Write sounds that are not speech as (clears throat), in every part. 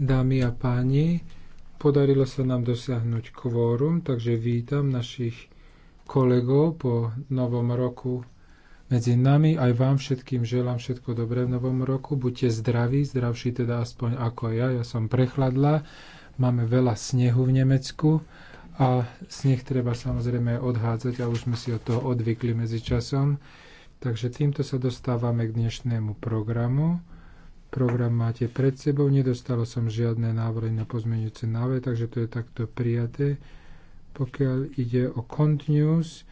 Dámy a páni, podarilo sa nám dosiahnuť kvórum, takže vítam našich kolegov po novom roku medzi nami. Aj vám všetkým želám všetko dobré v novom roku. Buďte zdraví, zdravší teda aspoň ako ja. Ja som prechladla, máme veľa snehu v Nemecku a sneh treba samozrejme odhádzať a už sme si od toho odvykli medzi časom. Takže týmto sa dostávame k dnešnému programu. Program máte pred sebou, Nedostalo som žiadne návrhy na pozmeňujúce návrhy, takže to je takto prijaté. Pokiaľ ide o Continuous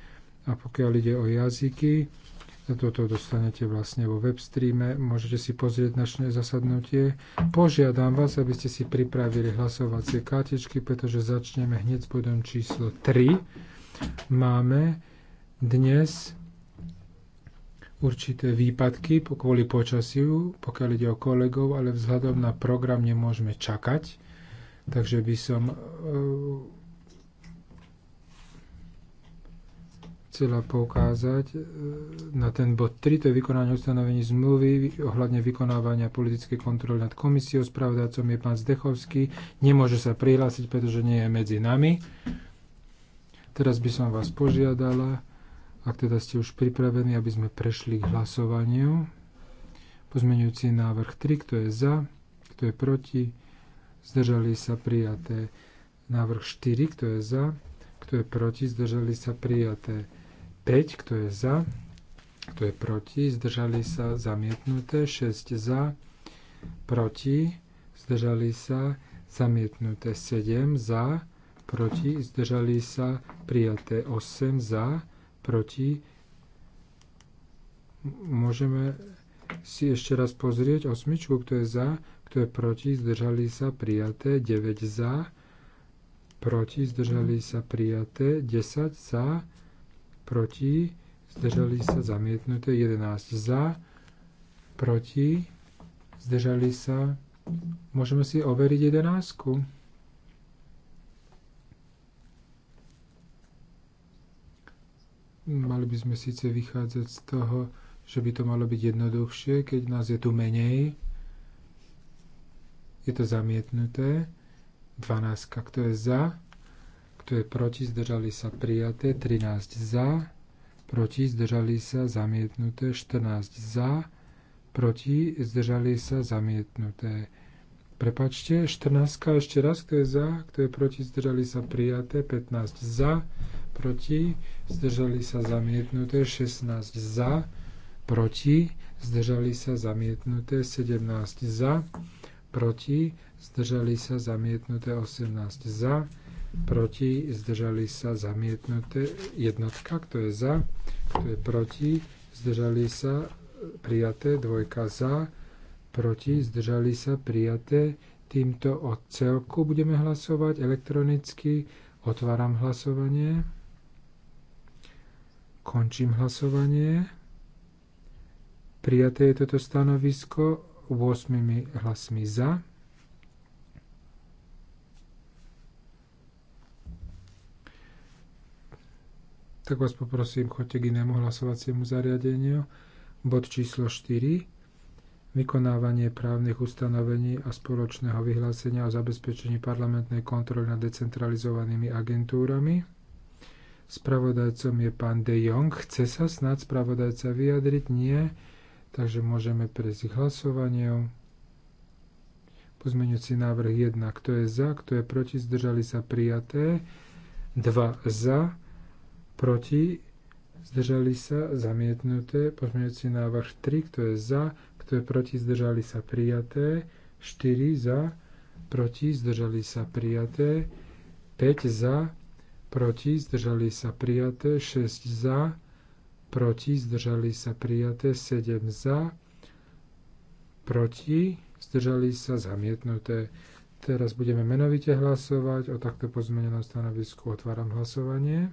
a pokiaľ ide o jazyky, toto dostanete vlastne vo webstreame, môžete si pozrieť naše zasadnutie. Požiadam vás, aby ste si pripravili hlasovacie kartičky, pretože začneme hneď s bodom číslo 3. Máme dnes určité výpadky kvôli počasiu, pokiaľ ide o kolegov, ale vzhľadom na program nemôžeme čakať. Takže by som e, chcela poukázať e, na ten bod 3, to je vykonanie ustanovení zmluvy ohľadne vykonávania politickej kontroly nad komisiou. Spravodajcom je pán Zdechovský. Nemôže sa prihlásiť, pretože nie je medzi nami. Teraz by som vás požiadala, ak teda ste už pripravení, aby sme prešli k hlasovaniu. Pozmeňujúci návrh 3, kto je za, kto je proti, zdržali sa prijaté. Návrh 4, kto je za, kto je proti, zdržali sa prijaté. 5, kto je za, kto je proti, zdržali sa zamietnuté. 6 za, proti, zdržali sa zamietnuté. 7 za, proti, zdržali sa prijaté. 8 za, proti. Môžeme si ešte raz pozrieť osmičku, kto je za, kto je proti, zdržali sa prijaté, 9 za, proti, zdržali sa prijaté, 10 za, proti, zdržali sa zamietnuté, 11 za, proti, zdržali sa. Môžeme si overiť jedenáctku. Mali by sme síce vychádzať z toho, že by to malo byť jednoduchšie, keď nás je tu menej. Je to zamietnuté. 12, kto je za, kto je proti, zdržali sa prijaté. 13 za, proti, zdržali sa zamietnuté. 14 za, proti, zdržali sa zamietnuté. Prepačte, 14 ešte raz, kto je za, kto je proti, zdržali sa prijaté, 15 za, proti, zdržali sa zamietnuté, 16 za, proti, zdržali sa zamietnuté, 17 za, proti, zdržali sa zamietnuté, 18 za, proti, zdržali sa zamietnuté, jednotka, kto je za, kto je proti, zdržali sa e, prijaté, dvojka za, proti, zdržali sa prijaté, týmto o celku budeme hlasovať elektronicky, otváram hlasovanie. Končím hlasovanie. Prijaté je toto stanovisko 8 hlasmi za. Tak vás poprosím, choďte k inému hlasovaciemu zariadeniu. Bod číslo 4. Vykonávanie právnych ustanovení a spoločného vyhlásenia o zabezpečení parlamentnej kontroly nad decentralizovanými agentúrami. Spravodajcom je pán De Jong. Chce sa snad spravodajca vyjadriť? Nie. Takže môžeme prejsť k hlasovaniu. Pozmeňujúci návrh 1. Kto je za? Kto je proti? Zdržali sa prijaté. 2 za. Proti? Zdržali sa zamietnuté. Pozmeňujúci návrh 3. Kto je za? Kto je proti? Zdržali sa prijaté. 4 za. Proti? Zdržali sa prijaté. 5 za proti, zdržali sa prijaté, 6 za, proti, zdržali sa prijaté, 7 za, proti, zdržali sa zamietnuté. Teraz budeme menovite hlasovať o takto pozmenenom stanovisku. Otváram hlasovanie.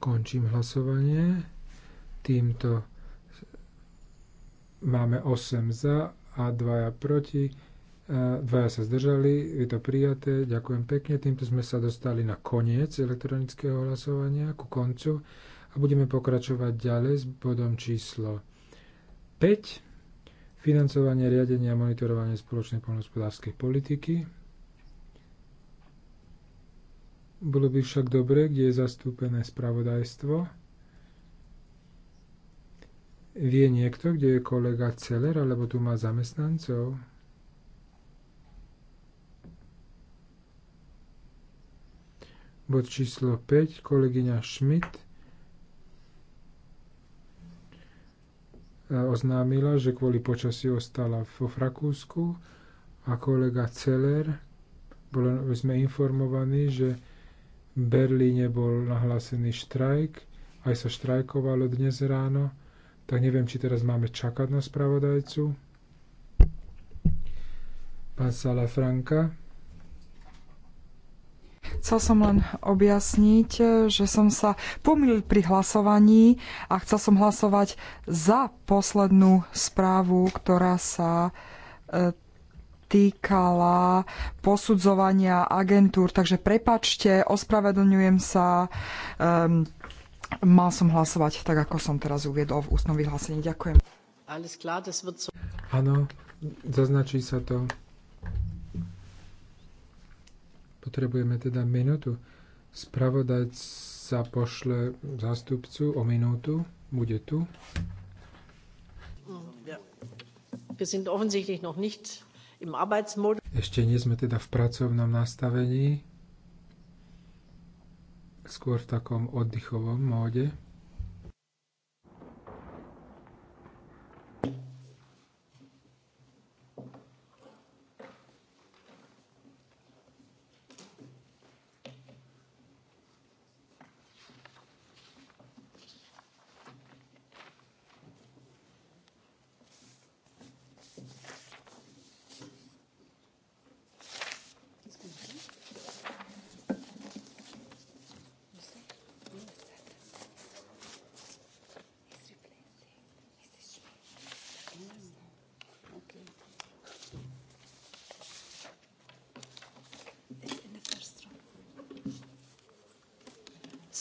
Končím hlasovanie. Týmto máme 8 za a 2 proti Dvaja sa zdržali, je to prijaté. Ďakujem pekne. Týmto sme sa dostali na koniec elektronického hlasovania, ku koncu. A budeme pokračovať ďalej s bodom číslo 5. Financovanie, riadenie a monitorovanie spoločnej poľnohospodárskej politiky. Bolo by však dobre, kde je zastúpené spravodajstvo. Vie niekto, kde je kolega Celer, alebo tu má zamestnancov? Bod číslo 5, kolegyňa Schmidt eh, oznámila, že kvôli počasí ostala vo Frakúsku a kolega Celer, bolo, sme informovaní, že v Berlíne bol nahlásený štrajk, aj sa štrajkovalo dnes ráno, tak neviem, či teraz máme čakať na spravodajcu. Pán Sala Franka. Chcel som len objasniť, že som sa pomýlil pri hlasovaní a chcel som hlasovať za poslednú správu, ktorá sa e, týkala posudzovania agentúr. Takže prepačte, ospravedlňujem sa. Um, mal som hlasovať tak, ako som teraz uviedol v ústnom vyhlásení. Ďakujem. Áno, zaznačí sa to Potrebujeme teda minútu. sa pošle zástupcu o minútu. Bude tu. Ešte nie sme teda v pracovnom nastavení, skôr v takom oddychovom móde.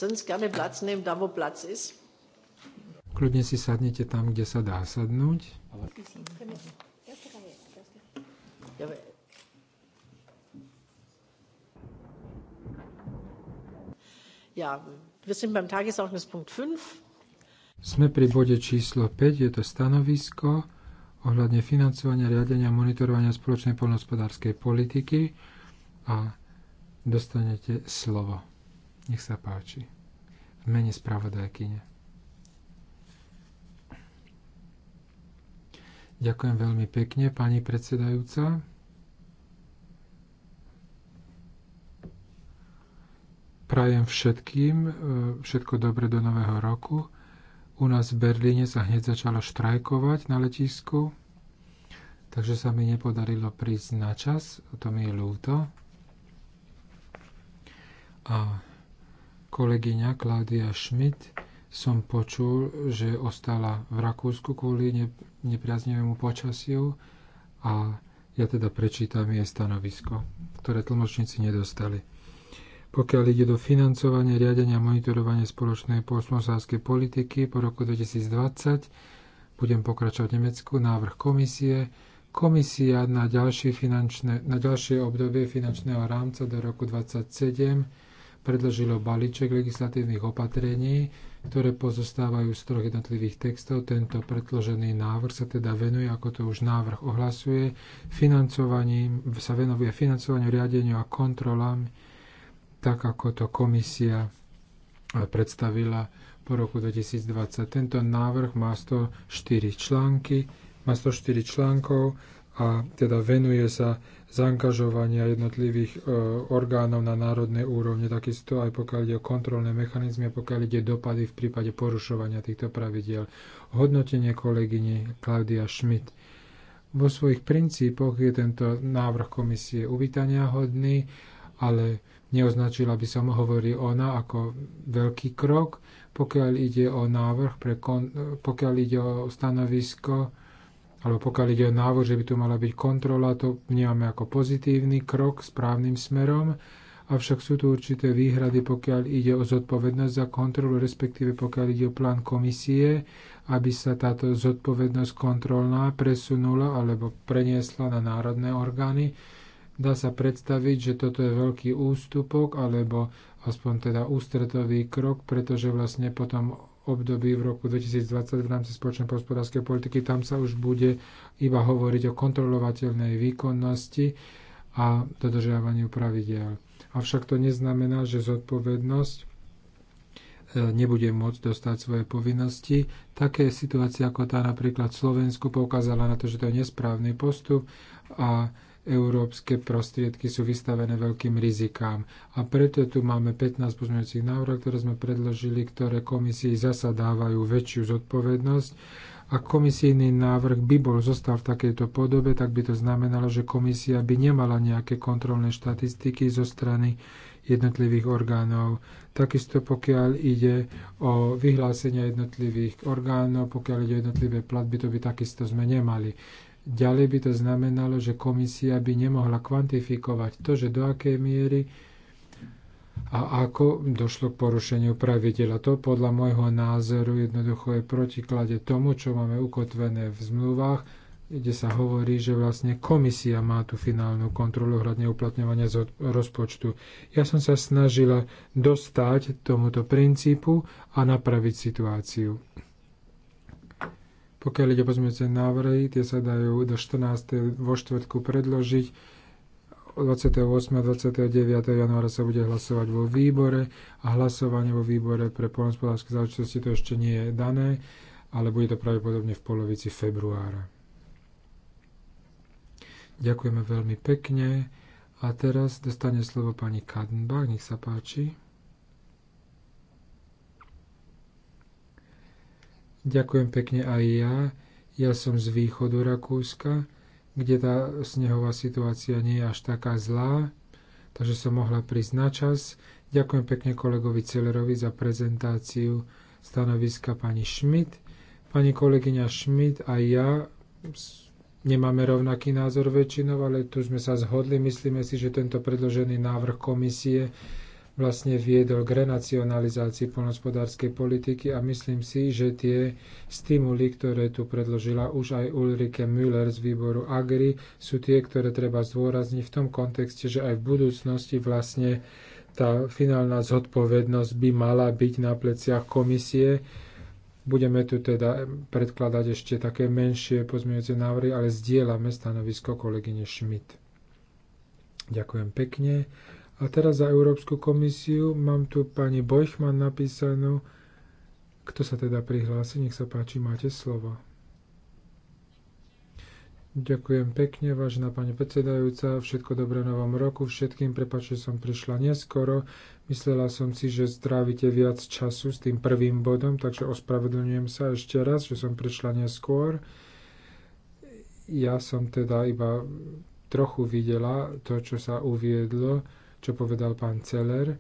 sonst gerne Platz nehmen, da wo Platz ist. Kľudne si sadnete tam, kde sa dá sadnúť. Ja, wir sind beim Tagesordnungspunkt 5. Sme pri bode číslo 5, je to stanovisko ohľadne financovania, riadenia a monitorovania spoločnej poľnohospodárskej politiky a dostanete slovo. Nech sa páči. V mene spravodajkyne. Ďakujem veľmi pekne, pani predsedajúca. Prajem všetkým e, všetko dobre do nového roku. U nás v Berlíne sa hneď začalo štrajkovať na letisku, takže sa mi nepodarilo prísť na čas, to mi je ľúto. A Kolegyňa Klaudia Schmidt som počul, že ostala v Rakúsku kvôli nepriaznivému počasiu a ja teda prečítam jej stanovisko, ktoré tlmočníci nedostali. Pokiaľ ide do financovania, riadenia a monitorovania spoločnej poľnohospodárskej politiky po roku 2020, budem pokračovať v Nemecku, návrh komisie. Komisia na ďalšie, finančné, na ďalšie obdobie finančného rámca do roku 2027 predložilo balíček legislatívnych opatrení, ktoré pozostávajú z troch jednotlivých textov. Tento predložený návrh sa teda venuje, ako to už návrh ohlasuje, financovaním, sa venuje financovaniu, riadeniu a kontrolám, tak ako to komisia predstavila po roku 2020. Tento návrh má 104 články, má 104 článkov a teda venuje sa zaangažovania jednotlivých e, orgánov na národnej úrovni, takisto aj pokiaľ ide o kontrolné mechanizmy, pokiaľ ide dopady v prípade porušovania týchto pravidiel. Hodnotenie kolegyne Klaudia Schmidt. Vo svojich princípoch je tento návrh komisie uvítania hodný, ale neoznačila by som, hovorí ona, ako veľký krok, pokiaľ ide o návrh, pre kon, pokiaľ ide o stanovisko ale pokiaľ ide o návod, že by tu mala byť kontrola, to vnímame ako pozitívny krok správnym smerom, avšak sú tu určité výhrady, pokiaľ ide o zodpovednosť za kontrolu, respektíve pokiaľ ide o plán komisie, aby sa táto zodpovednosť kontrolná presunula alebo preniesla na národné orgány. Dá sa predstaviť, že toto je veľký ústupok alebo aspoň teda ústretový krok, pretože vlastne potom období v roku 2020 v rámci spoločnej hospodárskej politiky. Tam sa už bude iba hovoriť o kontrolovateľnej výkonnosti a dodržiavaniu pravidel. Avšak to neznamená, že zodpovednosť e, nebude môcť dostať svoje povinnosti. Také situácie ako tá napríklad v Slovensku poukázala na to, že to je nesprávny postup a európske prostriedky sú vystavené veľkým rizikám. A preto tu máme 15 pozmeňujúcich návrhov, ktoré sme predložili, ktoré komisii zasa dávajú väčšiu zodpovednosť. A komisijný návrh by bol zostal v takejto podobe, tak by to znamenalo, že komisia by nemala nejaké kontrolné štatistiky zo strany jednotlivých orgánov. Takisto pokiaľ ide o vyhlásenia jednotlivých orgánov, pokiaľ ide o jednotlivé platby, to by takisto sme nemali. Ďalej by to znamenalo, že komisia by nemohla kvantifikovať to, že do akej miery a ako došlo k porušeniu pravidel. A to podľa môjho názoru jednoducho je protiklade tomu, čo máme ukotvené v zmluvách, kde sa hovorí, že vlastne komisia má tú finálnu kontrolu hľadne uplatňovania z rozpočtu. Ja som sa snažila dostať tomuto princípu a napraviť situáciu. Pokiaľ ide pozmeňujúce návrhy, tie sa dajú do 14. vo štvrtku predložiť. 28. a 29. januára sa bude hlasovať vo výbore a hlasovanie vo výbore pre poľnospodárske záležitosti to ešte nie je dané, ale bude to pravdepodobne v polovici februára. Ďakujeme veľmi pekne. A teraz dostane slovo pani Kadenbach, nech sa páči. Ďakujem pekne aj ja. Ja som z východu Rakúska, kde tá snehová situácia nie je až taká zlá, takže som mohla prísť na čas. Ďakujem pekne kolegovi Celerovi za prezentáciu stanoviska pani Schmidt. Pani kolegyňa Schmidt a ja nemáme rovnaký názor väčšinou, ale tu sme sa zhodli. Myslíme si, že tento predložený návrh komisie vlastne viedol k renacionalizácii poľnohospodárskej politiky a myslím si, že tie stimuly, ktoré tu predložila už aj Ulrike Müller z výboru Agri, sú tie, ktoré treba zdôrazniť v tom kontexte, že aj v budúcnosti vlastne tá finálna zodpovednosť by mala byť na pleciach komisie, Budeme tu teda predkladať ešte také menšie pozmeňujúce návrhy, ale zdieľame stanovisko kolegyne Schmidt. Ďakujem pekne. A teraz za Európsku komisiu mám tu pani Bojchman napísanú. Kto sa teda prihlási? Nech sa páči, máte slovo. Ďakujem pekne, vážená pani predsedajúca. Všetko dobré novom roku. Všetkým prepač, že som prišla neskoro. Myslela som si, že strávite viac času s tým prvým bodom, takže ospravedlňujem sa ešte raz, že som prišla neskôr. Ja som teda iba trochu videla to, čo sa uviedlo čo povedal pán Celer,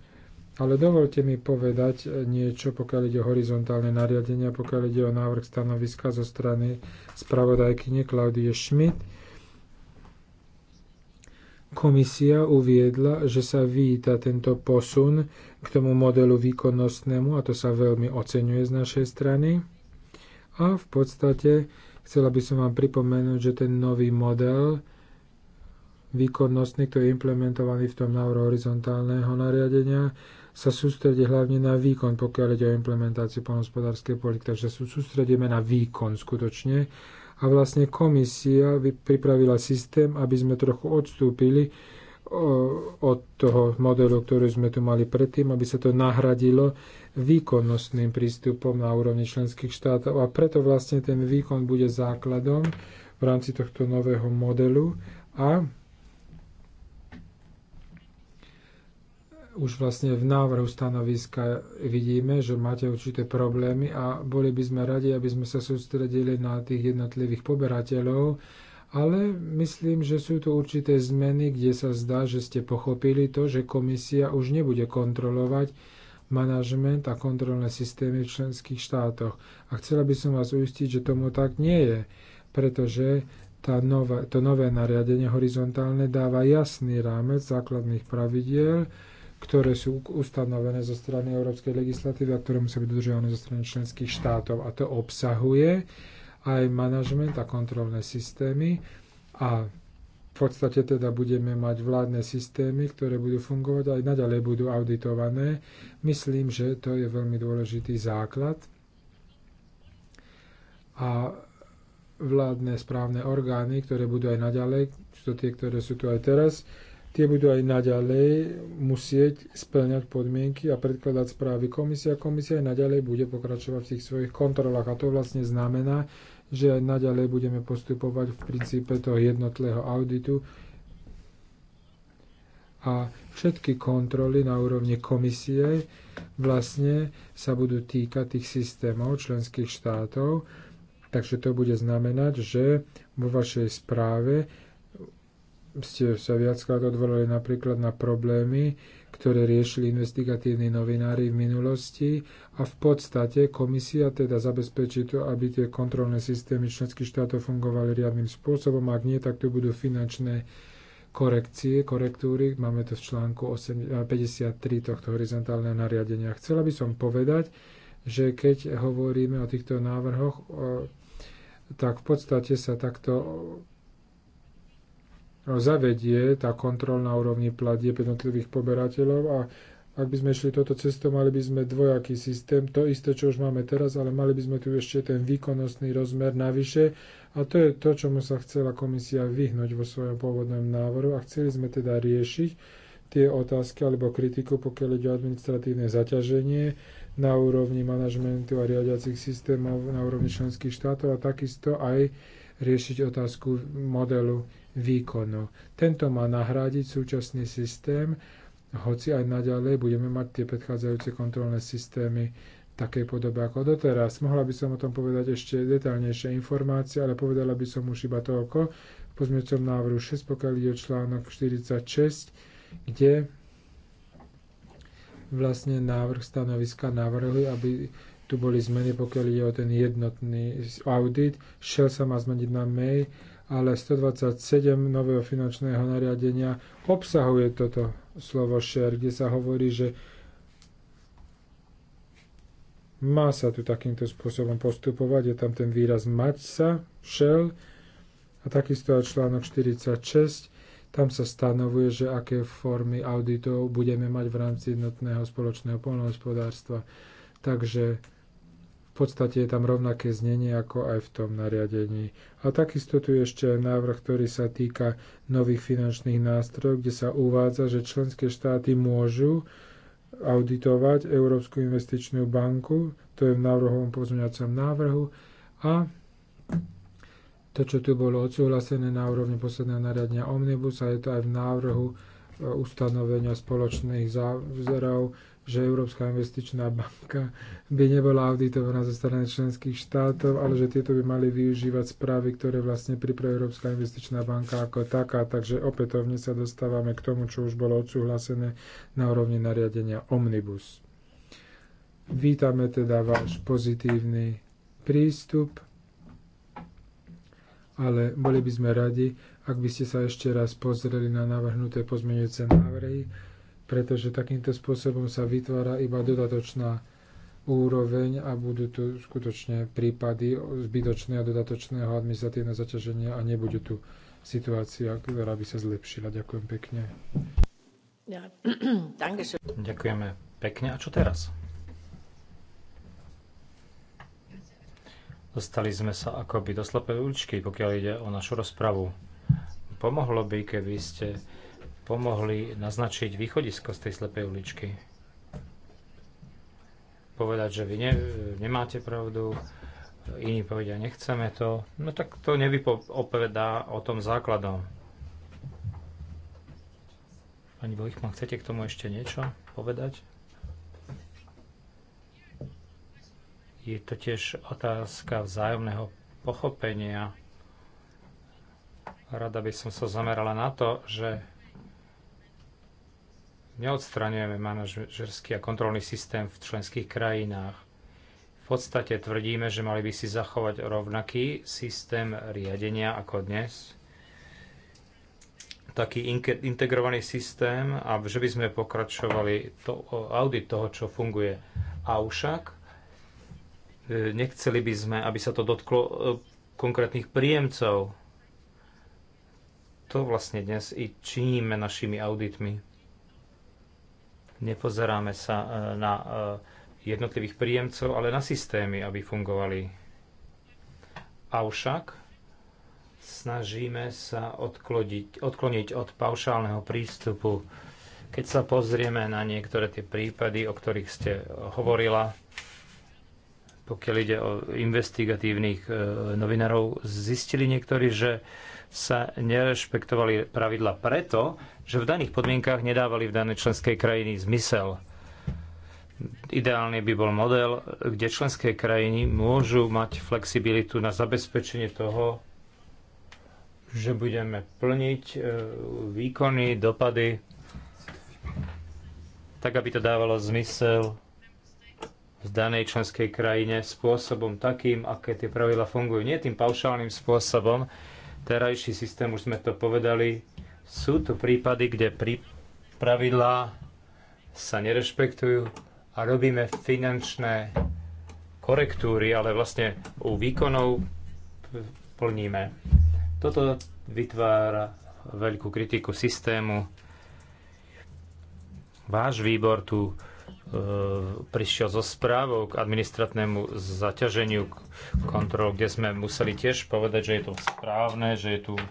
ale dovolte mi povedať e, niečo, pokiaľ ide o horizontálne nariadenia, pokiaľ ide o návrh stanoviska zo strany spravodajkyne Klaudie Schmidt. Komisia uviedla, že sa víta tento posun k tomu modelu výkonnostnému a to sa veľmi oceňuje z našej strany. A v podstate chcela by som vám pripomenúť, že ten nový model výkonnostný, ktorý je implementovaný v tom návrhu horizontálneho nariadenia, sa sústredí hlavne na výkon, pokiaľ ide o implementáciu poľnohospodárskej politiky. Takže sa sústredíme na výkon skutočne. A vlastne komisia pripravila systém, aby sme trochu odstúpili od toho modelu, ktorý sme tu mali predtým, aby sa to nahradilo výkonnostným prístupom na úrovni členských štátov. A preto vlastne ten výkon bude základom v rámci tohto nového modelu a už vlastne v návrhu stanoviska vidíme, že máte určité problémy a boli by sme radi, aby sme sa sústredili na tých jednotlivých poberateľov, ale myslím, že sú tu určité zmeny, kde sa zdá, že ste pochopili to, že komisia už nebude kontrolovať manažment a kontrolné systémy v členských štátoch. A chcela by som vás uistiť, že tomu tak nie je, pretože tá nová, to nové nariadenie horizontálne dáva jasný rámec základných pravidiel, ktoré sú ustanovené zo strany európskej legislatívy a ktoré musia byť dodržiavané zo strany členských štátov. A to obsahuje aj manažment a kontrolné systémy a v podstate teda budeme mať vládne systémy, ktoré budú fungovať aj naďalej budú auditované. Myslím, že to je veľmi dôležitý základ. A vládne správne orgány, ktoré budú aj naďalej, sú to tie, ktoré sú tu aj teraz, Tie budú aj naďalej musieť splňať podmienky a predkladať správy komisie a komisia aj naďalej bude pokračovať v tých svojich kontrolách. A to vlastne znamená, že aj naďalej budeme postupovať v princípe toho jednotlého auditu a všetky kontroly na úrovni komisie vlastne sa budú týkať tých systémov členských štátov. Takže to bude znamenať, že vo vašej správe ste sa viackrát odvolali napríklad na problémy, ktoré riešili investigatívni novinári v minulosti a v podstate komisia teda zabezpečí to, aby tie kontrolné systémy členských štátov fungovali riadnym spôsobom. Ak nie, tak tu budú finančné korekcie, korektúry. Máme to v článku 8, 53 eh, tohto horizontálneho nariadenia. Chcela by som povedať, že keď hovoríme o týchto návrhoch, tak v podstate sa takto No, zavedie tá kontrol na úrovni platieb jednotlivých poberateľov a ak by sme išli toto cestou, mali by sme dvojaký systém, to isté, čo už máme teraz, ale mali by sme tu ešte ten výkonnostný rozmer navyše a to je to, čomu sa chcela komisia vyhnúť vo svojom pôvodnom návrhu a chceli sme teda riešiť tie otázky alebo kritiku, pokiaľ ide o administratívne zaťaženie na úrovni manažmentu a riadiacich systémov na úrovni členských štátov a takisto aj riešiť otázku modelu výkonu. Tento má nahradiť súčasný systém, hoci aj naďalej budeme mať tie predchádzajúce kontrolné systémy v takej podobe ako doteraz. Mohla by som o tom povedať ešte detálnejšie informácie, ale povedala by som už iba toľko v pozmeňujúcom návrhu 6, pokiaľ ide o článok 46, kde vlastne návrh stanoviska navrhuje, aby tu boli zmeny, pokiaľ ide o ten jednotný audit. Shell sa má zmeniť na mail, ale 127 nového finančného nariadenia obsahuje toto slovo share, kde sa hovorí, že má sa tu takýmto spôsobom postupovať, je tam ten výraz mať sa, shell, a takisto aj článok 46, tam sa stanovuje, že aké formy auditov budeme mať v rámci jednotného spoločného poľnohospodárstva. Takže v podstate je tam rovnaké znenie ako aj v tom nariadení. A takisto tu je ešte aj návrh, ktorý sa týka nových finančných nástrojov, kde sa uvádza, že členské štáty môžu auditovať Európsku investičnú banku, to je v návrhovom pozmeňacom návrhu, a to, čo tu bolo odsúhlasené na úrovni posledného nariadenia Omnibus, a je to aj v návrhu e, ustanovenia spoločných záverov že Európska investičná banka by nebola auditovaná zo strany členských štátov, ale že tieto by mali využívať správy, ktoré vlastne pripravuje Európska investičná banka ako taká. Takže opätovne sa dostávame k tomu, čo už bolo odsúhlasené na úrovni nariadenia Omnibus. Vítame teda váš pozitívny prístup, ale boli by sme radi, ak by ste sa ešte raz pozreli na navrhnuté pozmeňujúce návrhy pretože takýmto spôsobom sa vytvára iba dodatočná úroveň a budú tu skutočne prípady zbytočného dodatočného administratívneho zaťaženia a nebude tu situácia, ktorá by sa zlepšila. Ďakujem pekne. (clears throat) Ďakujeme pekne. A čo teraz? Dostali sme sa akoby do slepej uličky, pokiaľ ide o našu rozpravu. Pomohlo by, keby ste pomohli naznačiť východisko z tej slepej uličky. Povedať, že vy ne, nemáte pravdu, iní povedia, nechceme to, no tak to nevypovedá o tom základom. Pani Bojchman, chcete k tomu ešte niečo povedať? Je to tiež otázka vzájomného pochopenia. Rada by som sa zamerala na to, že neodstraňujeme manažerský a kontrolný systém v členských krajinách. V podstate tvrdíme, že mali by si zachovať rovnaký systém riadenia ako dnes, taký integrovaný systém a že by sme pokračovali to, audit toho, čo funguje. A Avšak e, nechceli by sme, aby sa to dotklo e, konkrétnych príjemcov. To vlastne dnes i činíme našimi auditmi. Nepozeráme sa e, na e, jednotlivých príjemcov, ale na systémy, aby fungovali. Avšak snažíme sa odkloniť, odkloniť od paušálneho prístupu. Keď sa pozrieme na niektoré tie prípady, o ktorých ste hovorila, pokiaľ ide o investigatívnych e, novinárov, zistili niektorí, že sa nerešpektovali pravidla preto, že v daných podmienkach nedávali v danej členskej krajiny zmysel. Ideálne by bol model, kde členské krajiny môžu mať flexibilitu na zabezpečenie toho, že budeme plniť e, výkony, dopady, tak aby to dávalo zmysel v danej členskej krajine spôsobom takým, aké tie pravidla fungujú. Nie tým paušálnym spôsobom, terajší systém, už sme to povedali, sú tu prípady, kde prí, pravidlá sa nerešpektujú a robíme finančné korektúry, ale vlastne u výkonov plníme. Toto vytvára veľkú kritiku systému. Váš výbor tu E, prišiel so správou k administratnému zaťaženiu kontrol, kde sme museli tiež povedať, že je to správne, že je tu e,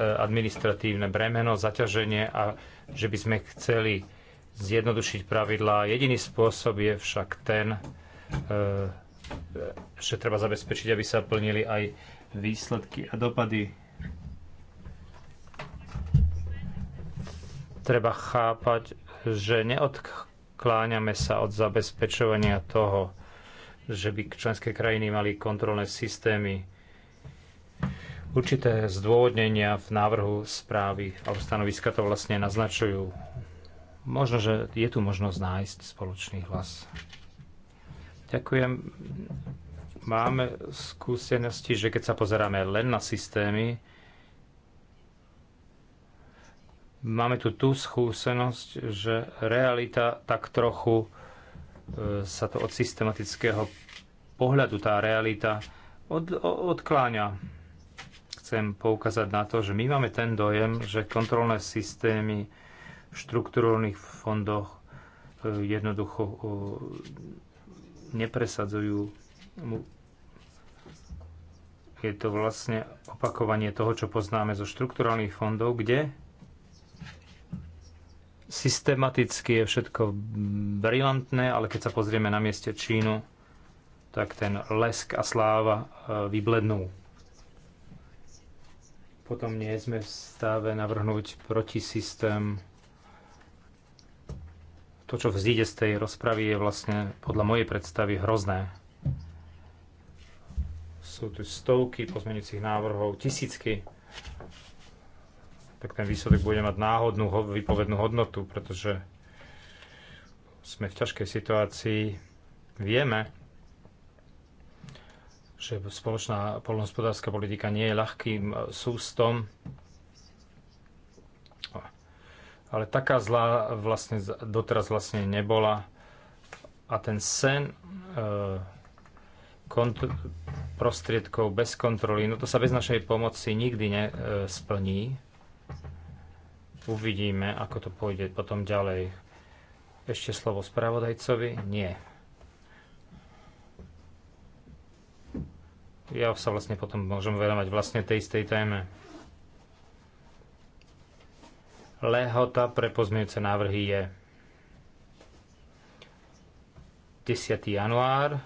administratívne bremeno, zaťaženie a že by sme chceli zjednodušiť pravidlá. Jediný spôsob je však ten, e, že treba zabezpečiť, aby sa plnili aj výsledky a dopady. Treba chápať, že neodk odkláňame sa od zabezpečovania toho, že by členské krajiny mali kontrolné systémy. Určité zdôvodnenia v návrhu správy alebo stanoviska to vlastne naznačujú. Možno, že je tu možnosť nájsť spoločný hlas. Ďakujem. Máme skúsenosti, že keď sa pozeráme len na systémy, Máme tu tú skúsenosť, že realita tak trochu e, sa to od systematického pohľadu tá realita od, odkláňa. Chcem poukázať na to, že my máme ten dojem, že kontrolné systémy v štruktúrnych fondoch e, jednoducho e, nepresadzujú. Je to vlastne opakovanie toho, čo poznáme zo štrukturálnych fondov, kde Systematicky je všetko brilantné, ale keď sa pozrieme na mieste Čínu, tak ten lesk a sláva e, vyblednú. Potom nie sme v stave navrhnúť protisystém. To, čo vzíde z tej rozpravy, je vlastne podľa mojej predstavy hrozné. Sú tu stovky pozmeňujúcich návrhov, tisícky tak ten výsledok bude mať náhodnú výpovednú hodnotu, pretože sme v ťažkej situácii. Vieme, že spoločná polnohospodárska politika nie je ľahkým e, sústom, ale taká zlá vlastne doteraz vlastne nebola. A ten sen e, kont- prostriedkov bez kontroly, no to sa bez našej pomoci nikdy nesplní. E, Uvidíme, ako to pôjde potom ďalej. Ešte slovo spravodajcovi? Nie. Ja sa vlastne potom môžem venovať vlastne tej istej téme. Lehota pre pozmeňujúce návrhy je 10. január.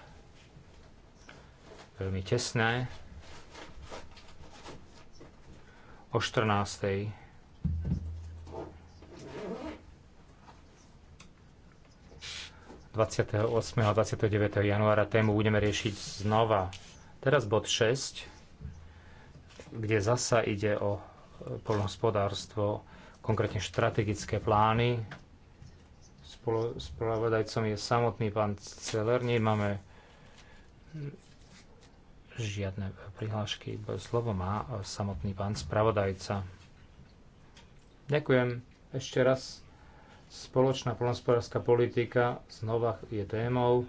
Veľmi tesné. O 14. 28. a 29. januára tému budeme riešiť znova. Teraz bod 6, kde zasa ide o e, poľnohospodárstvo, konkrétne štrategické plány. Spravodajcom je samotný pán Celer. Nemáme žiadne prihlášky. Slovo má e, samotný pán spravodajca. Ďakujem ešte raz Spoločná plnospodárska politika znova je témou.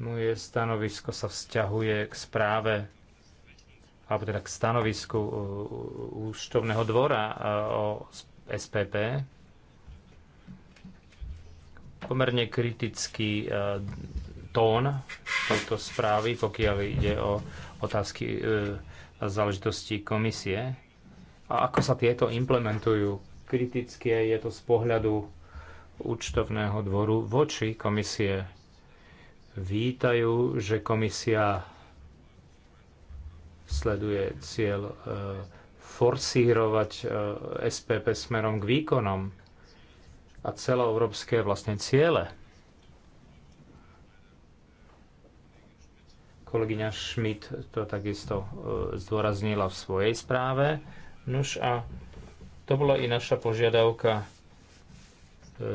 Moje no stanovisko sa vzťahuje k správe alebo teda k stanovisku uh, uh, účtovného dvora uh, o SPP. Pomerne kritický tón tejto správy, pokiaľ ide o otázky a záležitosti komisie a ako sa tieto implementujú kritické je to z pohľadu účtovného dvoru voči komisie. Vítajú, že komisia sleduje cieľ e, forsírovať e, SPP smerom k výkonom a celoeurópske vlastne ciele. Kolegyňa Schmidt to takisto e, zdôraznila v svojej správe. Nuž a to bola i naša požiadavka e,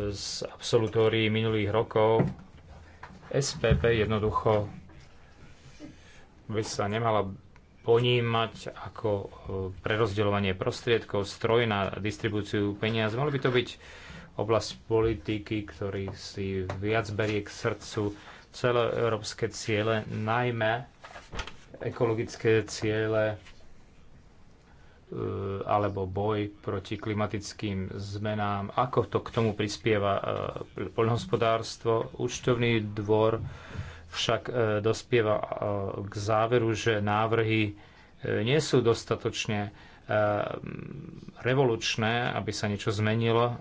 z absolutórií minulých rokov. SPP jednoducho by sa nemala ponímať ako e, prerozdeľovanie prostriedkov, stroj na distribúciu peniaz. Malo by to byť oblasť politiky, ktorý si viac berie k srdcu celoeurópske ciele, najmä ekologické ciele, E, alebo boj proti klimatickým zmenám, ako to k tomu prispieva e, poľnohospodárstvo. Účtovný dvor však e, dospieva k záveru, že návrhy nie sú dostatočne revolučné, aby sa niečo zmenilo.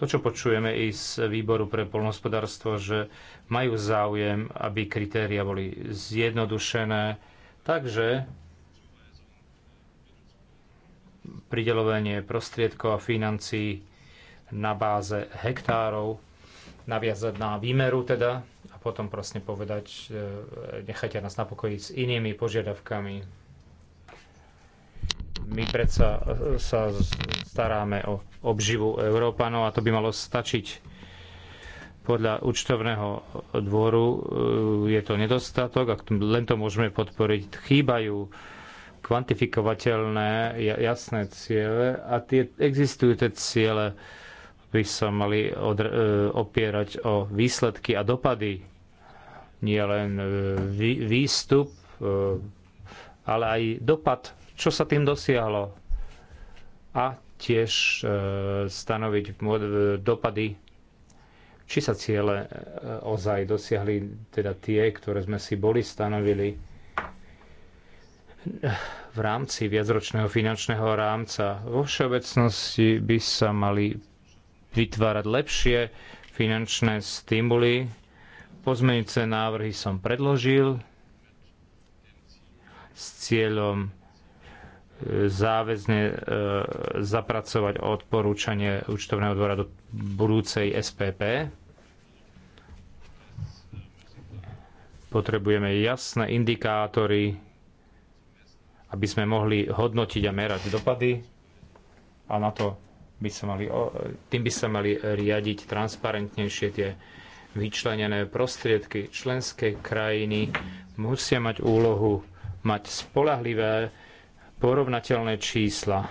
To, čo počujeme i z výboru pre poľnohospodárstvo, že majú záujem, aby kritéria boli zjednodušené. Takže pridelovanie prostriedkov a financií na báze hektárov, naviazať na výmeru teda a potom proste povedať, e, nechajte nás napokojiť s inými požiadavkami. My predsa e, sa staráme o obživu Európanov a to by malo stačiť. Podľa účtovného dvoru e, je to nedostatok a len to môžeme podporiť. Chýbajú kvantifikovateľné, jasné ciele a tie tie ciele by sa mali e, opierať o výsledky a dopady. Nie len e, výstup, e, ale aj dopad, čo sa tým dosiahlo. A tiež stanoviť dopady, či sa ciele ozaj dosiahli, teda tie, ktoré sme si boli stanovili v rámci viacročného finančného rámca. Vo všeobecnosti by sa mali vytvárať lepšie finančné stimuly. Pozmeňujúce návrhy som predložil s cieľom e, záväzne e, zapracovať odporúčanie účtovného dvora do budúcej SPP. Potrebujeme jasné indikátory aby sme mohli hodnotiť a merať dopady a na to by sa mali, tým by sa mali riadiť transparentnejšie tie vyčlenené prostriedky. Členské krajiny musia mať úlohu mať spolahlivé, porovnateľné čísla e,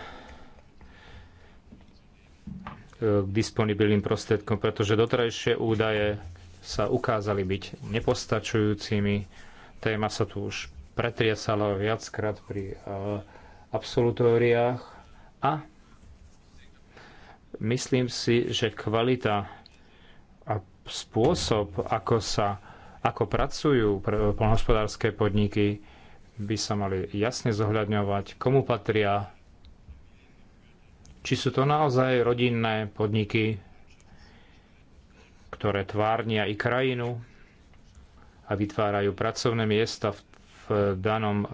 k disponibilným prostriedkom, pretože doterajšie údaje sa ukázali byť nepostačujúcimi. Téma sa tu už pretriasala viackrát pri eh, absolutóriách a myslím si, že kvalita a spôsob, ako sa ako pracujú poľnohospodárske podniky, by sa mali jasne zohľadňovať, komu patria, či sú to naozaj rodinné podniky, ktoré tvárnia i krajinu a vytvárajú pracovné miesta v v danom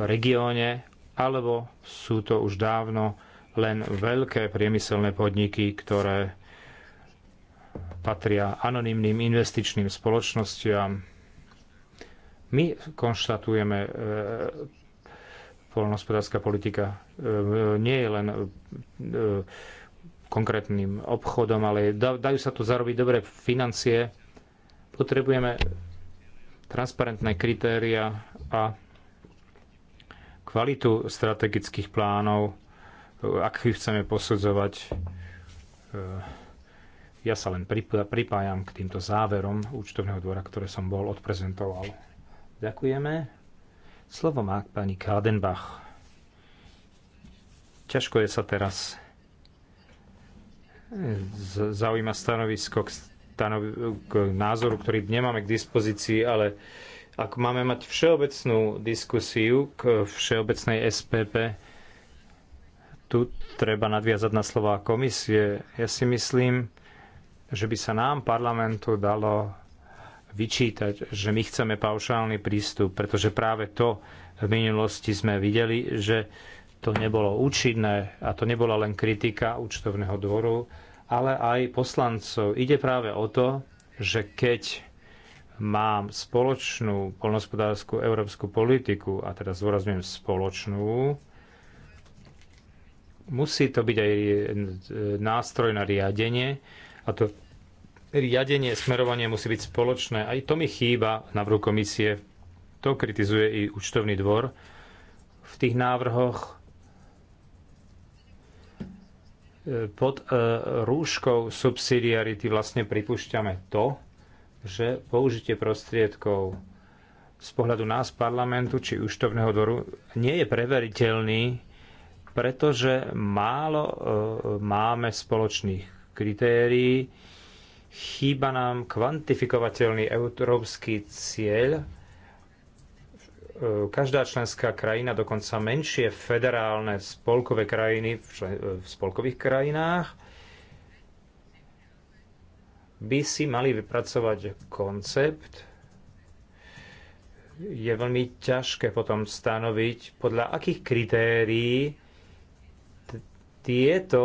regióne, alebo sú to už dávno len veľké priemyselné podniky, ktoré patria anonymným investičným spoločnostiam. My konštatujeme, e, polnohospodárska politika e, nie je len e, konkrétnym obchodom, ale da, dajú sa tu zarobiť dobré financie. Potrebujeme transparentné kritéria a kvalitu strategických plánov, ak ich chceme posudzovať. E, ja sa len pripájam k týmto záverom účtovného dvora, ktoré som bol odprezentoval. Ďakujeme. Slovo má pani Kádenbach. Ťažko je sa teraz e, zaujíma stanovisko k, stanovi- k názoru, ktorý nemáme k dispozícii, ale ak máme mať všeobecnú diskusiu k všeobecnej SPP, tu treba nadviazať na slova komisie. Ja si myslím, že by sa nám parlamentu dalo vyčítať, že my chceme paušálny prístup, pretože práve to v minulosti sme videli, že to nebolo účinné a to nebola len kritika účtovného dvoru, ale aj poslancov. Ide práve o to, že keď mám spoločnú poľnohospodárskú európsku politiku, a teda zdôrazňujem spoločnú, musí to byť aj nástroj na riadenie a to riadenie, smerovanie musí byť spoločné. Aj to mi chýba na vrú komisie. To kritizuje i účtovný dvor v tých návrhoch e, pod e, rúškou subsidiarity vlastne pripúšťame to, že použitie prostriedkov z pohľadu nás parlamentu či účtovného dvoru nie je preveriteľný, pretože málo e, máme spoločných kritérií, chýba nám kvantifikovateľný európsky cieľ. E, každá členská krajina, dokonca menšie federálne spolkové krajiny v, člen, e, v spolkových krajinách, by si mali vypracovať koncept. Je veľmi ťažké potom stanoviť, podľa akých kritérií tieto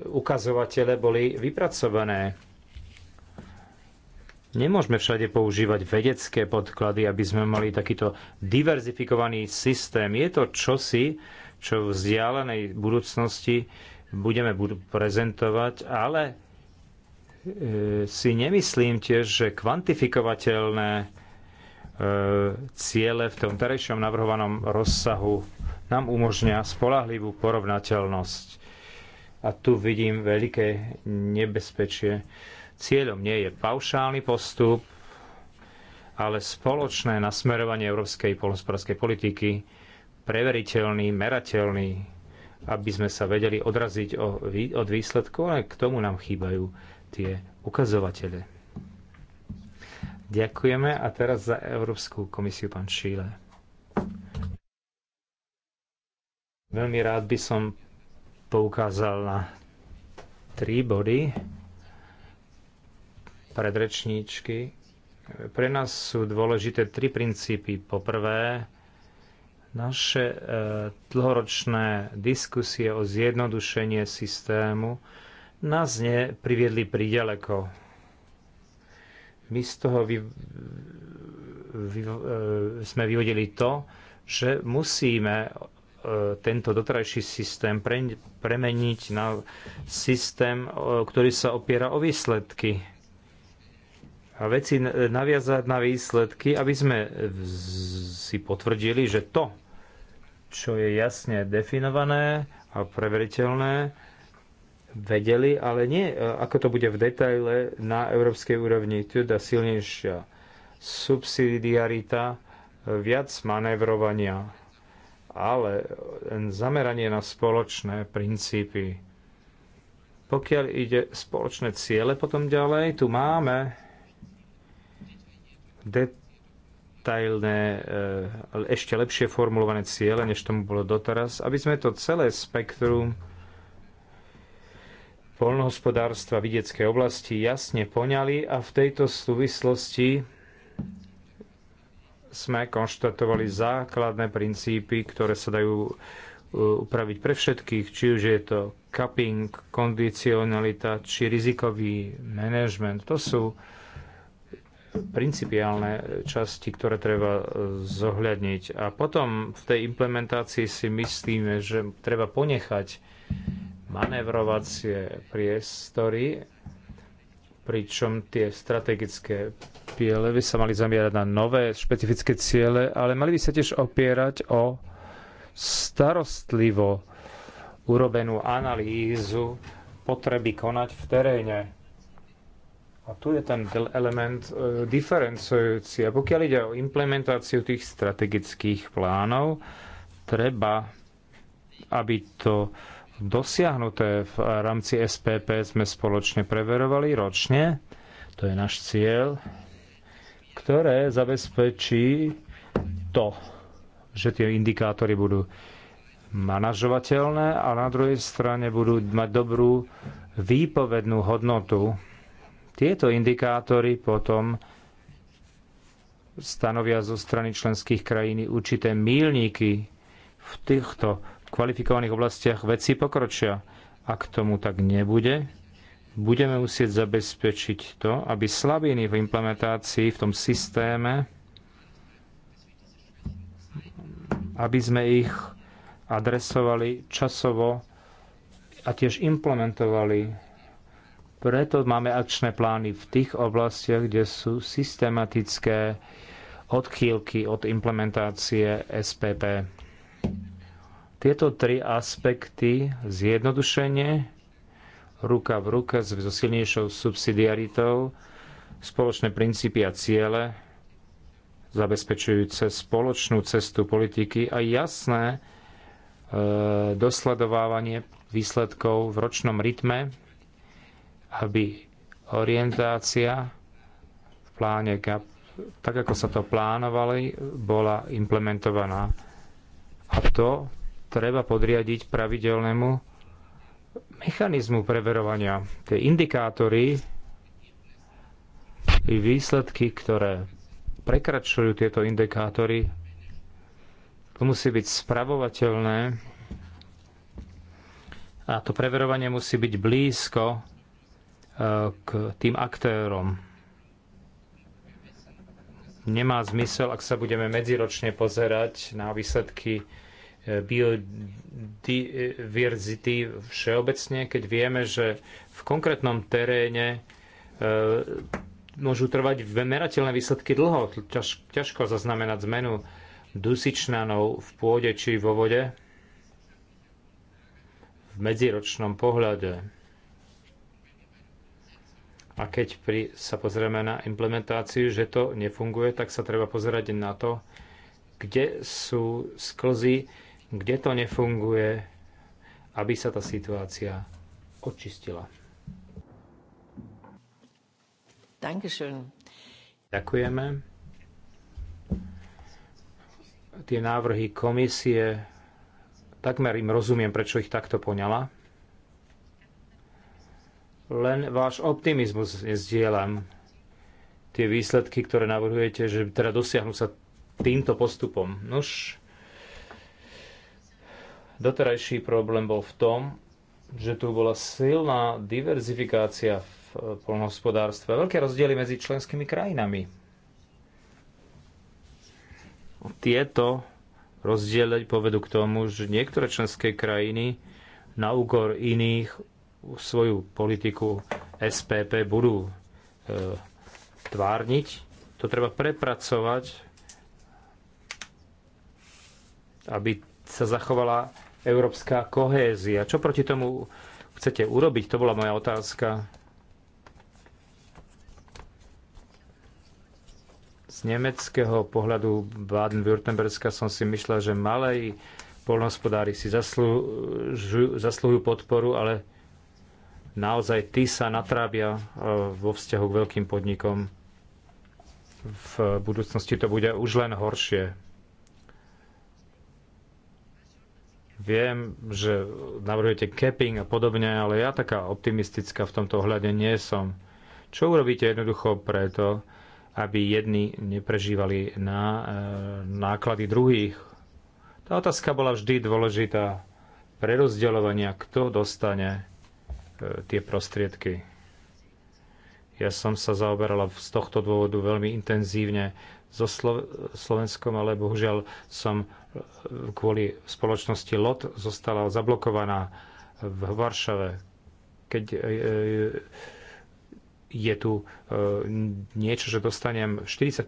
ukazovatele boli vypracované. Nemôžeme všade používať vedecké podklady, aby sme mali takýto diverzifikovaný systém. Je to čosi, čo v vzdialenej budúcnosti budeme prezentovať, ale si nemyslím tiež, že kvantifikovateľné e, ciele v tom terejšom navrhovanom rozsahu nám umožňa spolahlivú porovnateľnosť. A tu vidím veľké nebezpečie. Cieľom nie je paušálny postup, ale spoločné nasmerovanie európskej polnospodárskej politiky, preveriteľný, merateľný, aby sme sa vedeli odraziť od výsledkov, ale k tomu nám chýbajú tie ukazovatele. Ďakujeme a teraz za Európsku komisiu pán Šíle. Veľmi rád by som poukázal na tri body predrečníčky. Pre nás sú dôležité tri princípy. Poprvé, naše e, dlhoročné diskusie o zjednodušenie systému nás nepriviedli prideleko. My z toho vy, vy, e, sme vyvodili to, že musíme e, tento dotrajší systém pre, premeniť na systém, e, ktorý sa opiera o výsledky. A veci naviazať na výsledky, aby sme si potvrdili, že to, čo je jasne definované a preveriteľné, vedeli, ale nie e, ako to bude v detaile na európskej úrovni. Teda silnejšia subsidiarita, e, viac manévrovania, ale zameranie na spoločné princípy. Pokiaľ ide spoločné ciele potom ďalej, tu máme detailné, e, ešte lepšie formulované ciele, než tomu bolo doteraz, aby sme to celé spektrum polnohospodárstva vidieckej oblasti jasne poňali a v tejto súvislosti sme konštatovali základné princípy, ktoré sa dajú e, upraviť pre všetkých, či už je to cupping, kondicionalita, či rizikový management. To sú principiálne časti, ktoré treba e, zohľadniť. A potom v tej implementácii si myslíme, že treba ponechať manevrovacie priestory, pričom tie strategické piele by sa mali zamierať na nové špecifické ciele, ale mali by sa tiež opierať o starostlivo urobenú analýzu potreby konať v teréne. A tu je ten element e, diferencujúci. A pokiaľ ide o implementáciu tých strategických plánov, treba, aby to dosiahnuté v rámci SPP sme spoločne preverovali ročne, to je náš cieľ, ktoré zabezpečí to, že tie indikátory budú manažovateľné a na druhej strane budú mať dobrú výpovednú hodnotu. Tieto indikátory potom stanovia zo strany členských krajín určité mílníky v týchto kvalifikovaných oblastiach veci pokročia. Ak tomu tak nebude, budeme musieť zabezpečiť to, aby slabiny v implementácii, v tom systéme, aby sme ich adresovali časovo a tiež implementovali. Preto máme akčné plány v tých oblastiach, kde sú systematické odchýlky od implementácie SPP. Tieto tri aspekty, zjednodušenie, ruka v ruke so silnejšou subsidiaritou, spoločné princípy a ciele, zabezpečujúce spoločnú cestu politiky a jasné e, dosledovávanie výsledkov v ročnom rytme, aby orientácia v pláne GAP, tak ako sa to plánovali, bola implementovaná. A to treba podriadiť pravidelnému mechanizmu preverovania. Tie indikátory i výsledky, ktoré prekračujú tieto indikátory, to musí byť spravovateľné a to preverovanie musí byť blízko e, k tým aktérom. Nemá zmysel, ak sa budeme medziročne pozerať na výsledky biodiverzity všeobecne, keď vieme, že v konkrétnom teréne e, môžu trvať merateľné výsledky dlho. ťažko zaznamenať zmenu dusičnanov v pôde či vo vode v medziročnom pohľade. A keď pri, sa pozrieme na implementáciu, že to nefunguje, tak sa treba pozerať na to, kde sú sklzy, kde to nefunguje, aby sa tá situácia očistila. Dankeschön. Ďakujeme. Tie návrhy komisie, takmer im rozumiem, prečo ich takto poňala. Len váš optimizmus nezdielam. Tie výsledky, ktoré navrhujete, že teda dosiahnu sa týmto postupom. Nož, Doterajší problém bol v tom, že tu bola silná diverzifikácia v eh, poľnohospodárstve. veľké rozdiely medzi členskými krajinami. Tieto rozdiely povedú k tomu, že niektoré členské krajiny na úkor iných svoju politiku SPP budú e, tvárniť. To treba prepracovať, aby sa zachovala európska kohézia. Čo proti tomu chcete urobiť? To bola moja otázka. Z nemeckého pohľadu Baden-Württemberska som si myslel, že malé polnohospodári si zaslúhujú podporu, ale naozaj tí sa natrábia e, vo vzťahu k veľkým podnikom. V budúcnosti to bude už len horšie. Viem, že navrhujete capping a podobne, ale ja taká optimistická v tomto ohľade nie som. Čo urobíte jednoducho preto, aby jedni neprežívali na e, náklady druhých? Tá otázka bola vždy dôležitá pre rozdeľovania, kto dostane e, tie prostriedky. Ja som sa zaoberala z tohto dôvodu veľmi intenzívne so Slo- Slovenskom, ale bohužiaľ som eh, kvôli spoločnosti LOT zostala zablokovaná v Varšave. Keď eh, eh, je tu niečo, že dostanem 45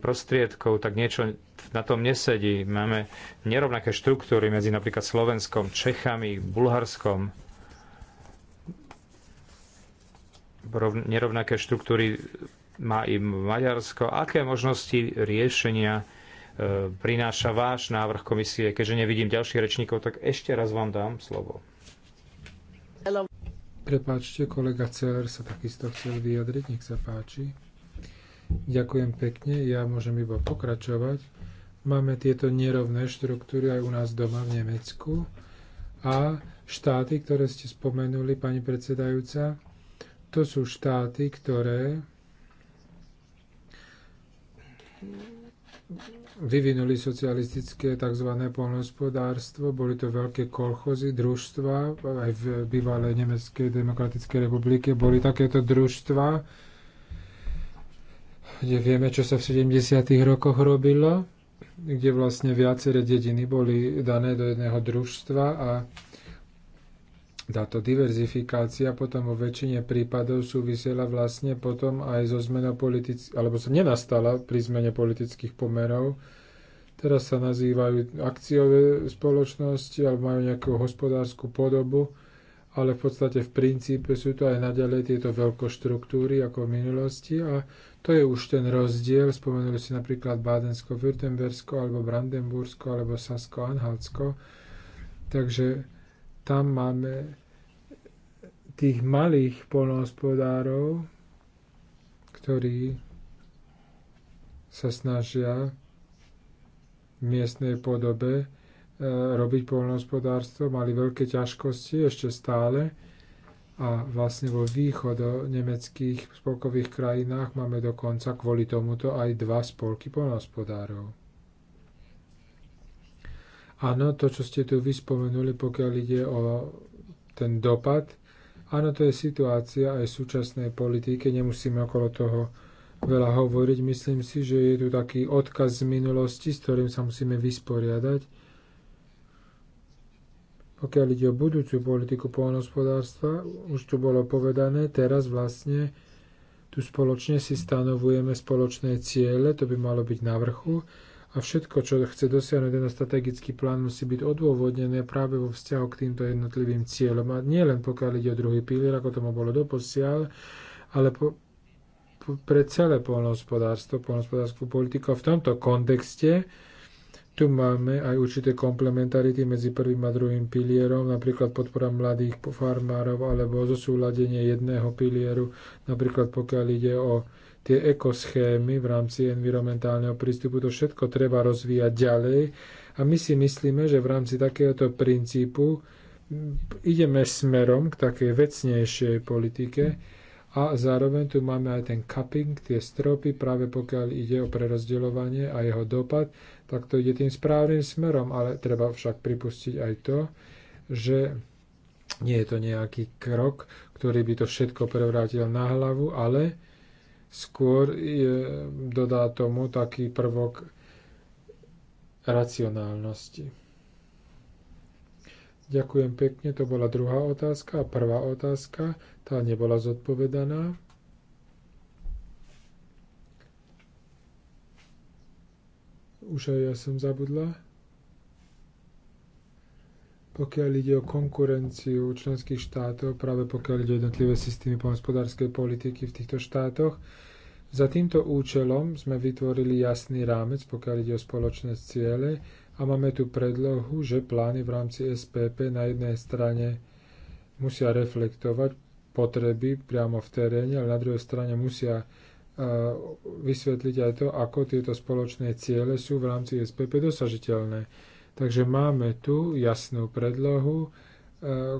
prostriedkov, tak niečo na tom nesedí. Máme nerovnaké štruktúry medzi napríklad Slovenskom, Čechami, Bulharskom. nerovnaké štruktúry má i Maďarsko. Aké možnosti riešenia e, prináša váš návrh komisie? Keďže nevidím ďalších rečníkov, tak ešte raz vám dám slovo. Prepáčte, kolega Celer sa takisto chcel vyjadriť, nech sa páči. Ďakujem pekne, ja môžem iba pokračovať. Máme tieto nerovné štruktúry aj u nás doma v Nemecku. A štáty, ktoré ste spomenuli, pani predsedajúca, to sú štáty, ktoré vyvinuli socialistické tzv. polnohospodárstvo. Boli to veľké kolchozy, družstva. Aj v bývalej Nemeckej demokratickej republike boli takéto družstva, kde vieme, čo sa v 70. rokoch robilo, kde vlastne viaceré dediny boli dané do jedného družstva a táto diverzifikácia potom vo väčšine prípadov súvisela vlastne potom aj zo zmenou politických, alebo sa nenastala pri zmene politických pomerov. Teraz sa nazývajú akciové spoločnosti alebo majú nejakú hospodárskú podobu, ale v podstate v princípe sú to aj naďalej tieto veľkoštruktúry ako v minulosti a to je už ten rozdiel. Spomenuli si napríklad Bádensko, Württembersko alebo Brandenbursko alebo Sasko, Anhaltsko. Takže tam máme tých malých polnohospodárov, ktorí sa snažia v miestnej podobe e, robiť polnohospodárstvo, mali veľké ťažkosti ešte stále a vlastne vo východo nemeckých spolkových krajinách máme dokonca kvôli tomuto aj dva spolky polnohospodárov. Áno, to, čo ste tu vyspomenuli, pokiaľ ide o ten dopad, áno, to je situácia aj v súčasnej politike, nemusíme okolo toho veľa hovoriť. Myslím si, že je tu taký odkaz z minulosti, s ktorým sa musíme vysporiadať. Pokiaľ ide o budúcu politiku poľnohospodárstva, už tu bolo povedané, teraz vlastne tu spoločne si stanovujeme spoločné ciele, to by malo byť na vrchu a všetko, čo chce dosiahnuť ten strategický plán, musí byť odôvodnené práve vo vzťahu k týmto jednotlivým cieľom. A nie len pokiaľ ide o druhý pilier, ako tomu bolo doposiaľ, ale po, po, pre celé polnohospodárstvo, polnohospodárskú politiku. A v tomto kontexte tu máme aj určité komplementarity medzi prvým a druhým pilierom, napríklad podpora mladých farmárov alebo zosúladenie jedného pilieru, napríklad pokiaľ ide o tie ekoschémy v rámci environmentálneho prístupu, to všetko treba rozvíjať ďalej. A my si myslíme, že v rámci takéhoto princípu ideme smerom k takej vecnejšej politike a zároveň tu máme aj ten cupping, tie stropy, práve pokiaľ ide o prerozdeľovanie a jeho dopad, tak to ide tým správnym smerom, ale treba však pripustiť aj to, že nie je to nejaký krok, ktorý by to všetko prevrátil na hlavu, ale skôr je, dodá tomu taký prvok racionálnosti. Ďakujem pekne, to bola druhá otázka. A prvá otázka, tá nebola zodpovedaná. Už aj ja som zabudla pokiaľ ide o konkurenciu členských štátov, práve pokiaľ ide o jednotlivé systémy pohospodárskej politiky v týchto štátoch. Za týmto účelom sme vytvorili jasný rámec, pokiaľ ide o spoločné ciele a máme tu predlohu, že plány v rámci SPP na jednej strane musia reflektovať potreby priamo v teréne, ale na druhej strane musia e, vysvetliť aj to, ako tieto spoločné ciele sú v rámci SPP dosažiteľné. Takže máme tu jasnú predlohu, e,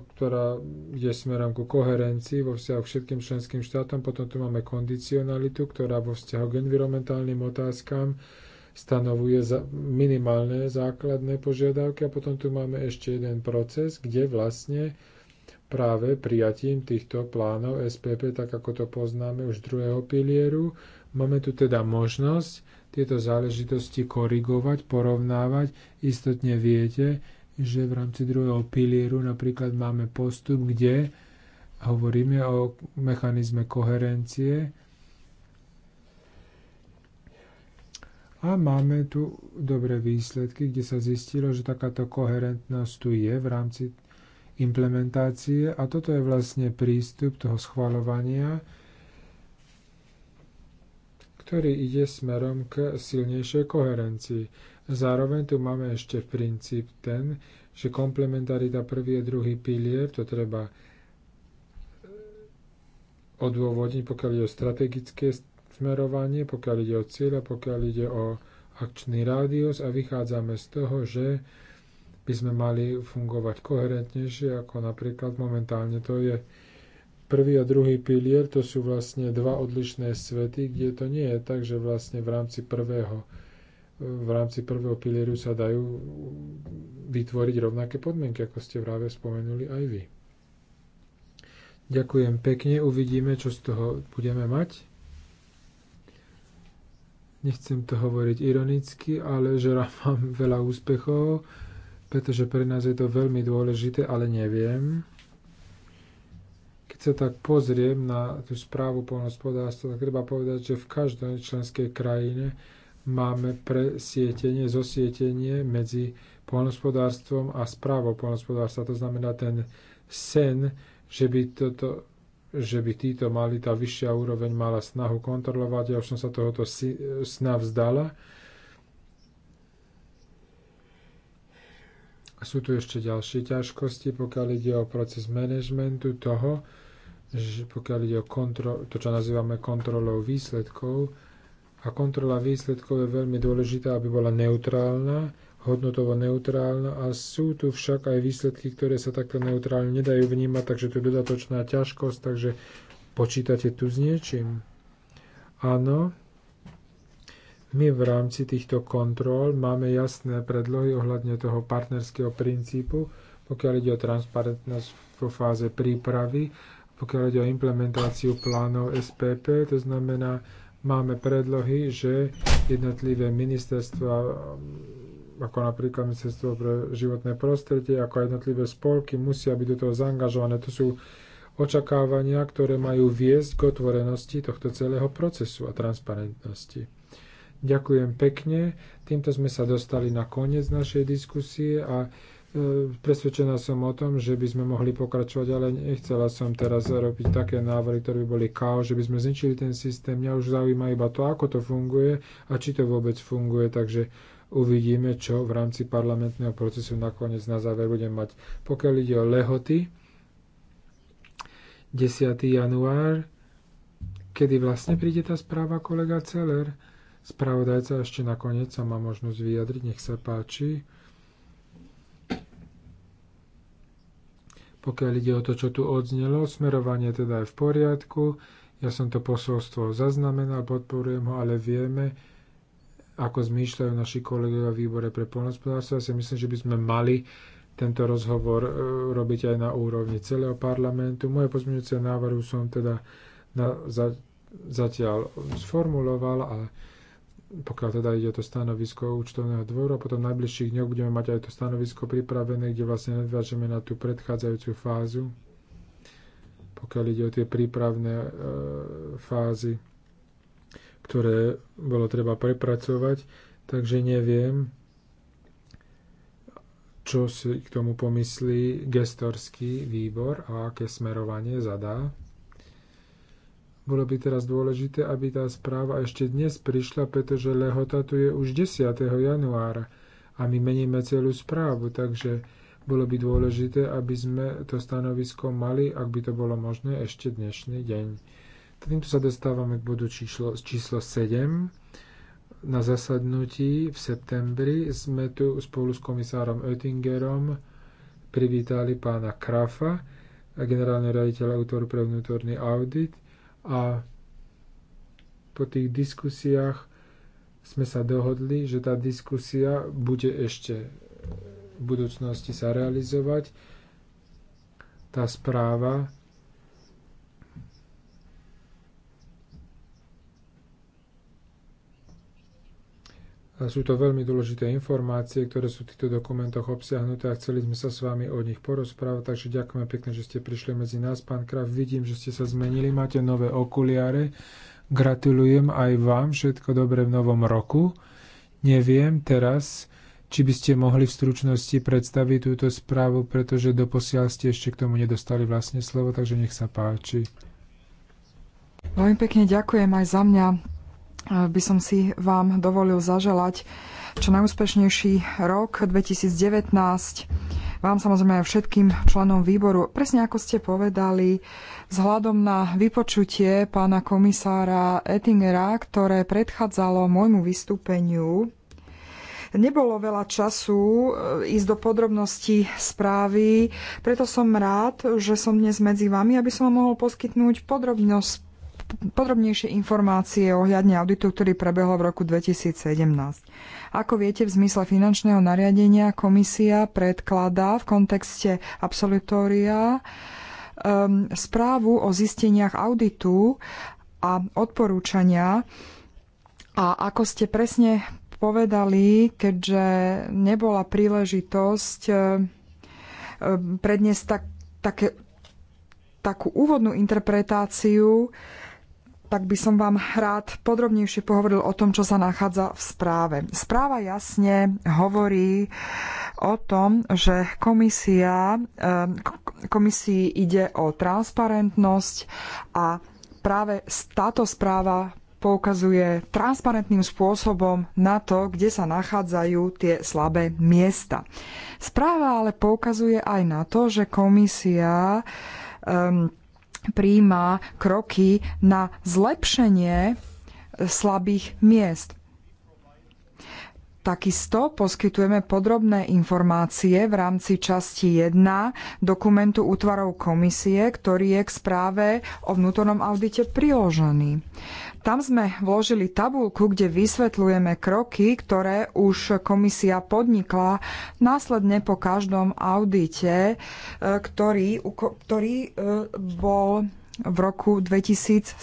ktorá je smerom ku koherencii vo vzťahu k všetkým členským štátom. Potom tu máme kondicionalitu, ktorá vo vzťahu k environmentálnym otázkam stanovuje minimálne základné požiadavky. A potom tu máme ešte jeden proces, kde vlastne práve prijatím týchto plánov SPP, tak ako to poznáme už druhého pilieru, máme tu teda možnosť tieto záležitosti korigovať, porovnávať. Istotne viete, že v rámci druhého pilieru napríklad máme postup, kde hovoríme o mechanizme koherencie a máme tu dobré výsledky, kde sa zistilo, že takáto koherentnosť tu je v rámci implementácie a toto je vlastne prístup toho schvalovania, ktorý ide smerom k silnejšej koherencii. Zároveň tu máme ešte princíp ten, že komplementarita prvý a druhý pilier, to treba odôvodniť, pokiaľ ide o strategické smerovanie, pokiaľ ide o cieľ a pokiaľ ide o akčný rádius a vychádzame z toho, že by sme mali fungovať koherentnejšie, ako napríklad momentálne to je. Prvý a druhý pilier to sú vlastne dva odlišné svety, kde to nie je tak, že vlastne v rámci prvého v rámci prvého pilieru sa dajú vytvoriť rovnaké podmienky, ako ste práve spomenuli aj vy. Ďakujem pekne, uvidíme, čo z toho budeme mať. Nechcem to hovoriť ironicky, ale že mám veľa úspechov, pretože pre nás je to veľmi dôležité, ale neviem, sa tak pozriem na tú správu poľnohospodárstva, tak treba povedať, že v každej členskej krajine máme presietenie, zosietenie medzi poľnohospodárstvom a správou poľnohospodárstva. To znamená ten sen, že by, toto, že by títo mali, tá vyššia úroveň mala snahu kontrolovať. Ja už som sa tohoto sna vzdala. Sú tu ešte ďalšie ťažkosti, pokiaľ ide o proces manažmentu toho, že pokiaľ ide o kontro, to, čo nazývame kontrolou výsledkov, a kontrola výsledkov je veľmi dôležitá, aby bola neutrálna, hodnotovo neutrálna a sú tu však aj výsledky, ktoré sa takto neutrálne nedajú vnímať, takže to je dodatočná ťažkosť, takže počítate tu s niečím. Áno, my v rámci týchto kontrol máme jasné predlohy ohľadne toho partnerského princípu, pokiaľ ide o transparentnosť vo fáze prípravy pokiaľ ide o implementáciu plánov SPP, to znamená, máme predlohy, že jednotlivé ministerstva, ako napríklad Ministerstvo pre životné prostredie, ako jednotlivé spolky, musia byť do toho zaangažované. To sú očakávania, ktoré majú viesť k otvorenosti tohto celého procesu a transparentnosti. Ďakujem pekne. Týmto sme sa dostali na koniec našej diskusie a E, presvedčená som o tom, že by sme mohli pokračovať, ale nechcela som teraz robiť také návrhy, ktoré by boli chaos, že by sme zničili ten systém. Mňa už zaujíma iba to, ako to funguje a či to vôbec funguje, takže uvidíme, čo v rámci parlamentného procesu nakoniec na záver budem mať. Pokiaľ ide o lehoty, 10. január, kedy vlastne príde tá správa kolega Celer, spravodajca ešte nakoniec sa má možnosť vyjadriť, nech sa páči. pokiaľ ide o to, čo tu odznelo. Smerovanie teda je v poriadku, ja som to posolstvo zaznamenal, podporujem ho, ale vieme, ako zmýšľajú naši kolegovia v výbore pre polnospodárstvo. Ja si myslím, že by sme mali tento rozhovor e, robiť aj na úrovni celého parlamentu. Moje pozmeňujúce návrhu som teda na, za, zatiaľ sformuloval, ale pokiaľ teda ide to stanovisko účtovného dvora, a potom v najbližších dňoch budeme mať aj to stanovisko pripravené, kde vlastne nadvážeme na tú predchádzajúcu fázu, pokiaľ ide o tie prípravné e, fázy, ktoré bolo treba prepracovať, takže neviem, čo si k tomu pomyslí gestorský výbor a aké smerovanie zadá. Bolo by teraz dôležité, aby tá správa ešte dnes prišla, pretože lehota tu je už 10. januára a my meníme celú správu, takže bolo by dôležité, aby sme to stanovisko mali, ak by to bolo možné, ešte dnešný deň. Týmto sa dostávame k bodu číslo, číslo 7. Na zasadnutí v septembri sme tu spolu s komisárom Oettingerom privítali pána Krafa, generálneho raditeľa útoru pre vnútorný audit, a po tých diskusiách sme sa dohodli, že tá diskusia bude ešte v budúcnosti sa realizovať. Tá správa Sú to veľmi dôležité informácie, ktoré sú v týchto dokumentoch obsiahnuté a chceli sme sa s vami o nich porozprávať, takže ďakujem pekne, že ste prišli medzi nás. Pán Krav, vidím, že ste sa zmenili, máte nové okuliare. Gratulujem aj vám, všetko dobré v novom roku. Neviem teraz, či by ste mohli v stručnosti predstaviť túto správu, pretože doposiaľ ste ešte k tomu nedostali vlastne slovo, takže nech sa páči. Veľmi pekne ďakujem aj za mňa by som si vám dovolil zaželať čo najúspešnejší rok 2019. Vám samozrejme aj všetkým členom výboru. Presne ako ste povedali, vzhľadom na vypočutie pána komisára Ettingera, ktoré predchádzalo môjmu vystúpeniu, nebolo veľa času eh, ísť do podrobností správy, preto som rád, že som dnes medzi vami, aby som vám mohol poskytnúť podrobnosť podrobnejšie informácie ohľadne auditu, ktorý prebehol v roku 2017. Ako viete, v zmysle finančného nariadenia komisia predkladá v kontexte absolutória um, správu o zisteniach auditu a odporúčania. A ako ste presne povedali, keďže nebola príležitosť um, predniesť tak, také, takú úvodnú interpretáciu, tak by som vám rád podrobnejšie pohovoril o tom, čo sa nachádza v správe. Správa jasne hovorí o tom, že komisia, eh, komisii ide o transparentnosť a práve táto správa poukazuje transparentným spôsobom na to, kde sa nachádzajú tie slabé miesta. Správa ale poukazuje aj na to, že komisia um, príjma kroky na zlepšenie slabých miest. Takisto poskytujeme podrobné informácie v rámci časti 1 dokumentu útvarov komisie, ktorý je k správe o vnútornom audite priložený. Tam sme vložili tabulku, kde vysvetľujeme kroky, ktoré už komisia podnikla následne po každom audite, e, ktorý, ktorý e, bol v roku 2017.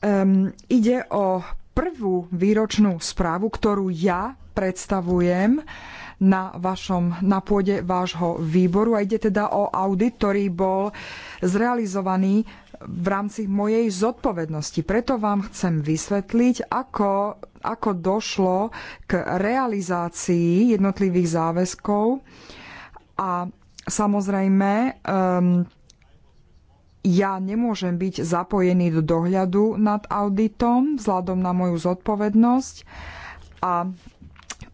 Um, ehm, ide o prvú výročnú správu, ktorú ja predstavujem na, vašom, na pôde vášho výboru a ide teda o audit, ktorý bol zrealizovaný v rámci mojej zodpovednosti. Preto vám chcem vysvetliť, ako, ako došlo k realizácii jednotlivých záväzkov a samozrejme um, ja nemôžem byť zapojený do dohľadu nad auditom vzhľadom na moju zodpovednosť a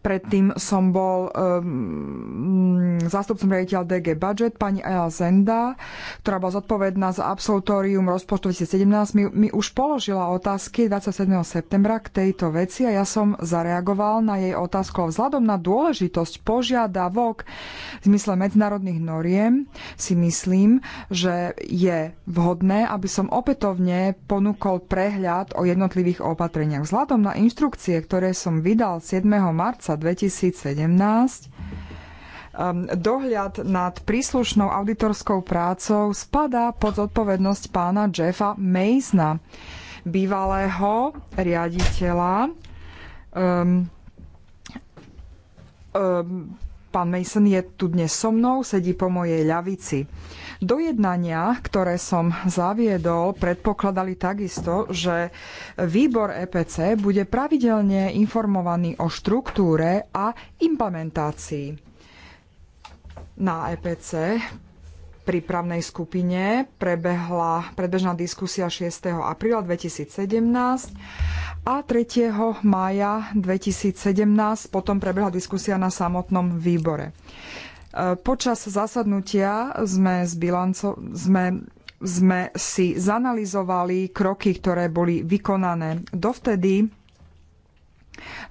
Predtým som bol um, zástupcom riaditeľa DG Budget, pani Ea Zenda, ktorá bola zodpovedná za absolutórium rozpočtu 2017, mi, mi už položila otázky 27. septembra k tejto veci a ja som zareagoval na jej otázku. Vzhľadom na dôležitosť požiadavok v zmysle medzinárodných noriem si myslím, že je vhodné, aby som opätovne ponúkol prehľad o jednotlivých opatreniach. Vzhľadom na inštrukcie, ktoré som vydal 7. marca marca 2017 ehm, dohľad nad príslušnou auditorskou prácou spadá pod zodpovednosť pána Jeffa Maisna, bývalého riaditeľa. Um, um, pán Mason je tu dnes so mnou, sedí po mojej ľavici. Dojednania, ktoré som zaviedol, predpokladali takisto, že výbor EPC bude pravidelne informovaný o štruktúre a implementácii. Na EPC prípravnej skupine prebehla predbežná diskusia 6. apríla 2017 a 3. mája 2017 potom prebehla diskusia na samotnom výbore. Eh, počas zasadnutia sme, zbilanco, sme, sme si zanalizovali kroky, ktoré boli vykonané dovtedy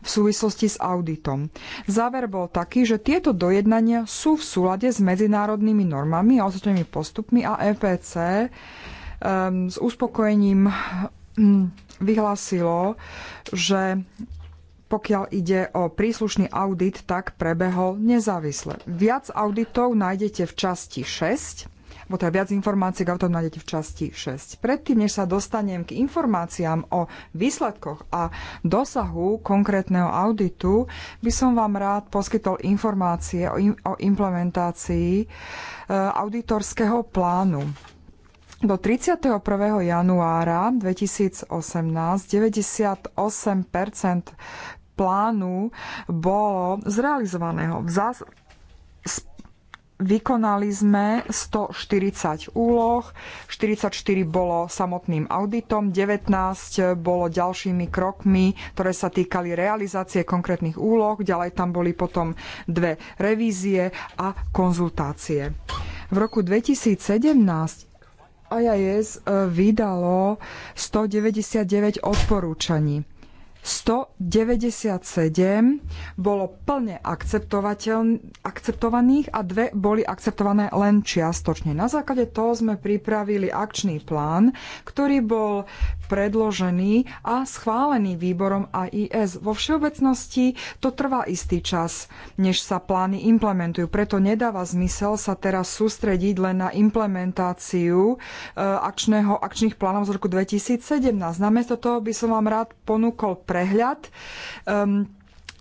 v súvislosti s auditom. Záver bol taký, že tieto dojednania sú v súlade s medzinárodnými normami a ostatnými postupmi a EPC um, ehm, s uspokojením um, vyhlásilo, že pokiaľ ide o príslušný audit, tak prebehol nezávisle. Viac auditov nájdete v časti 6 bo teda viac informácií o tom nájdete v časti 6. Predtým, než sa dostanem k informáciám o výsledkoch a dosahu konkrétneho auditu, by som vám rád poskytol informácie o, im, o implementácii e, auditorského plánu. Do 31. januára 2018 98 plánu bolo zrealizovaného. Zas, vykonali sme 140 úloh, 44 bolo samotným auditom, 19 bolo ďalšími krokmi, ktoré sa týkali realizácie konkrétnych úloh, ďalej tam boli potom dve revízie a konzultácie. V roku 2017 IIS e, vydalo 199 odporúčaní. 197 bolo plne akceptovaných a dve boli akceptované len čiastočne. Na základe toho sme pripravili akčný plán, ktorý bol predložený a schválený výborom AIS. Vo všeobecnosti to trvá istý čas, než sa plány implementujú. Preto nedáva zmysel sa teraz sústrediť len na implementáciu e, akčného, akčných plánov z roku 2017. Namiesto toho by som vám rád ponúkol prehľad um,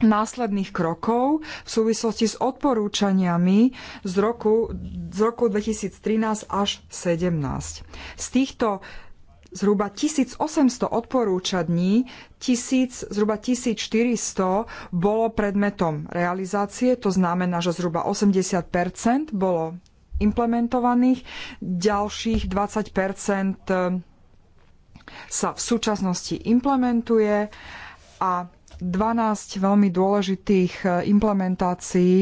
následných krokov v súvislosti s odporúčaniami z roku, z roku 2013 až 2017. Z týchto zhruba 1800 odporúčaní, tisíc, zhruba 1400 bolo predmetom realizácie, to znamená, že zhruba 80 bolo implementovaných, ďalších 20 e, sa v súčasnosti implementuje a 12 veľmi dôležitých e, implementácií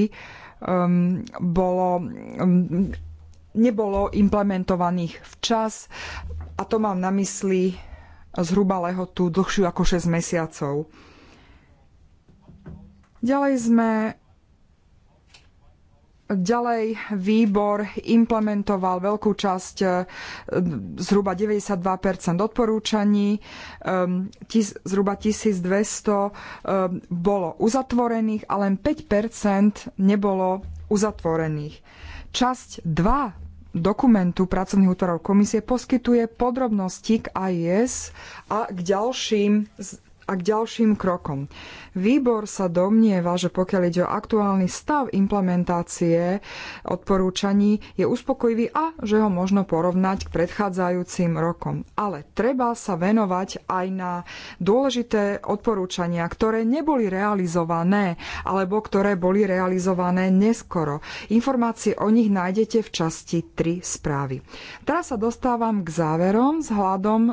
um, bolo, um, nebolo implementovaných včas a to mám na mysli zhruba lehotu dlhšiu ako 6 mesiacov. Ďalej sme Ďalej výbor implementoval veľkú časť, e, zhruba 92 odporúčaní, ehm, zhruba 1200 ehm, bolo uzatvorených a len 5 nebolo uzatvorených. Časť 2 dokumentu pracovných útorov komisie poskytuje podrobnosti k AIS a k ďalším a k ďalším krokom. Výbor sa domnieva, že pokiaľ ide o aktuálny stav implementácie odporúčaní, je uspokojivý a že ho možno porovnať k predchádzajúcim rokom. Ale treba sa venovať aj na dôležité odporúčania, ktoré neboli realizované alebo ktoré boli realizované neskoro. Informácie o nich nájdete v časti 3 správy. Teraz sa dostávam k záverom s hľadom, e,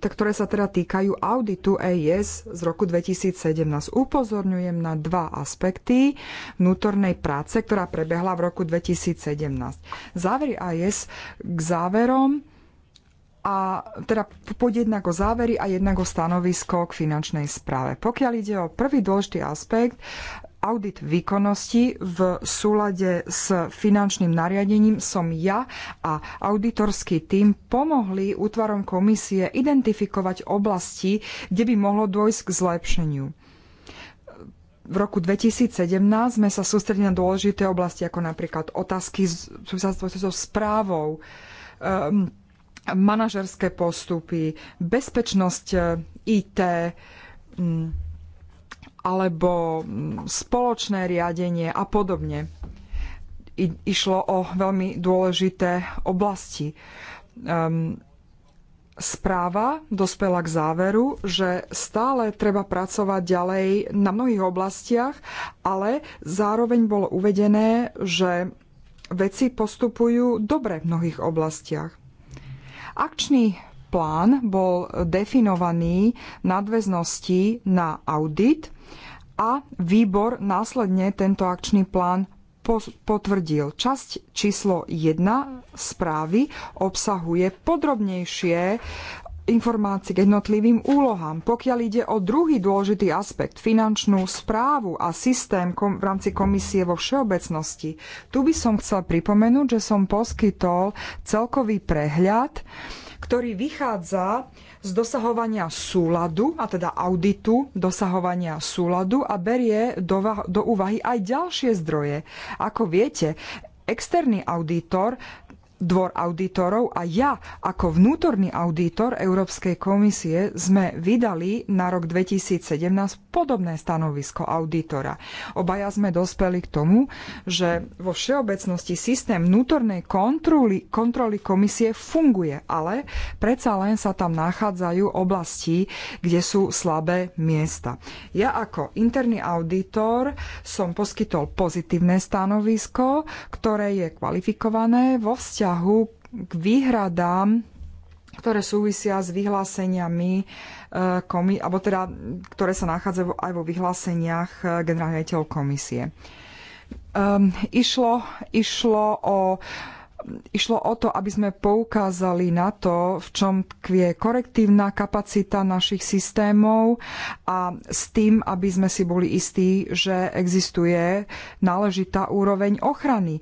ktoré sa teda týkajú auditu EIS z roku 2017 upozorňujem na dva aspekty vnútornej práce, ktorá prebehla v roku 2017. Závery AIS k záverom a teda poď jednak o závery a jednak o stanovisko k finančnej správe. Pokiaľ ide o prvý dôležitý aspekt, audit výkonnosti v súlade s finančným nariadením som ja a auditorský tím pomohli útvarom komisie identifikovať oblasti, kde by mohlo dôjsť k zlepšeniu v roku 2017 sme sa sústredili na dôležité oblasti, ako napríklad otázky súvisiace so správou, um, manažerské postupy, bezpečnosť eh, IT, um, mm, alebo mm, spoločné riadenie a podobne. I, išlo o veľmi dôležité oblasti. Um, Správa dospela k záveru, že stále treba pracovať ďalej na mnohých oblastiach, ale zároveň bolo uvedené, že veci postupujú dobre v mnohých oblastiach. Akčný plán bol definovaný nadväznosti na audit a výbor následne tento akčný plán potvrdil. Časť číslo 1 správy obsahuje podrobnejšie informácie k jednotlivým úlohám. Pokiaľ ide o druhý dôležitý aspekt, finančnú správu a systém v rámci komisie vo všeobecnosti, tu by som chcel pripomenúť, že som poskytol celkový prehľad, ktorý vychádza z dosahovania súladu, a teda auditu dosahovania súladu a berie do, do úvahy aj ďalšie zdroje. Ako viete, externý auditor dvor auditorov a ja ako vnútorný auditor Európskej komisie sme vydali na rok 2017 podobné stanovisko auditora. Obaja sme dospeli k tomu, že vo všeobecnosti systém vnútornej kontroly, kontroly komisie funguje, ale predsa len sa tam nachádzajú oblasti, kde sú slabé miesta. Ja ako interný auditor som poskytol pozitívne stanovisko, ktoré je kvalifikované vo vzťahu vzťahu k výhradám, ktoré súvisia s vyhláseniami, e, komi- alebo teda, ktoré sa nachádzajú aj vo vyhláseniach e, Generálnej komisie. Um, išlo, išlo o išlo o to, aby sme poukázali na to, v čom tkvie korektívna kapacita našich systémov a s tým, aby sme si boli istí, že existuje náležitá úroveň ochrany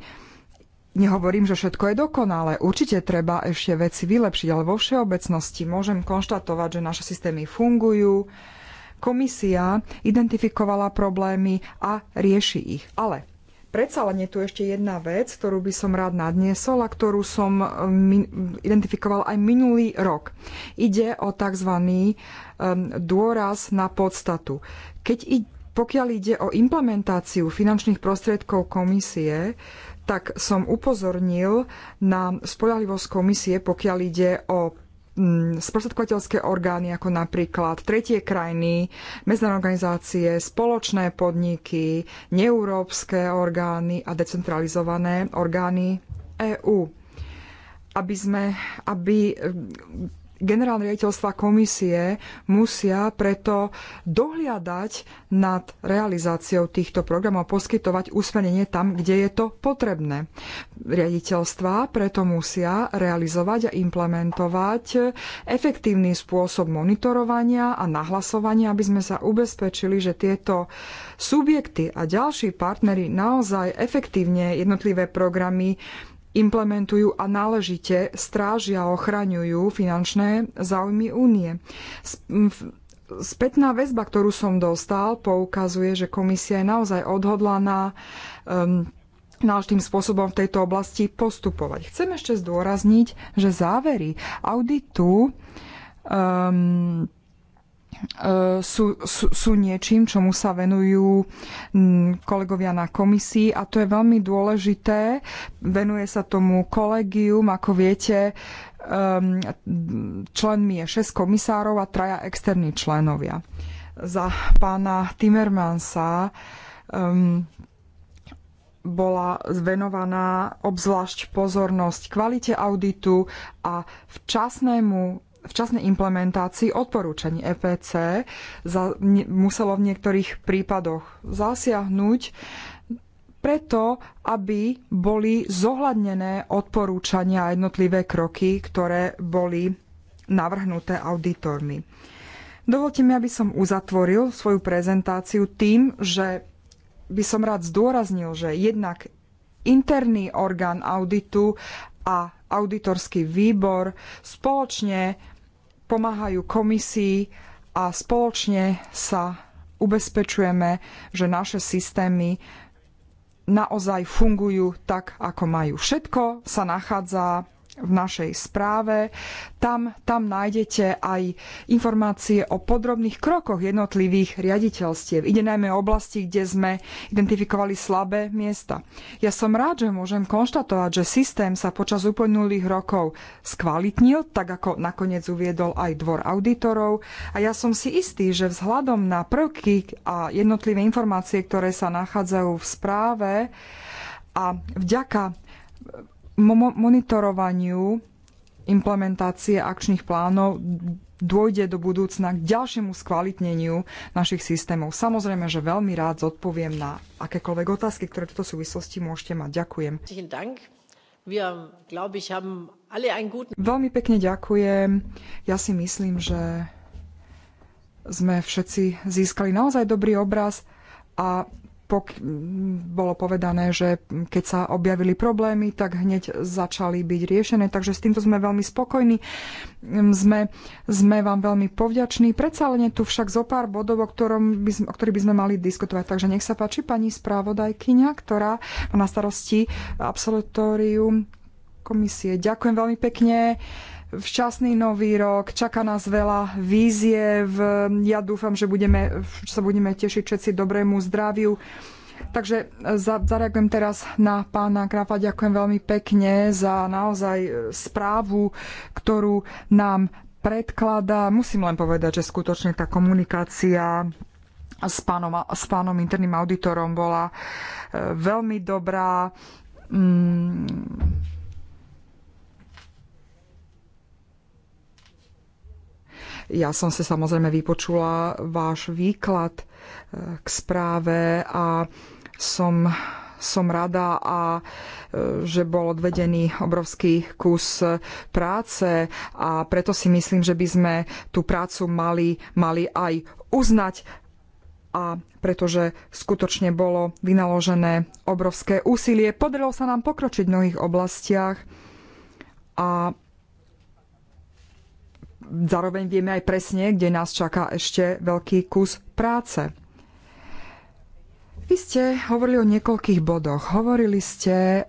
nehovorím, že všetko je dokonalé. Určite treba ešte veci vylepšiť, ale vo všeobecnosti môžem konštatovať, že naše systémy fungujú. Komisia identifikovala problémy a rieši ich. Ale predsa len je tu ešte jedna vec, ktorú by som rád nadniesol a ktorú som e, identifikoval aj minulý rok. Ide o tzv. E, dôraz na podstatu. Keď, pokiaľ ide o implementáciu finančných prostriedkov komisie, tak som upozornil na spolahlivosť komisie, pokiaľ ide o mm, sprostredkovateľské orgány, ako napríklad tretie krajiny, medzinárodné organizácie, spoločné podniky, neurópske orgány a decentralizované orgány EÚ. Aby sme, aby generálne riaditeľstva komisie musia preto dohliadať nad realizáciou týchto programov a poskytovať usmernenie tam, kde je to potrebné. Riaditeľstva preto musia realizovať a implementovať efektívny spôsob monitorovania a nahlasovania, aby sme sa ubezpečili, že tieto subjekty a ďalší partnery naozaj efektívne jednotlivé programy implementujú a náležite strážia a ochraňujú finančné záujmy únie. Spätná väzba, ktorú som dostal, poukazuje, že komisia je naozaj odhodlaná um, náležitým spôsobom v tejto oblasti postupovať. Chcem ešte zdôrazniť, že závery auditu um, Eh, sú, sú, sú niečím, čomu sa venujú mm, kolegovia na komisii a to je veľmi dôležité. Venuje sa tomu kolegium, ako viete, ehm, členmi je 6 komisárov a traja externí členovia. Za pána Timmermansa um, bola venovaná obzvlášť pozornosť kvalite auditu a včasnému včasnej implementácii odporúčaní EPC za, ne, muselo v niektorých prípadoch zasiahnuť preto, aby boli zohľadnené odporúčania a jednotlivé kroky, ktoré boli navrhnuté auditormi. Dovolte mi, aby som uzatvoril svoju prezentáciu tým, že by som rád zdôraznil, že jednak interný orgán auditu a auditorský výbor spoločne pomáhajú komisii a spoločne sa ubezpečujeme, že naše systémy naozaj fungujú tak, ako majú. Všetko sa nachádza v našej správe. Tam, tam nájdete aj informácie o podrobných krokoch jednotlivých riaditeľstiev. Ide najmä o oblasti, kde sme identifikovali slabé miesta. Ja som rád, že môžem konštatovať, že systém sa počas uplynulých rokov skvalitnil, tak ako nakoniec uviedol aj dvor auditorov. A ja som si istý, že vzhľadom na prvky a jednotlivé informácie, ktoré sa nachádzajú v správe a vďaka monitorovaniu implementácie akčných plánov dôjde do budúcna k ďalšiemu skvalitneniu našich systémov. Samozrejme, že veľmi rád zodpoviem na akékoľvek otázky, ktoré v tejto súvislosti môžete mať. Ďakujem. Veľmi pekne ďakujem. Ja si myslím, že sme všetci získali naozaj dobrý obraz a pok- bolo povedané, že keď sa objavili problémy, tak hneď začali byť riešené. Takže s týmto sme veľmi spokojní. Hm, sme, sme vám veľmi povďační. Predsa len tu však zo pár bodov, o, ktorom by sme, o ktorých by sme mali diskutovať. Takže nech sa páči pani správodajkyňa, ktorá má na starosti absolutórium komisie. Ďakujem veľmi pekne včasný nový rok, čaká nás veľa víziev. Ja dúfam, že budeme, sa budeme tešiť všetci dobrému zdraviu. Takže e, zareagujem teraz na pána Krapa. Ďakujem veľmi pekne za naozaj e, správu, ktorú nám predkladá. Musím len povedať, že skutočne tá komunikácia s pánom, s pánom interným auditorom bola e, veľmi dobrá. Mm, Ja som si samozrejme vypočula váš výklad eh, k správe a som som rada a eh, že bol odvedený obrovský kus eh, práce a preto si myslím, že by sme tú prácu mali, mali aj uznať a pretože skutočne bolo vynaložené obrovské úsilie. Podarilo sa nám pokročiť v mnohých oblastiach a zároveň vieme aj presne, kde nás čaká ešte veľký kus práce. Vy ste hovorili o niekoľkých bodoch. Hovorili ste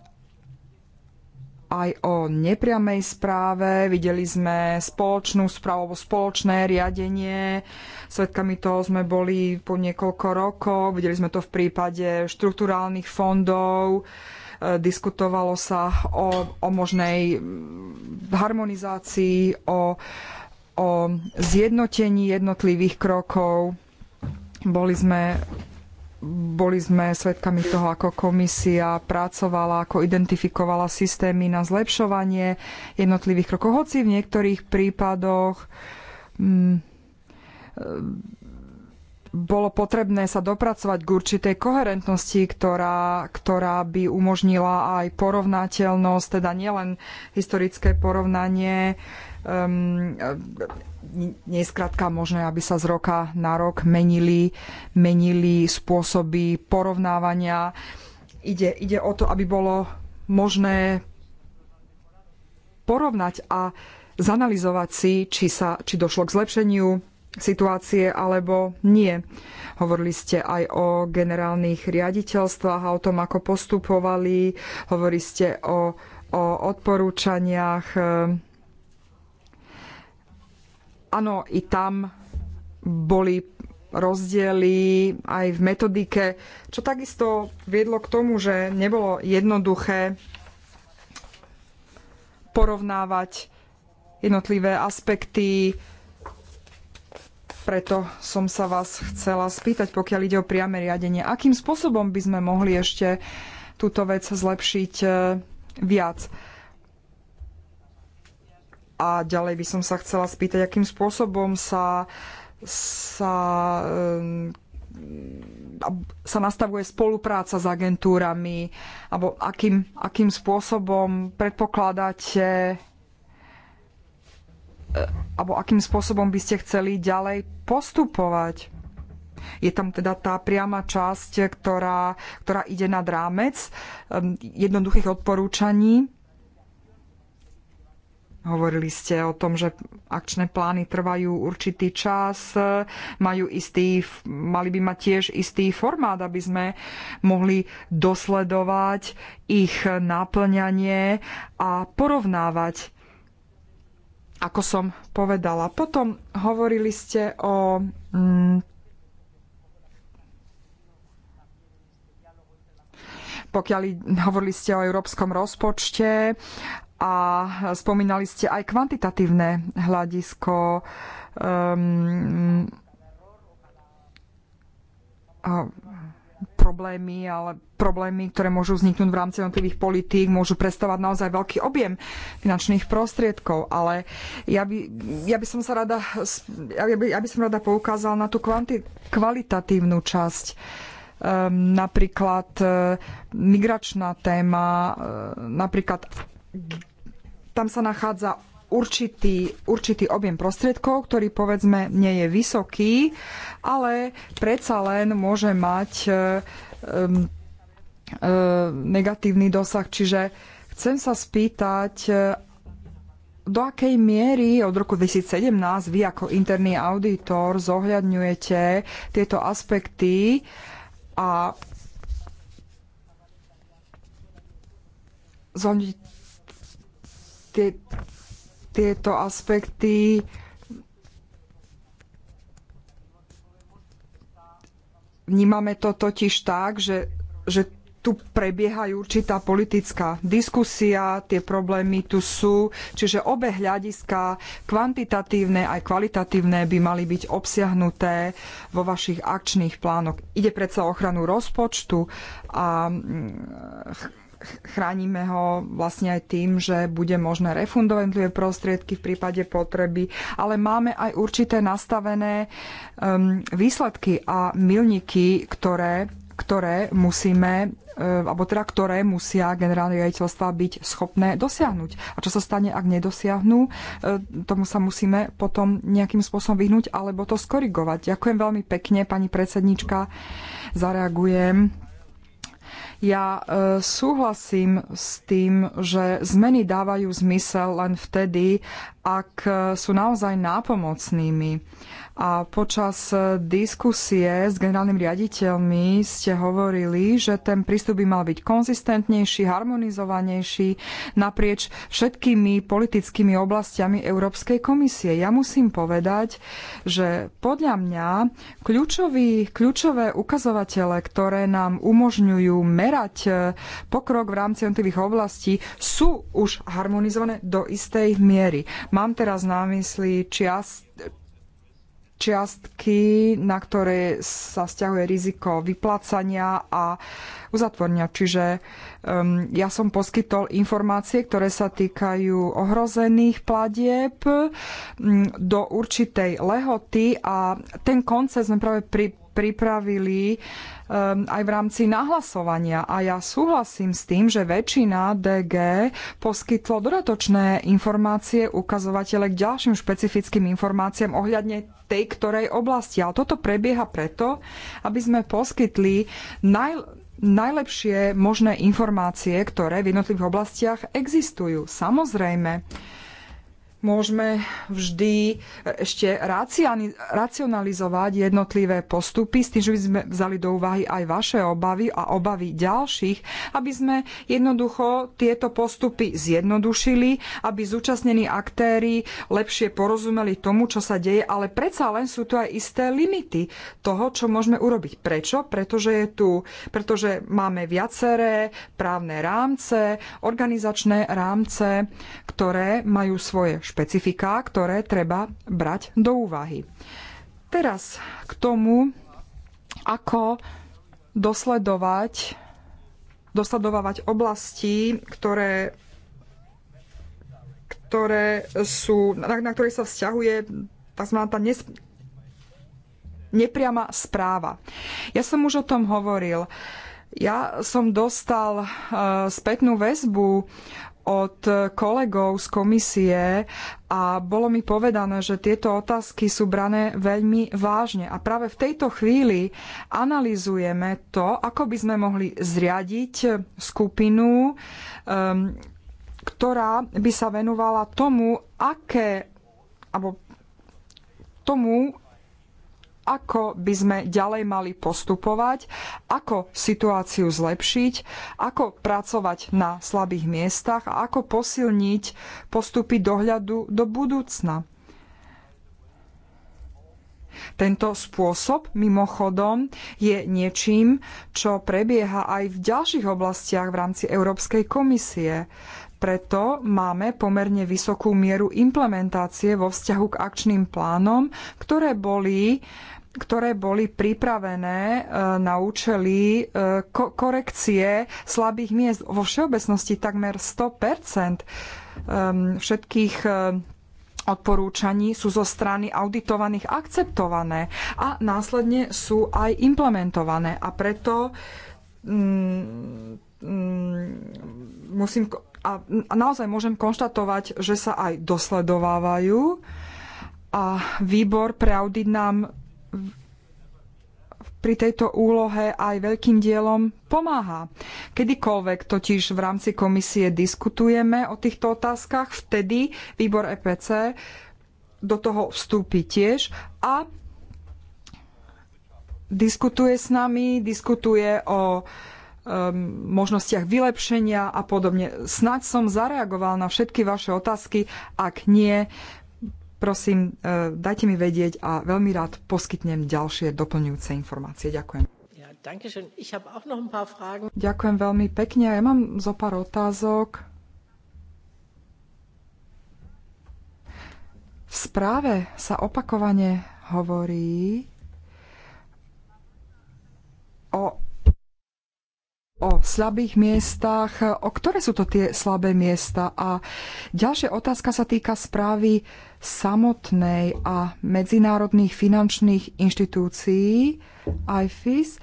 aj o nepriamej správe. Videli sme spoločnú správu, spoločné riadenie. Svedkami toho sme boli po niekoľko rokov. Videli sme to v prípade štruktúrálnych fondov. E, diskutovalo sa o, o možnej harmonizácii, o, o zjednotení jednotlivých krokov. Boli sme, boli sme svedkami toho, ako komisia pracovala, ako identifikovala systémy na zlepšovanie jednotlivých krokov, hoci v niektorých prípadoch mm, bolo potrebné sa dopracovať k určitej koherentnosti, ktorá, ktorá by umožnila aj porovnateľnosť, teda nielen historické porovnanie um, nie je skrátka možné, aby sa z roka na rok menili, menili spôsoby porovnávania. Ide, ide o to, aby bolo možné porovnať a zanalizovať si, či, sa, či došlo k zlepšeniu situácie alebo nie. Hovorili ste aj o generálnych riaditeľstvách a o tom, ako postupovali. Hovorili ste o, o odporúčaniach ehm, Áno, i tam boli rozdiely aj v metodike, čo takisto viedlo k tomu, že nebolo jednoduché porovnávať jednotlivé aspekty. Preto som sa vás chcela spýtať, pokiaľ ide o priame riadenie, akým spôsobom by sme mohli ešte túto vec zlepšiť eh, viac. A ďalej by som sa chcela spýtať, akým spôsobom sa, sa, sa nastavuje spolupráca s agentúrami, alebo akým, akým spôsobom predpokladáte e, alebo akým spôsobom by ste chceli ďalej postupovať. Je tam teda tá priama časť, ktorá, ktorá ide nad rámec jednoduchých odporúčaní Hovorili ste o tom, že akčné plány trvajú určitý čas, majú istý, mali by mať tiež istý formát, aby sme mohli dosledovať ich náplňanie a porovnávať ako som povedala. Potom hovorili ste o mm, pokiaľ hovorili ste o európskom rozpočte a spomínali ste aj kvantitatívne hľadisko. Um, a problémy, ale problémy, ktoré môžu vzniknúť v rámci jednotlivých politík, môžu predstavovať naozaj veľký objem finančných prostriedkov, ale ja by, ja by som sa rada, ja by, ja by som rada poukázala na tú kvanti, kvalitatívnu časť. Um, napríklad uh, migračná téma, uh, napríklad tam sa nachádza určitý, určitý objem prostriedkov, ktorý povedzme nie je vysoký, ale predsa len môže mať um, um, negatívny dosah. Čiže chcem sa spýtať, e, do akej miery od roku 2017 vy ako interný auditor zohľadňujete tieto aspekty a zohľadňujete tie, tieto aspekty vnímame to totiž tak, že, že tu prebieha určitá politická diskusia, tie problémy tu sú, čiže obe hľadiska, kvantitatívne aj kvalitatívne, by mali byť obsiahnuté vo vašich akčných plánoch. Ide predsa o ochranu rozpočtu a hm, chránime ho vlastne aj tým, že bude možné refundovať tie prostriedky v prípade potreby, ale máme aj určité nastavené um, výsledky a milníky, ktoré, ktoré musíme um, alebo teda ktoré musia generálne riaditeľstva byť schopné dosiahnuť. A čo sa stane, ak nedosiahnu, um, tomu sa musíme potom nejakým spôsobom vyhnúť alebo to skorigovať. Ďakujem veľmi pekne, pani predsednička, zareagujem ja e, súhlasím s tým, že zmeny dávajú zmysel len vtedy, ak e, sú naozaj nápomocnými. A počas e, diskusie s generálnymi riaditeľmi ste hovorili, že ten prístup by mal byť konzistentnejší, harmonizovanejší naprieč všetkými politickými oblastiami Európskej komisie. Ja musím povedať, že podľa mňa kľúčový, kľúčové ukazovatele, ktoré nám umožňujú merať e, pokrok v rámci jednotlivých oblastí, sú už harmonizované do istej miery Mám teraz na mysli čiast, čiastky, na ktoré sa stiahuje riziko vyplácania a uzatvorenia. Čiže um, ja som poskytol informácie, ktoré sa týkajú ohrozených platieb um, do určitej lehoty a ten koncept sme práve pri, pripravili Ehm, aj v rámci nahlasovania. A ja súhlasím s tým, že väčšina DG poskytlo dodatočné informácie ukazovatele k ďalším špecifickým informáciám ohľadne tej ktorej oblasti. Ale toto prebieha preto, aby sme poskytli naj, najlepšie možné informácie, ktoré v jednotlivých oblastiach existujú. Samozrejme, môžeme vždy ešte racionalizovať jednotlivé postupy, s tým, že by sme vzali do úvahy aj vaše obavy a obavy ďalších, aby sme jednoducho tieto postupy zjednodušili, aby zúčastnení aktéry lepšie porozumeli tomu, čo sa deje, ale predsa len sú tu aj isté limity toho, čo môžeme urobiť. Prečo? Pretože, je tu, pretože máme viaceré právne rámce, organizačné rámce, ktoré majú svoje špecifiká, ktoré treba brať do úvahy. Teraz k tomu, ako dosledovať, dosledovať oblasti, ktoré, ktoré sú, na, na ktoré sa vzťahuje tzv. tá nes, nepriama správa. Ja som už o tom hovoril. Ja som dostal uh, spätnú väzbu od kolegov z komisie a bolo mi povedané, že tieto otázky sú brané veľmi vážne. A práve v tejto chvíli analizujeme to, ako by sme mohli zriadiť skupinu, um, ktorá by sa venovala tomu, aké alebo tomu, ako by sme ďalej mali postupovať, ako situáciu zlepšiť, ako pracovať na slabých miestach a ako posilniť postupy dohľadu do budúcna. Tento spôsob, mimochodom, je niečím, čo prebieha aj v ďalších oblastiach v rámci Európskej komisie. Preto máme pomerne vysokú mieru implementácie vo vzťahu k akčným plánom, ktoré boli ktoré boli pripravené e, na účely e, korekcie slabých miest vo všeobecnosti takmer 100 ehm, všetkých e, odporúčaní sú zo strany auditovaných akceptované a následne sú aj implementované. A preto mm, mm, musím a naozaj môžem konštatovať, že sa aj dosledovávajú a výbor pre audit nám pri tejto úlohe aj veľkým dielom pomáha. Kedykoľvek totiž v rámci komisie diskutujeme o týchto otázkach, vtedy výbor EPC do toho vstúpi tiež a diskutuje s nami, diskutuje o um, možnostiach vylepšenia a podobne. Snaď som zareagoval na všetky vaše otázky. Ak nie, Prosím, e, dajte mi vedieť a veľmi rád poskytnem ďalšie doplňujúce informácie. Ďakujem. Ďakujem veľmi pekne. Ja mám zo pár otázok. V správe sa opakovane hovorí o o slabých miestach, o ktoré sú to tie slabé miesta. A ďalšia otázka sa týka správy samotnej a medzinárodných finančných inštitúcií IFIS.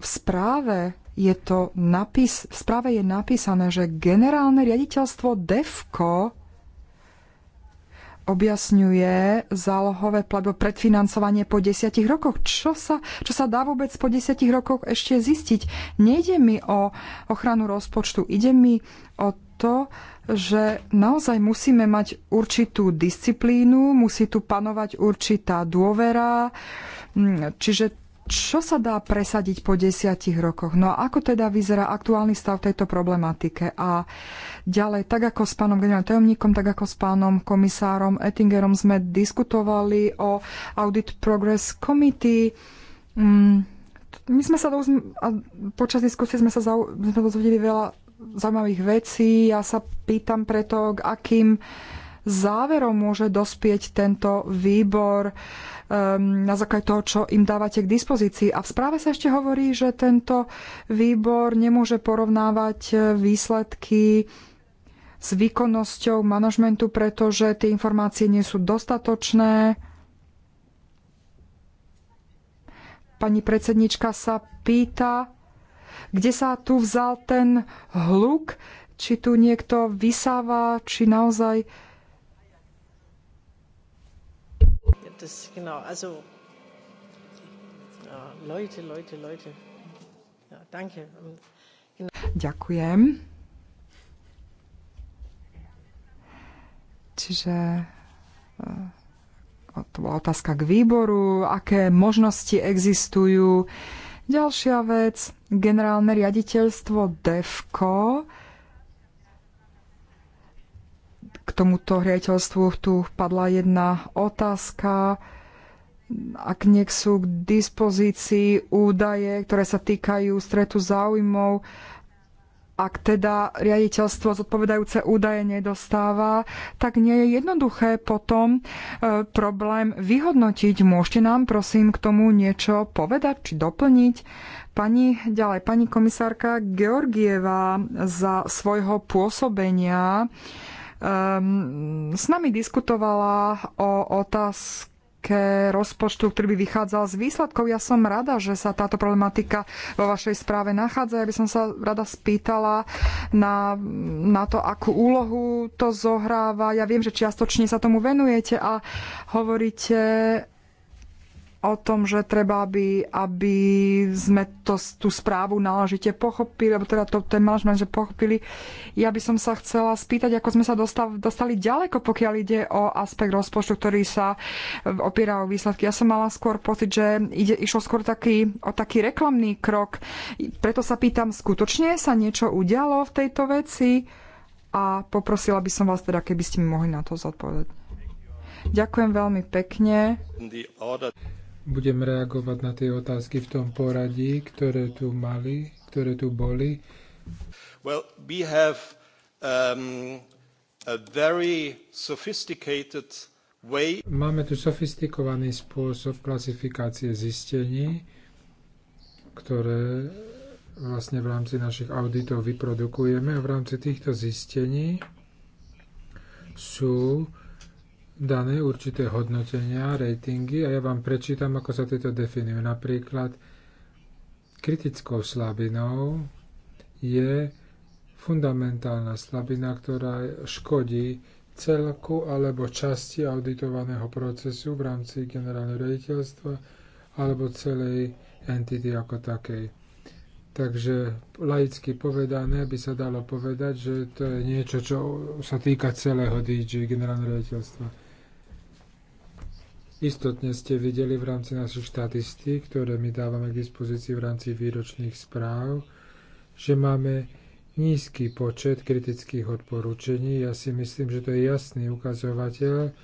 V správe je to napis, v správe je napísané, že generálne riaditeľstvo DEFCO objasňuje zálohové platby, predfinancovanie po desiatich rokoch. Čo sa, čo sa dá vôbec po desiatich rokoch ešte zistiť? Nejde mi o ochranu rozpočtu, ide mi o to, že naozaj musíme mať určitú disciplínu, musí tu panovať určitá dôvera, mm, čiže čo sa dá presadiť po desiatich rokoch? No a ako teda vyzerá aktuálny stav tejto problematike? A ďalej, tak ako s pánom generálnym tajomníkom, tak ako s pánom komisárom Ettingerom sme diskutovali o Audit Progress Committee. Mm, my sme sa do, a počas diskusie sme sa, zau, sme dozvedeli veľa zaujímavých vecí. Ja sa pýtam preto, k akým záverom môže dospieť tento výbor. Um, na základe toho, čo im dávate k dispozícii. A v správe sa ešte hovorí, že tento výbor nemôže porovnávať eh, výsledky s výkonnosťou manažmentu, pretože tie informácie nie sú dostatočné. Pani predsednička sa pýta, kde sa tu vzal ten hluk, či tu niekto vysáva, či naozaj gibt genau. Also, ja, Leute, Leute, Leute. Ja, danke. Genau. Ďakujem. Čiže eh, to bola otázka k výboru, aké možnosti existujú. Ďalšia vec, generálne riaditeľstvo DEFCO K tomuto riaditeľstvu tu padla jedna otázka ak nie sú k dispozícii údaje, ktoré sa týkajú stretu záujmov, ak teda riaditeľstvo zodpovedajúce údaje nedostáva, tak nie je jednoduché potom e, problém vyhodnotiť. Môžete nám prosím k tomu niečo povedať či doplniť? Pani, ďalej, pani komisárka Georgieva za svojho pôsobenia um, s nami diskutovala o otázke, ke rozpočtu, ktorý by vychádzal z výsledkov. Ja som rada, že sa táto problematika vo vašej správe nachádza. Ja by som sa rada spýtala na, na to, akú úlohu to zohráva. Ja viem, že čiastočne sa tomu venujete a hovoríte o tom, že treba, aby, aby sme to, tú správu náležite pochopili, alebo teda to, ten manažment, že pochopili. Ja by som sa chcela spýtať, ako sme sa dostali, dostali ďaleko, pokiaľ ide o aspekt rozpočtu, ktorý sa e, opiera o výsledky. Ja som mala skôr pocit, že ide, išlo skôr taký, o taký reklamný krok. Preto sa pýtam, skutočne sa niečo udialo v tejto veci? A poprosila by som vás teda, keby ste mi mohli na to zodpovedať. Ďakujem veľmi pekne budem reagovať na tie otázky v tom poradí, ktoré tu mali, ktoré tu boli. Well, we have um, a very sophisticated way... Máme tu sofistikovaný spôsob klasifikácie zistení, ktoré vlastne v rámci našich auditov vyprodukujeme a v rámci týchto zistení sú dané určité hodnotenia, ratingy a ja vám prečítam, ako sa tieto definujú. Napríklad kritickou slabinou je fundamentálna slabina, ktorá škodí celku alebo časti auditovaného procesu v rámci generálneho rediteľstva alebo celej entity ako takej. Takže laicky povedané by sa dalo povedať, že to je niečo, čo sa týka celého DG, generálneho rediteľstva. Istotne ste videli v rámci našich štatistík, ktoré my dávame k dispozícii v rámci výročných správ, že máme nízky počet kritických odporúčení. Ja si myslím, že to je jasný ukazovateľ,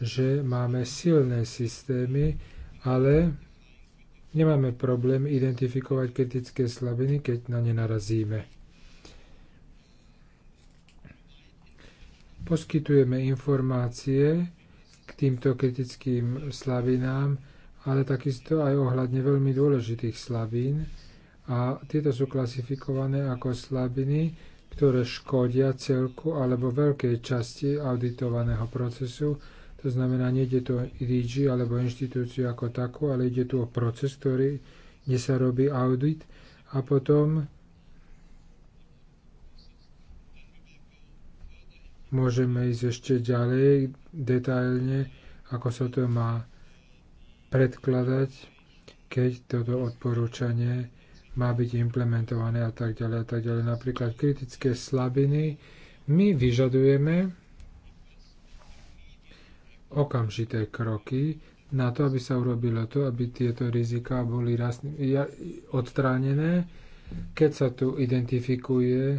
že máme silné systémy, ale nemáme problém identifikovať kritické slabiny, keď na ne narazíme. Poskytujeme informácie, týmto kritickým slavinám, ale takisto aj ohľadne veľmi dôležitých slabín. A tieto sú klasifikované ako slabiny, ktoré škodia celku alebo veľkej časti auditovaného procesu. To znamená, nejde tu o IDG alebo inštitúciu ako takú, ale ide tu o proces, ktorý, kde sa robí audit a potom môžeme ísť ešte ďalej detailne, ako sa to má predkladať, keď toto odporúčanie má byť implementované a tak ďalej a tak ďalej. Napríklad kritické slabiny my vyžadujeme okamžité kroky na to, aby sa urobilo to, aby tieto riziká boli odstránené, keď sa tu identifikuje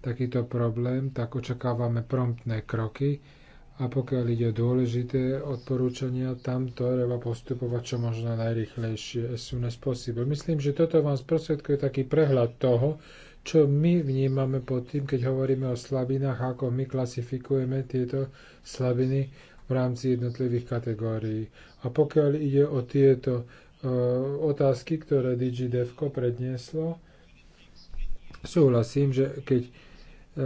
takýto problém, tak očakávame promptné kroky a pokiaľ ide o dôležité odporúčania, tam to treba postupovať čo možno najrychlejšie, as soon as possible. Myslím, že toto vám sprostredkuje taký prehľad toho, čo my vnímame pod tým, keď hovoríme o slabinách, ako my klasifikujeme tieto slabiny v rámci jednotlivých kategórií. A pokiaľ ide o tieto e, otázky, ktoré DigiDevko prednieslo, súhlasím, že keď E,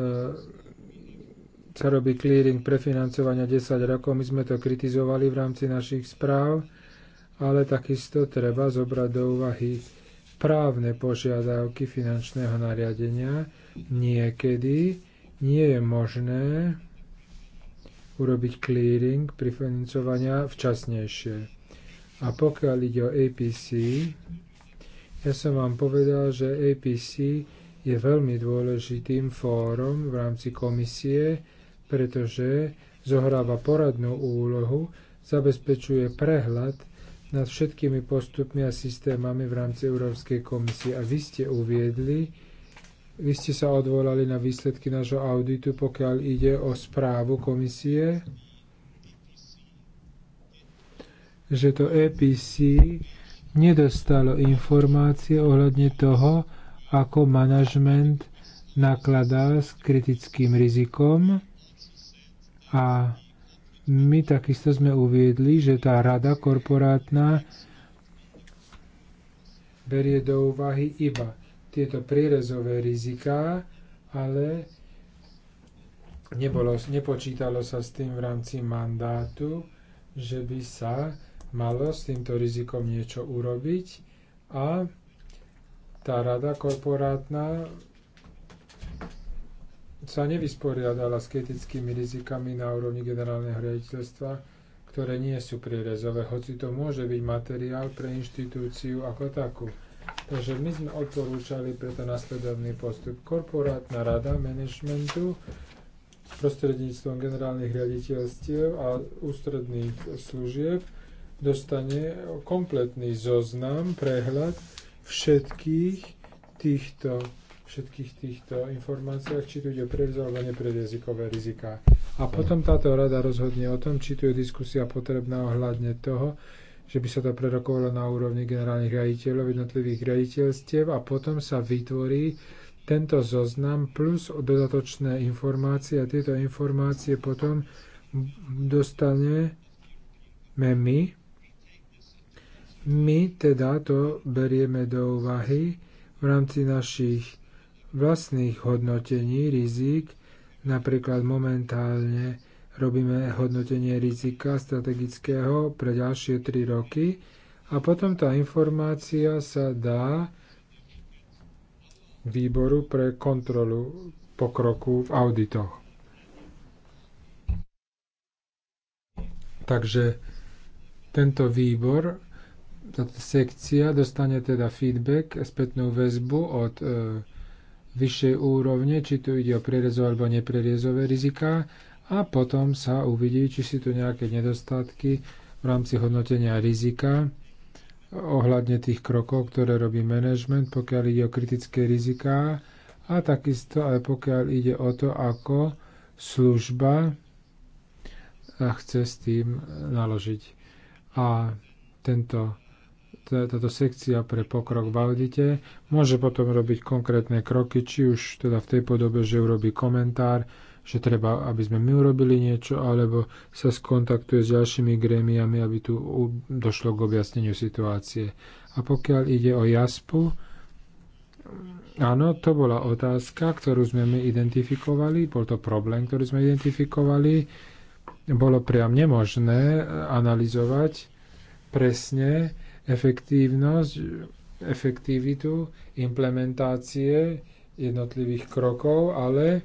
sa robí clearing pre financovania 10 rokov. My sme to kritizovali v rámci našich správ, ale takisto treba zobrať do úvahy právne požiadavky finančného nariadenia. Niekedy nie je možné urobiť clearing pri financovania včasnejšie. A pokiaľ ide o APC, ja som vám povedal, že APC je veľmi dôležitým fórom v rámci komisie, pretože zohráva poradnú úlohu, zabezpečuje prehľad nad všetkými postupmi a systémami v rámci Európskej komisie. A vy ste uviedli, vy ste sa odvolali na výsledky nášho auditu, pokiaľ ide o správu komisie, že to EPC nedostalo informácie ohľadne toho, ako manažment nakladá s kritickým rizikom a my takisto sme uviedli, že tá rada korporátna berie do úvahy iba tieto prierezové riziká, ale nebolo, nepočítalo sa s tým v rámci mandátu, že by sa malo s týmto rizikom niečo urobiť a tá rada korporátna sa nevysporiadala s kritickými rizikami na úrovni generálneho riaditeľstva, ktoré nie sú prierezové, hoci to môže byť materiál pre inštitúciu ako takú. Takže my sme odporúčali preto nasledovný postup. Korporátna rada manažmentu prostredníctvom generálnych riaditeľstiev a ústredných služieb dostane kompletný zoznam, prehľad všetkých týchto všetkých týchto informáciách, či tu ide o prevzor alebo jazykové rizika. A potom táto rada rozhodne o tom, či tu je diskusia potrebná ohľadne toho, že by sa to prerokovalo na úrovni generálnych riaditeľov jednotlivých riaditeľstiev a potom sa vytvorí tento zoznam plus dodatočné informácie a tieto informácie potom dostaneme my my teda to berieme do úvahy v rámci našich vlastných hodnotení rizik. Napríklad momentálne robíme hodnotenie rizika strategického pre ďalšie 3 roky a potom tá informácia sa dá výboru pre kontrolu pokroku v auditoch. Takže tento výbor tá sekcia dostane teda feedback, spätnú väzbu od e, vyššej úrovne, či tu ide o prierezové alebo neprierezové riziká a potom sa uvidí, či sú tu nejaké nedostatky v rámci hodnotenia rizika ohľadne tých krokov, ktoré robí management, pokiaľ ide o kritické riziká a takisto aj pokiaľ ide o to, ako služba e, chce s tým naložiť. A tento táto sekcia pre pokrok v audite môže potom robiť konkrétne kroky, či už teda v tej podobe, že urobí komentár, že treba, aby sme my urobili niečo, alebo sa skontaktuje s ďalšími grémiami, aby tu došlo k objasneniu situácie. A pokiaľ ide o JASPu, áno, to bola otázka, ktorú sme my identifikovali, bol to problém, ktorý sme identifikovali. Bolo priam nemožné analyzovať presne, efektívnosť, efektivitu implementácie jednotlivých krokov, ale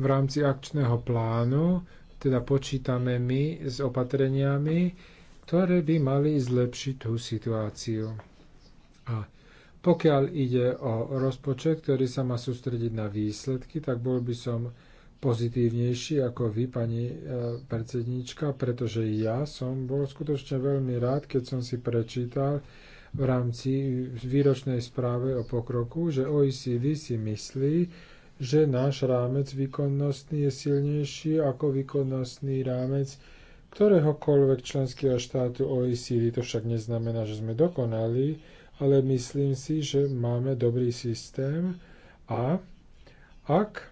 v rámci akčného plánu teda počítame my s opatreniami, ktoré by mali zlepšiť tú situáciu. A pokiaľ ide o rozpočet, ktorý sa má sústrediť na výsledky, tak bol by som pozitívnejší ako vy, pani e, predsedníčka, pretože ja som bol skutočne veľmi rád, keď som si prečítal v rámci výročnej správe o pokroku, že OECD si myslí, že náš rámec výkonnostný je silnejší ako výkonnostný rámec ktoréhokoľvek členského štátu OECD. To však neznamená, že sme dokonali, ale myslím si, že máme dobrý systém a ak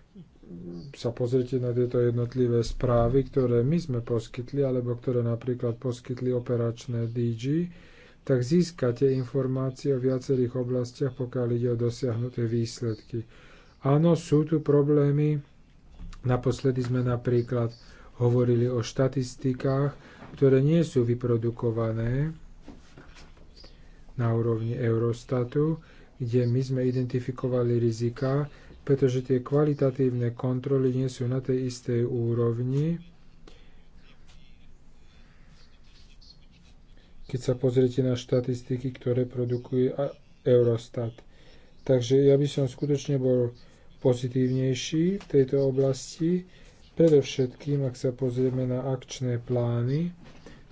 sa pozrite na tieto jednotlivé správy, ktoré my sme poskytli, alebo ktoré napríklad poskytli operačné DG, tak získate informácie o viacerých oblastiach, pokiaľ ide o dosiahnuté výsledky. Áno, sú tu problémy. Naposledy sme napríklad hovorili o štatistikách, ktoré nie sú vyprodukované na úrovni Eurostatu, kde my sme identifikovali rizika, pretože tie kvalitatívne kontroly nie sú na tej istej úrovni. Keď sa pozriete na štatistiky, ktoré produkuje Eurostat. Takže ja by som skutočne bol pozitívnejší v tejto oblasti, predovšetkým ak sa pozrieme na akčné plány,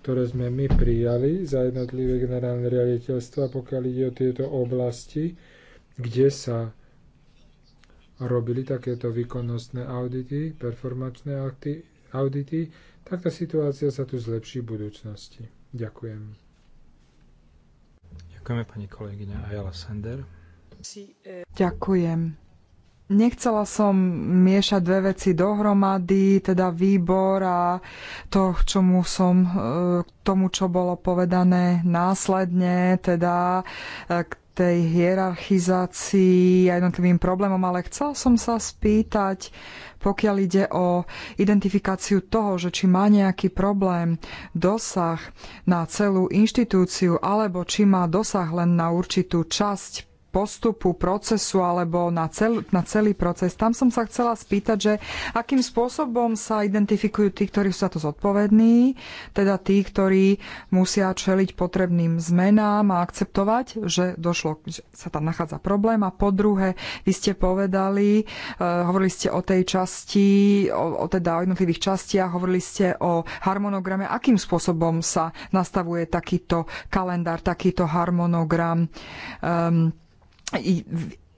ktoré sme my prijali za jednotlivé generálne riaditeľstva, pokiaľ ide o tieto oblasti, kde sa robili takéto výkonnostné audity, performačné audity, tak tá situácia sa tu zlepší v budúcnosti. Ďakujem. Ďakujeme pani kolegyňa Ayala Sender. E, Ďakujem. Nechcela som miešať dve veci dohromady, teda výbor a to, čomu som, e, k tomu, čo bolo povedané následne, teda e, k tej hierarchizácii a jednotlivým problémom, ale chcel som sa spýtať, pokiaľ ide o identifikáciu toho, že či má nejaký problém dosah na celú inštitúciu, alebo či má dosah len na určitú časť postupu, procesu alebo na, cel, na celý proces. Tam som sa chcela spýtať, že akým spôsobom sa identifikujú tí, ktorí sú za to zodpovední, teda tí, ktorí musia čeliť potrebným zmenám a akceptovať, že došlo, že sa tam nachádza problém. A po druhé, vy ste povedali, uh, hovorili ste o tej časti, o, o teda o jednotlivých častiach, hovorili ste o harmonograme, akým spôsobom sa nastavuje takýto kalendár, takýto harmonogram. Um,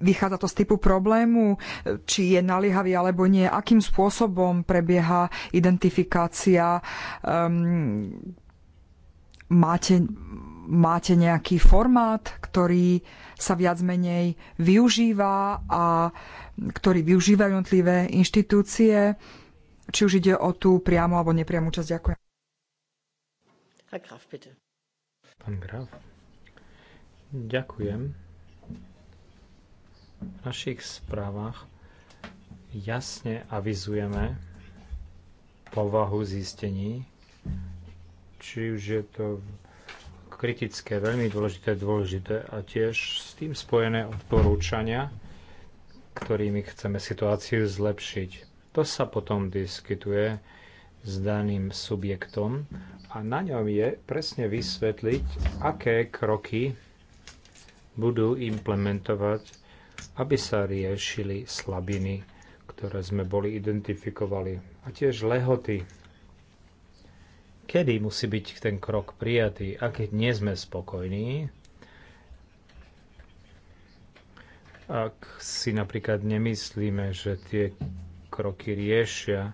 Vychádza to z typu problému, či je naliehavý alebo nie, akým spôsobom prebieha identifikácia. Um, máte, máte nejaký formát, ktorý sa viac menej využíva a ktorý využívajú jednotlivé inštitúcie, či už ide o tú priamu alebo nepriamu časť. Ďakujem. Graf, bitte. Pán Graf, ďakujem. V našich správach jasne avizujeme povahu zistení, či už je to kritické, veľmi dôležité, dôležité a tiež s tým spojené odporúčania, ktorými chceme situáciu zlepšiť. To sa potom diskutuje s daným subjektom a na ňom je presne vysvetliť, aké kroky budú implementovať aby sa riešili slabiny, ktoré sme boli identifikovali a tiež lehoty. Kedy musí byť ten krok prijatý? A keď nie sme spokojní, ak si napríklad nemyslíme, že tie kroky riešia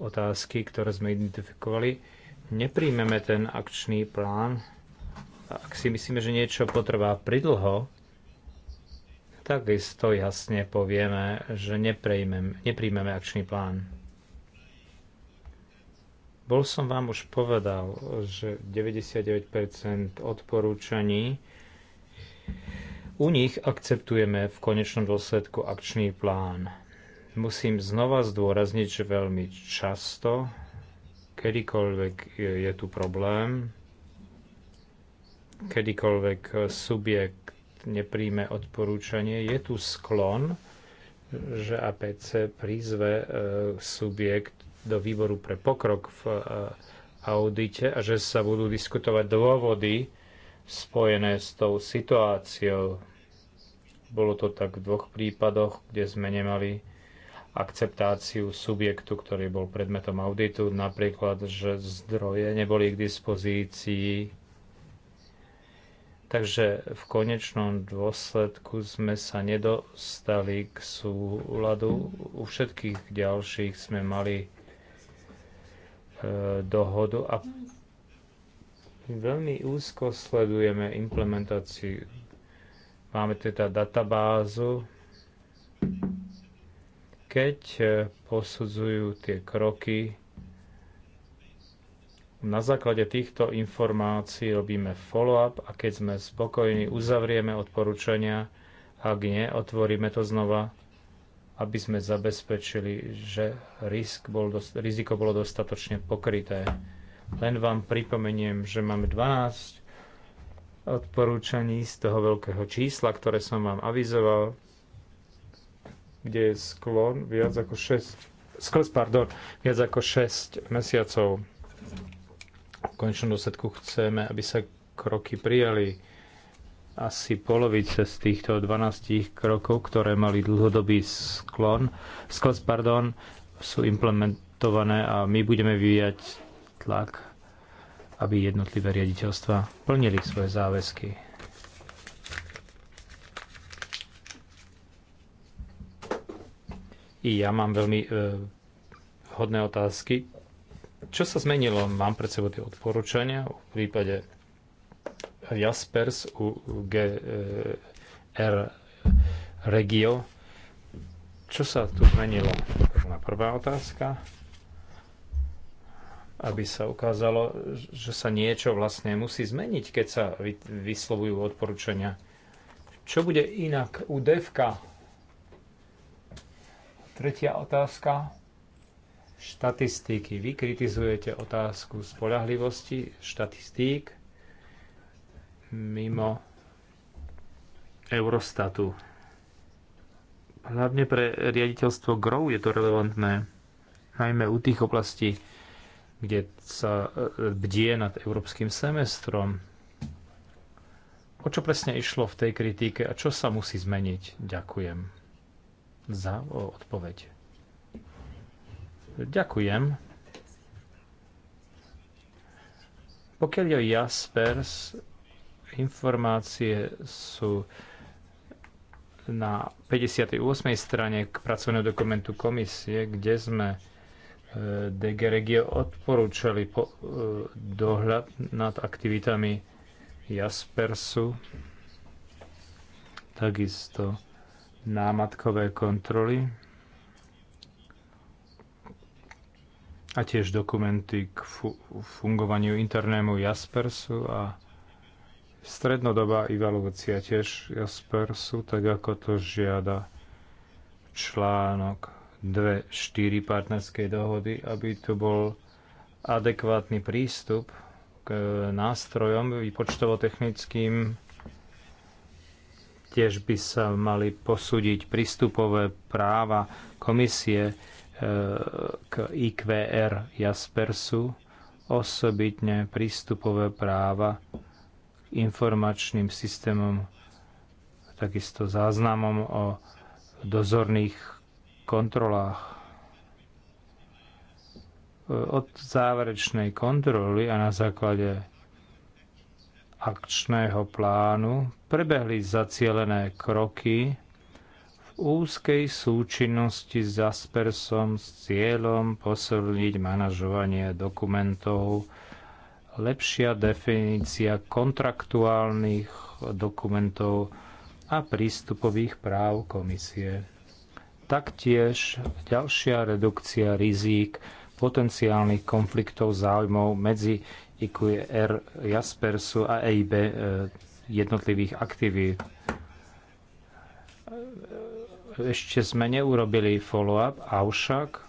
otázky, ktoré sme identifikovali, nepríjmeme ten akčný plán, ak si myslíme, že niečo potrvá pridlho, takisto jasne povieme, že nepríjmeme akčný plán. Bol som vám už povedal, že 99% odporúčaní u nich akceptujeme v konečnom dôsledku akčný plán. Musím znova zdôrazniť, že veľmi často, kedykoľvek je tu problém, kedykoľvek subjekt nepríjme odporúčanie, je tu sklon, že APC prízve e, subjekt do výboru pre pokrok v e, audite a že sa budú diskutovať dôvody spojené s tou situáciou. Bolo to tak v dvoch prípadoch, kde sme nemali akceptáciu subjektu, ktorý bol predmetom auditu, napríklad, že zdroje neboli k dispozícii Takže v konečnom dôsledku sme sa nedostali k súladu. U všetkých ďalších sme mali e, dohodu a veľmi úzko sledujeme implementáciu. Máme teda databázu, keď e, posudzujú tie kroky, na základe týchto informácií robíme follow-up a keď sme spokojní, uzavrieme odporúčania, ak nie, otvoríme to znova, aby sme zabezpečili, že risk bol dost, riziko bolo dostatočne pokryté. Len vám pripomeniem, že máme 12 odporúčaní z toho veľkého čísla, ktoré som vám avizoval, kde je sklon viac ako 6 pardon, viac ako 6 mesiacov v končnom dôsledku chceme, aby sa kroky prijali. Asi polovice z týchto 12 krokov, ktoré mali dlhodobý sklon, sklos, pardon, sú implementované a my budeme vyvíjať tlak, aby jednotlivé riaditeľstva plnili svoje záväzky. I ja mám veľmi e, hodné otázky čo sa zmenilo? Mám pred sebou tie odporúčania v prípade Jaspers u GR Regio. Čo sa tu zmenilo? To prvá otázka. Aby sa ukázalo, že sa niečo vlastne musí zmeniť, keď sa vyslovujú odporúčania. Čo bude inak u DEVKA? Tretia otázka štatistiky. Vy kritizujete otázku spolahlivosti štatistík mimo Eurostatu. Hlavne pre riaditeľstvo GROW je to relevantné, najmä u tých oblastí, kde sa e, bdie nad európskym semestrom. O čo presne išlo v tej kritike a čo sa musí zmeniť? Ďakujem za odpoveď. Ďakujem. Pokiaľ je Jaspers, informácie sú na 58. strane k pracovného dokumentu komisie, kde sme e, DG Regio odporúčali po, e, dohľad nad aktivitami Jaspersu, takisto námatkové kontroly. a tiež dokumenty k fu- fungovaniu internému Jaspersu a strednodobá evaluácia tiež Jaspersu, tak ako to žiada článok 2.4 partnerskej dohody, aby tu bol adekvátny prístup k nástrojom výpočtovo-technickým. Tiež by sa mali posúdiť prístupové práva komisie k IQR Jaspersu, osobitne prístupové práva k informačným systémom, takisto záznamom o dozorných kontrolách. Od záverečnej kontroly a na základe akčného plánu prebehli zacielené kroky úzkej súčinnosti s Aspersom s cieľom posilniť manažovanie dokumentov, lepšia definícia kontraktuálnych dokumentov a prístupových práv komisie. Taktiež ďalšia redukcia rizík potenciálnych konfliktov záujmov medzi IQR Jaspersu a EIB eh, jednotlivých aktivít ešte sme neurobili follow-up, avšak e,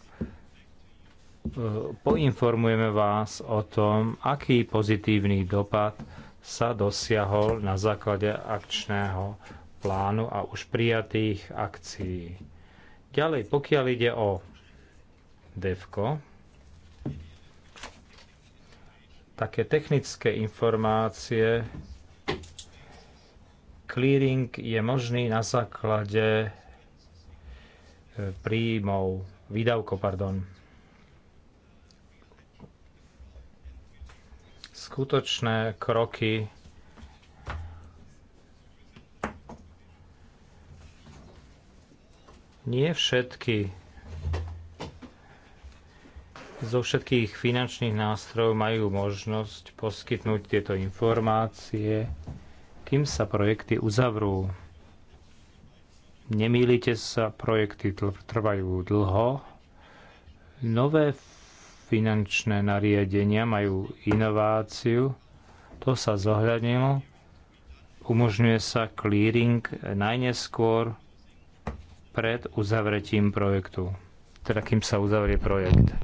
poinformujeme vás o tom, aký pozitívny dopad sa dosiahol na základe akčného plánu a už prijatých akcií. Ďalej, pokiaľ ide o DEVKO, také technické informácie. Clearing je možný na základe príjmov, výdavkov, pardon. Skutočné kroky nie všetky zo všetkých finančných nástrojov majú možnosť poskytnúť tieto informácie, kým sa projekty uzavrú. Nemýlite sa, projekty trvajú dlho. Nové finančné nariadenia majú inováciu. To sa zohľadnilo. Umožňuje sa clearing najneskôr pred uzavretím projektu. Teda kým sa uzavrie projekt.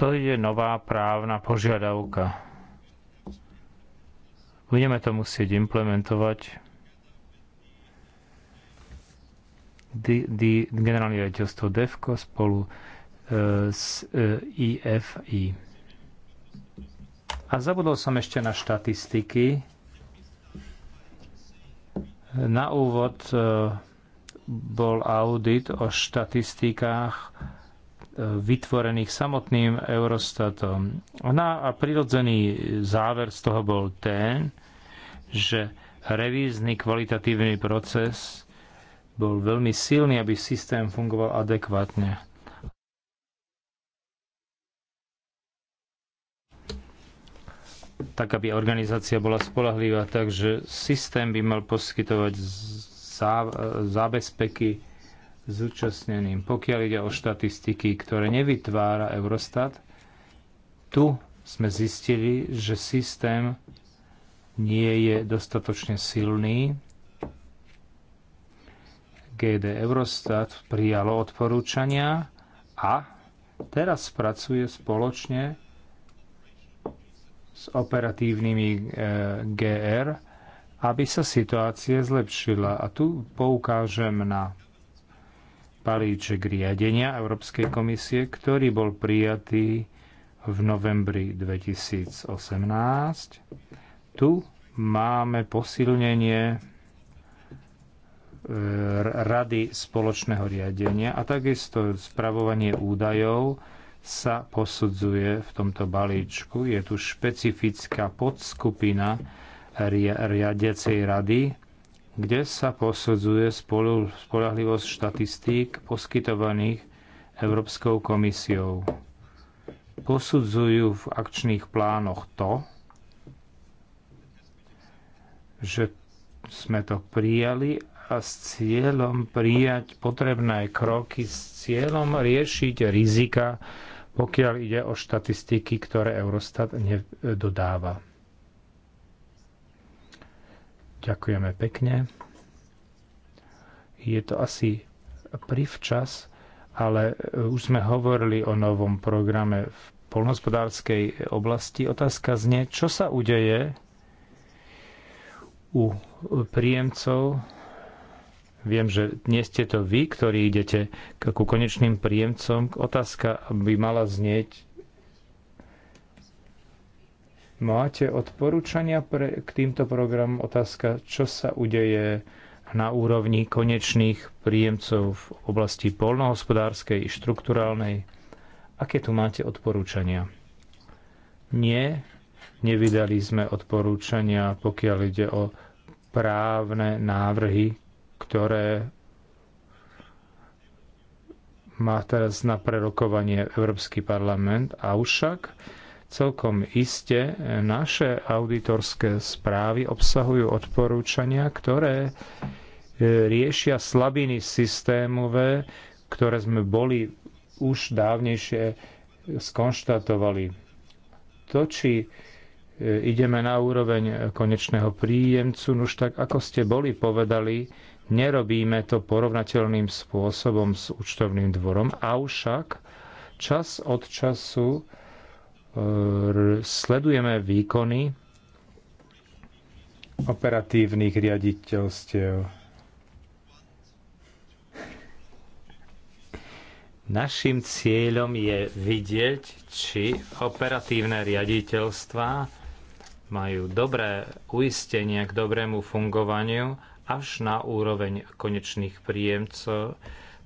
To je nová právna požiadavka Budeme to musieť implementovať. generálne riaditeľstvo DEFCO spolu e, s e, IFI. A zabudol som ešte na štatistiky. Na úvod e, bol audit o štatistikách e, vytvorených samotným Eurostatom. Na, a prirodzený záver z toho bol ten, že revízny kvalitatívny proces bol veľmi silný, aby systém fungoval adekvátne. tak, aby organizácia bola spolahlivá. Takže systém by mal poskytovať zá, zábezpeky zúčastneným. Pokiaľ ide o štatistiky, ktoré nevytvára Eurostat, tu sme zistili, že systém nie je dostatočne silný. GD Eurostat prijalo odporúčania a teraz pracuje spoločne s operatívnymi e, GR, aby sa situácia zlepšila. A tu poukážem na palíček riadenia Európskej komisie, ktorý bol prijatý v novembri 2018. Tu máme posilnenie e, rady spoločného riadenia a takisto spravovanie údajov sa posudzuje v tomto balíčku. Je tu špecifická podskupina riadiacej rady, kde sa posudzuje spolahlivosť štatistík poskytovaných Európskou komisiou. Posudzujú v akčných plánoch to, že sme to prijali a s cieľom prijať potrebné kroky, s cieľom riešiť rizika, pokiaľ ide o štatistiky, ktoré Eurostat nedodáva. Ďakujeme pekne. Je to asi privčas, ale e, už sme hovorili o novom programe v polnospodárskej oblasti. Otázka znie, čo sa udeje, u príjemcov. Viem, že dnes ste to vy, ktorí idete ku konečným príjemcom. Otázka by mala znieť, máte odporúčania pre, k týmto programom? Otázka, čo sa udeje na úrovni konečných príjemcov v oblasti polnohospodárskej i štruktúrálnej? Aké tu máte odporúčania? Nie, Nevydali sme odporúčania, pokiaľ ide o právne návrhy, ktoré má teraz na prerokovanie Európsky parlament. A však celkom iste naše auditorské správy obsahujú odporúčania, ktoré e, riešia slabiny systémové, ktoré sme boli už dávnejšie skonštatovali. To, či E, ideme na úroveň konečného príjemcu, nuž tak ako ste boli povedali, nerobíme to porovnateľným spôsobom s účtovným dvorom, avšak čas od času e, sledujeme výkony operatívnych riaditeľstiev. Našim cieľom je vidieť, či operatívne riaditeľstva majú dobré uistenia k dobrému fungovaniu až na úroveň konečných príjemcov.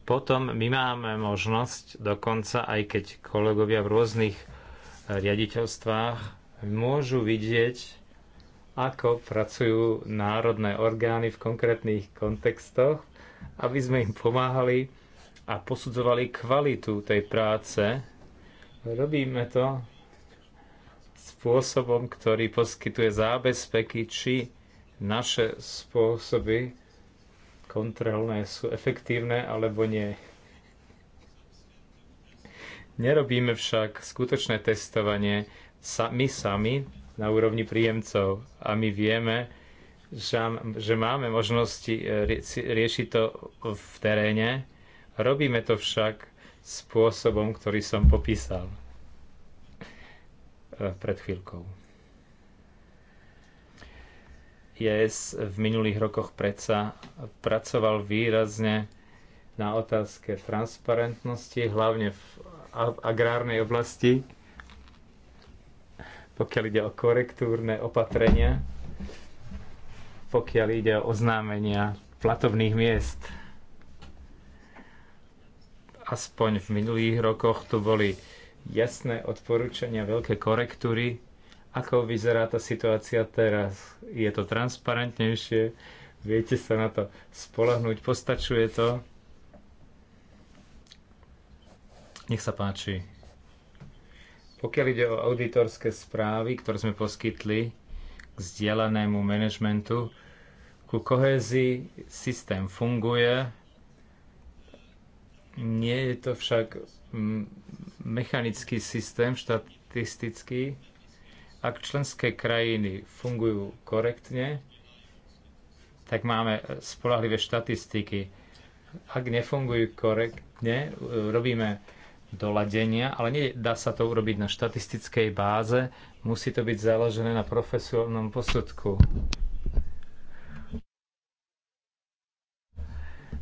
Potom my máme možnosť, dokonca aj keď kolegovia v rôznych riaditeľstvách môžu vidieť, ako pracujú národné orgány v konkrétnych kontextoch, aby sme im pomáhali a posudzovali kvalitu tej práce. Robíme to spôsobom, ktorý poskytuje zábezpeky, či naše spôsoby kontrolné sú efektívne alebo nie. Nerobíme však skutočné testovanie sa, my sami na úrovni príjemcov a my vieme, že, že máme možnosti e, riešiť to v teréne. Robíme to však spôsobom, ktorý som popísal. E, pred chvíľkou. IS v minulých rokoch predsa pracoval výrazne na otázke transparentnosti, hlavne v agrárnej oblasti, pokiaľ ide o korektúrne opatrenia, pokiaľ ide o oznámenia platovných miest. Aspoň v minulých rokoch tu boli jasné odporúčania, veľké korektúry. Ako vyzerá tá situácia teraz? Je to transparentnejšie? Viete sa na to spolahnúť? Postačuje to? Nech sa páči. Pokiaľ ide o auditorské správy, ktoré sme poskytli k zdieľanému manažmentu, ku kohézii systém funguje, nie je to však mechanický systém štatistický. Ak členské krajiny fungujú korektne, tak máme spolahlivé štatistiky. Ak nefungujú korektne, e, robíme doladenia, ale nedá sa to urobiť na štatistickej báze, musí to byť založené na profesionálnom posudku.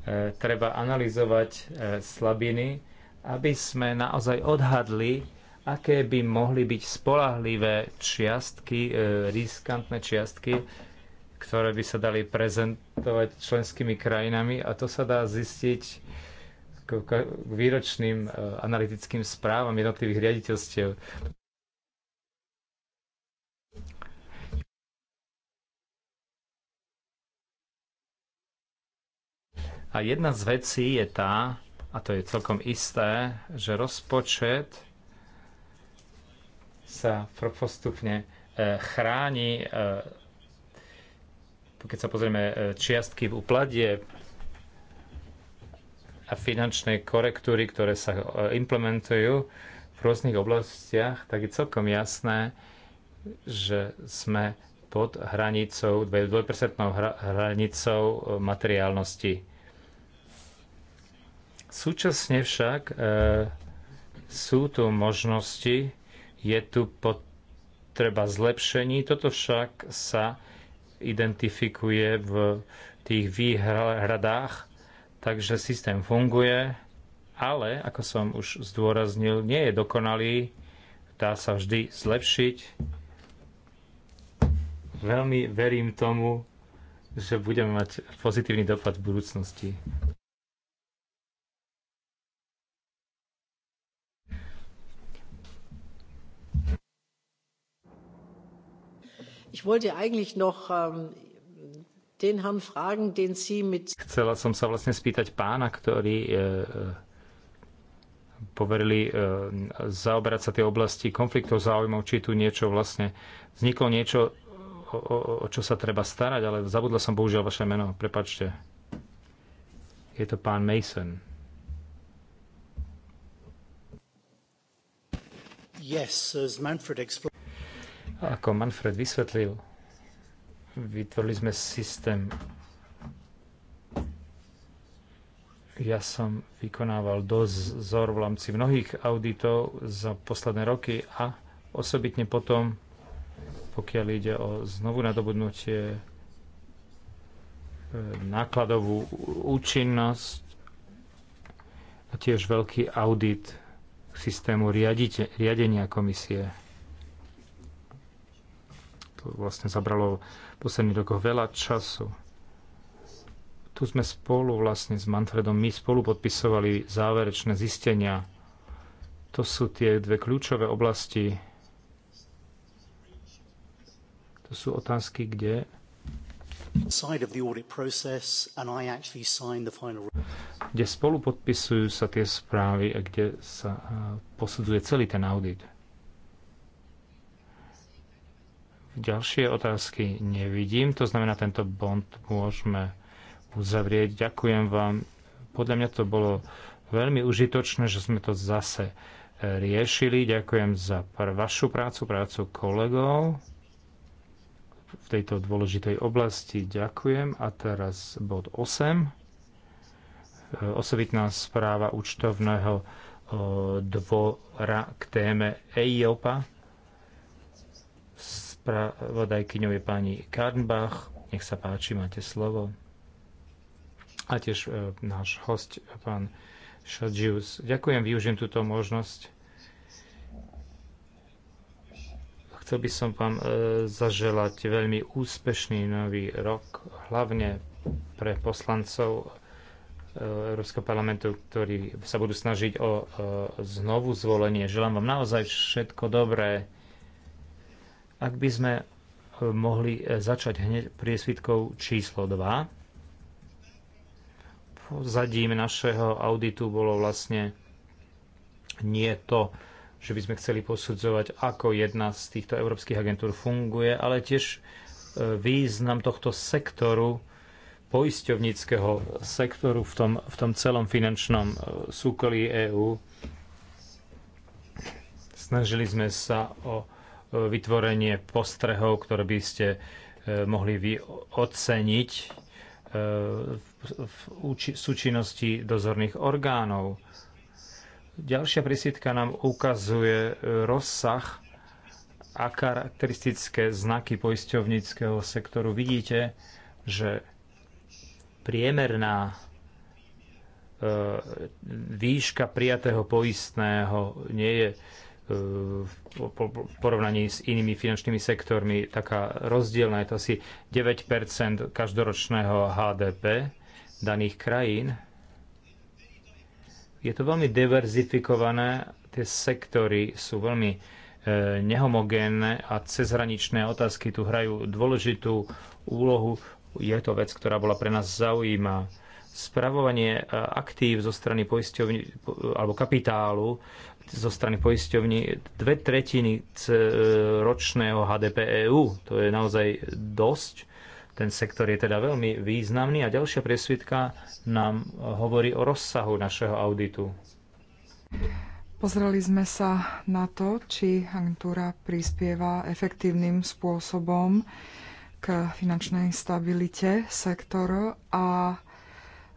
E, treba analyzovať e, slabiny, aby sme naozaj odhadli, aké by mohli byť spolahlivé čiastky, e, riskantné čiastky, ktoré by sa dali prezentovať členskými krajinami a to sa dá zistiť k výročným e, analytickým správam jednotlivých riaditeľstiev. A jedna z vecí je tá, a to je celkom isté, že rozpočet sa postupne e, chráni. E, keď sa pozrieme e, čiastky v upladie a finančné korektúry, ktoré sa implementujú v rôznych oblastiach, tak je celkom jasné, že sme pod hranicou, 2% hranicou materiálnosti Súčasne však e, sú tu možnosti, je tu potreba zlepšení, toto však sa identifikuje v tých výhradách, takže systém funguje, ale, ako som už zdôraznil, nie je dokonalý, dá sa vždy zlepšiť. Veľmi verím tomu, že budeme mať pozitívny dopad v budúcnosti. Ähm, Chcela som sa vlastne spýtať pána, ktorý e, e, poverili e, zaoberať sa tie oblasti konfliktov záujmov, či tu niečo vlastne vzniklo niečo, o, o, o čo sa treba starať, ale zabudla som bohužiaľ vaše meno, prepačte. Je to pán Mason. Yes, as Manfred explained. Ako Manfred vysvetlil, vytvorili sme systém. Ja som vykonával dozor v rámci mnohých auditov za posledné roky a osobitne potom, pokiaľ ide o znovu nadobudnutie e, nákladovú účinnosť a tiež veľký audit systému riadite, riadenia komisie. To vlastne zabralo posledný rok veľa času. Tu sme spolu vlastne s Manfredom, my spolu podpisovali záverečné zistenia. To sú tie dve kľúčové oblasti. To sú otázky, kde kde spolu podpisujú sa tie správy a kde sa eh, posudzuje celý ten audit. Ďalšie otázky nevidím, to znamená, tento bond môžeme uzavrieť. Ďakujem vám. Podľa mňa to bolo veľmi užitočné, že sme to zase e, riešili. Ďakujem za vašu prácu, prácu kolegov v tejto dôležitej oblasti. Ďakujem. A teraz bod 8. E, osobitná správa účtovného e, dvora k téme EIOPA. Spravodajkyňou je pani Karnbach. Nech sa páči, máte slovo. A tiež e, náš host, pán Šadžius. Ďakujem, využijem túto možnosť. Chcel by som vám e, zaželať veľmi úspešný nový rok, hlavne pre poslancov e, Európskeho parlamentu, ktorí sa budú snažiť o e, znovu zvolenie. Želám vám naozaj všetko dobré. Ak by sme e, mohli e, začať hneď priesvitkou číslo 2. Pozadím našeho auditu bolo vlastne nie to, že by sme chceli posudzovať, ako jedna z týchto európskych agentúr funguje, ale tiež e, význam tohto sektoru, poisťovníckého sektoru v tom, v tom celom finančnom súkolí EÚ. Snažili sme sa o vytvorenie postrehov, ktoré by ste e, mohli vy oceniť e, v súčinnosti dozorných orgánov. Ďalšia prísvitka nám ukazuje e, rozsah a charakteristické znaky poisťovníckého sektoru. Vidíte, že priemerná výška prijatého poistného nie je v porovnaní s inými finančnými sektormi taká rozdielna. Je to asi 9 každoročného HDP daných krajín. Je to veľmi diverzifikované, tie sektory sú veľmi e, nehomogénne a cezhraničné otázky tu hrajú dôležitú úlohu. Je to vec, ktorá bola pre nás zaujímavá spravovanie e, aktív zo strany poisťovní alebo kapitálu zo strany poisťovní dve tretiny e, ročného HDP EU. To je naozaj dosť. Ten sektor je teda veľmi významný a ďalšia priesvitka nám hovorí o rozsahu našeho auditu. Pozreli sme sa na to, či agentúra prispieva efektívnym spôsobom k finančnej stabilite sektoru a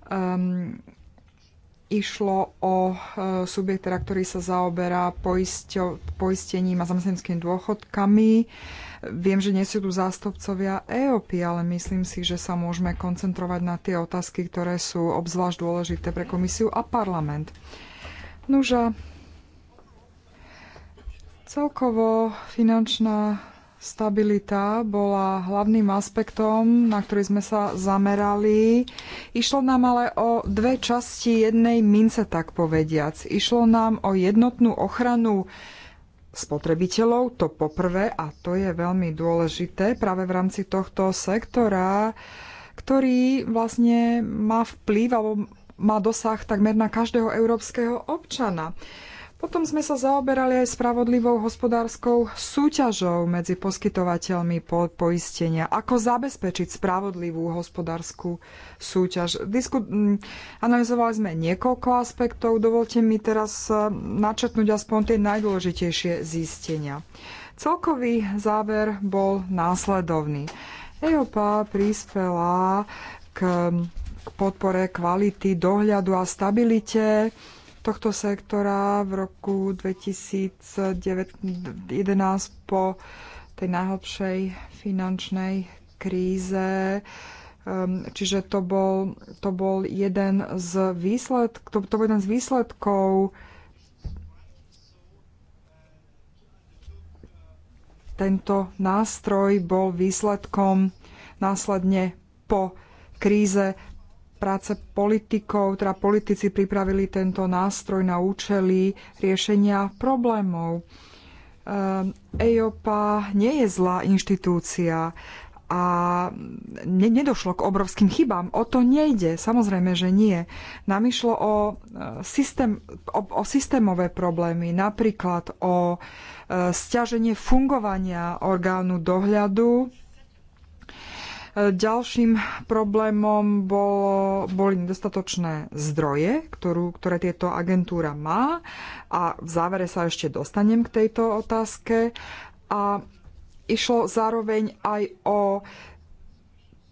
Um, išlo o e, subjekt, teda, ktorý sa zaoberá poisťo, poistením a zamestnanskými dôchodkami. Viem, že nie sú tu zástupcovia EOP, ale myslím si, že sa môžeme koncentrovať na tie otázky, ktoré sú obzvlášť dôležité pre komisiu a parlament. Nuža, celkovo finančná Stabilita bola hlavným aspektom, na ktorý sme sa zamerali. Išlo nám ale o dve časti jednej mince, tak povediac. Išlo nám o jednotnú ochranu spotrebiteľov, to poprvé, a to je veľmi dôležité práve v rámci tohto sektora, ktorý vlastne má vplyv alebo má dosah takmer na každého európskeho občana. Potom sme sa zaoberali aj spravodlivou hospodárskou súťažou medzi poskytovateľmi po- poistenia. Ako zabezpečiť spravodlivú hospodárskú súťaž? Disku- analyzovali sme niekoľko aspektov. Dovolte mi teraz e, načetnúť aspoň tie najdôležitejšie zistenia. Celkový záver bol následovný. EOPA prispela k, k podpore kvality dohľadu a stabilite tohto sektora v roku 2011 po tej najhlbšej finančnej kríze. Ehm, čiže to bol, to bol jeden z výsledkov, to, to bol jeden z výsledkov tento nástroj bol výsledkom následne po kríze práce politikov, teda politici pripravili tento nástroj na účely riešenia problémov. EIOPA ehm, e nie je zlá inštitúcia a ne, nedošlo k obrovským chybám. O to nejde, samozrejme, že nie. Nám išlo o, e, systém, o, o systémové problémy, napríklad o e, stiaženie fungovania orgánu dohľadu, Ďalším problémom bolo, boli nedostatočné zdroje, ktorú, ktoré tieto agentúra má a v závere sa ešte dostanem k tejto otázke. A išlo zároveň aj o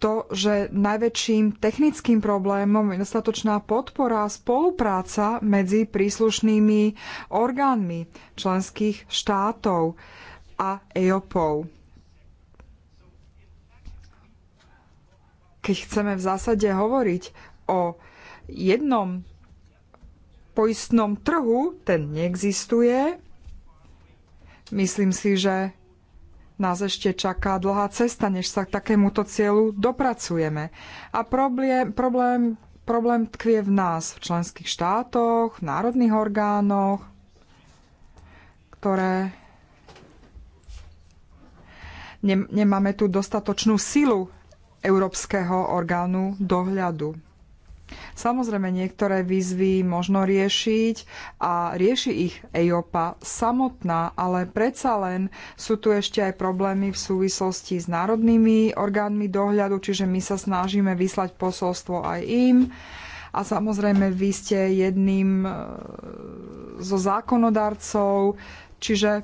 to, že najväčším technickým problémom je dostatočná podpora a spolupráca medzi príslušnými orgánmi členských štátov a EOPov. keď chceme v zásade hovoriť o jednom poistnom trhu, ten neexistuje. Myslím si, že nás ešte čaká dlhá cesta, než sa k takémuto cieľu dopracujeme. A problém, problém, problém tkvie v nás, v členských štátoch, v národných orgánoch, ktoré nemáme tu dostatočnú silu Európskeho orgánu dohľadu. Samozrejme, niektoré výzvy možno riešiť a rieši ich EIOPA samotná, ale predsa len sú tu ešte aj problémy v súvislosti s národnými orgánmi dohľadu, čiže my sa snažíme vyslať posolstvo aj im. A samozrejme, vy ste jedným eh, zo zákonodarcov, čiže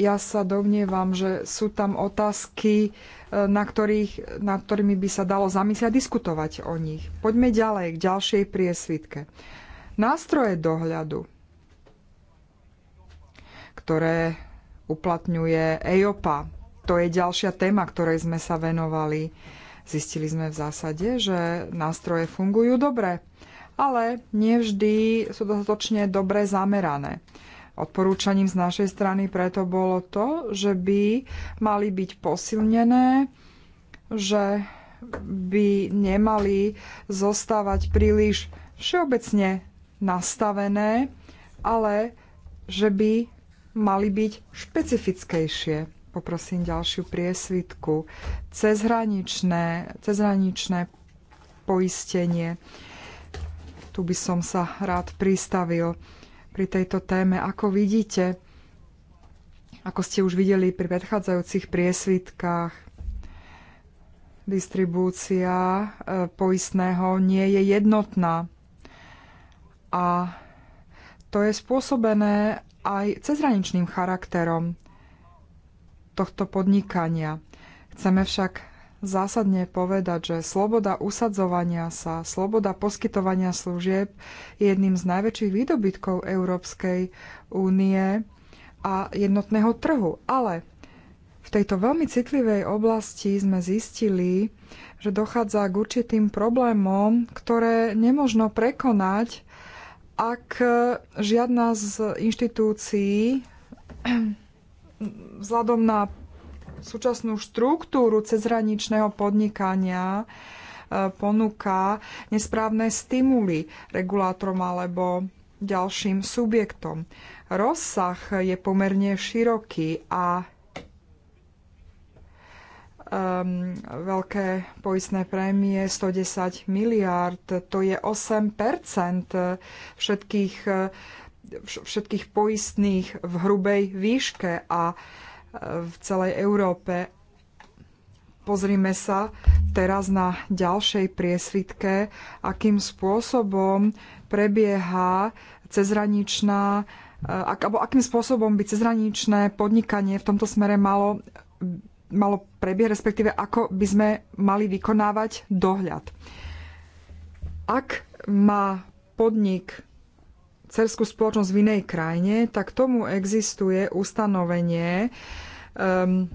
ja sa domnievam, že sú tam otázky, e, na ktorých, nad ktorými by sa dalo zamyslieť a diskutovať o nich. Poďme ďalej k ďalšej priesvitke. Nástroje dohľadu, ktoré uplatňuje EIOPA, to je ďalšia téma, ktorej sme sa venovali. Zistili sme v zásade, že nástroje fungujú dobre, ale nevždy sú dostatočne dobre zamerané. Odporúčaním z našej strany preto bolo to, že by mali byť posilnené, že by nemali zostávať príliš všeobecne nastavené, ale že by mali byť špecifickejšie poprosím ďalšiu priesvitku. Cezhraničné, cezhraničné poistenie. Tu by som sa rád pristavil pri tejto téme. Ako vidíte, ako ste už videli pri predchádzajúcich priesvitkách, distribúcia e, poistného nie je jednotná. A to je spôsobené aj cezhraničným charakterom tohto podnikania. Chceme však zásadne povedať, že sloboda usadzovania sa, sloboda poskytovania služieb je jedným z najväčších výdobytkov Európskej únie a jednotného trhu. Ale v tejto veľmi citlivej oblasti sme zistili, že dochádza k určitým problémom, ktoré nemožno prekonať, ak žiadna z inštitúcií (clears throat) vzhľadom na súčasnú štruktúru cezhraničného podnikania e, ponúka nesprávne stimuly regulátorom alebo ďalším subjektom. Rozsah je pomerne široký a um, veľké poistné prémie 110 miliárd, to je 8 všetkých, e, všetkých poistných v hrubej výške a v celej Európe. Pozrime sa teraz na ďalšej priesvitke, akým spôsobom prebieha cezhraničná, eh, ak, alebo akým spôsobom by cezhraničné podnikanie v tomto smere malo, malo prebiehať, respektíve ako by sme mali vykonávať dohľad. Ak má podnik cerskú spoločnosť v inej krajine, tak tomu existuje ustanovenie um,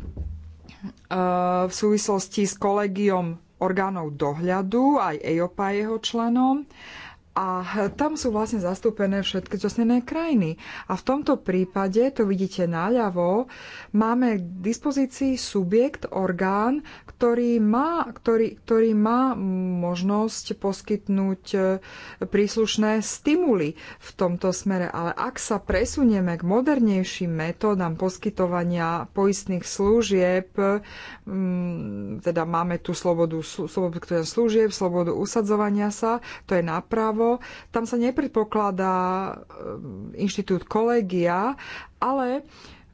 uh, v súvislosti s kolegiom orgánov dohľadu, aj EIOPA jeho členom. Uh, a tam sú vlastne zastúpené všetky zúčastnené krajiny. A v tomto prípade, to vidíte naľavo, máme k dispozícii subjekt, orgán, ktorý má, ktorý, ktorý má možnosť poskytnúť e, príslušné stimuly v tomto smere. Ale ak sa presunieme k modernejším metódam poskytovania poistných služieb, mm, teda máme tu slobodu, slobodu služieb, slobodu usadzovania sa, to je napravo, právo, tam sa nepredpokladá um, inštitút kolegia, ale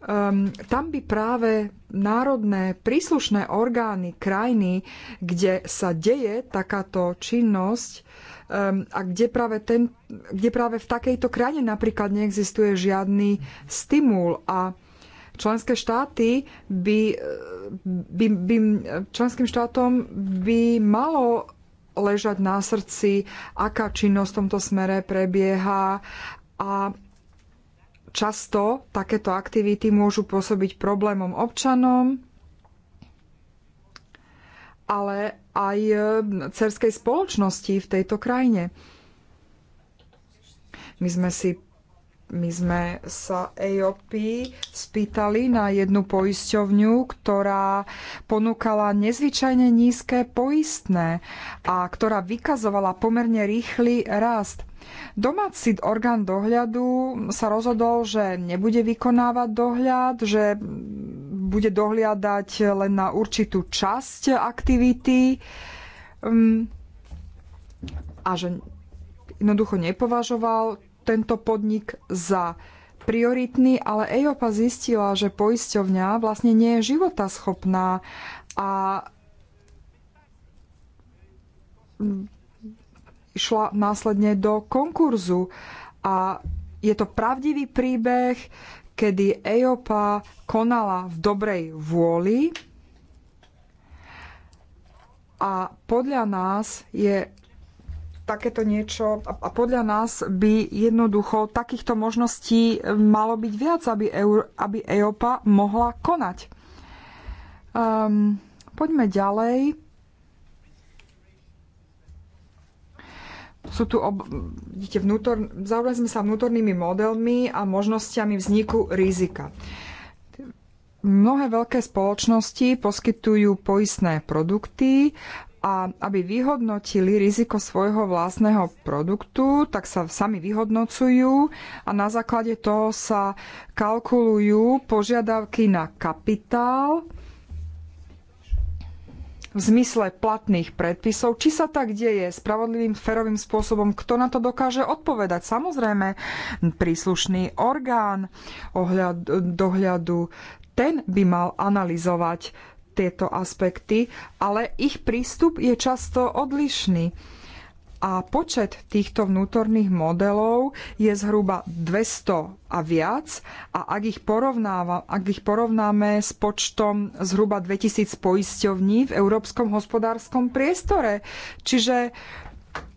Um, tam by práve národné príslušné orgány krajiny, kde sa deje takáto činnosť, um, a kde práve, ten, kde práve v takejto krajine napríklad neexistuje žiadny stimul a členské štáty by, uh, by, by členským štátom by malo ležať na srdci, aká činnosť v tomto smere prebieha a často takéto aktivity môžu pôsobiť problémom občanom, ale aj e, cerskej spoločnosti v tejto krajine. My sme si my sme sa EOP spýtali na jednu poisťovňu, ktorá ponúkala nezvyčajne nízke poistné a ktorá vykazovala pomerne rýchly rast. Domáci orgán dohľadu sa rozhodol, že nebude vykonávať dohľad, že bude dohliadať len na určitú časť aktivity mm, a že jednoducho nepovažoval tento podnik za prioritný, ale EIOPA zistila, že poisťovňa vlastne nie je životaschopná a išla následne do konkurzu. A je to pravdivý príbeh, kedy EIOPA konala v dobrej vôli a podľa nás je takéto niečo a podľa nás by jednoducho takýchto možností malo byť viac, aby, EU, aby EOPA mohla konať. Um, poďme ďalej. Sú tu ob... Vidíte, vnútor... Zaujali sme sa vnútornými modelmi a možnosťami vzniku rizika. Mnohé veľké spoločnosti poskytujú poistné produkty a aby vyhodnotili riziko svojho vlastného produktu, tak sa sami vyhodnocujú a na základe toho sa kalkulujú požiadavky na kapitál v zmysle platných predpisov. Či sa tak deje spravodlivým, ferovým spôsobom, kto na to dokáže odpovedať? Samozrejme, príslušný orgán ohľad, dohľadu, ten by mal analyzovať tieto aspekty, ale ich prístup je často odlišný. A počet týchto vnútorných modelov je zhruba 200 a viac a ak ich, ak ich porovnáme s počtom zhruba 2000 poisťovní v európskom hospodárskom priestore, čiže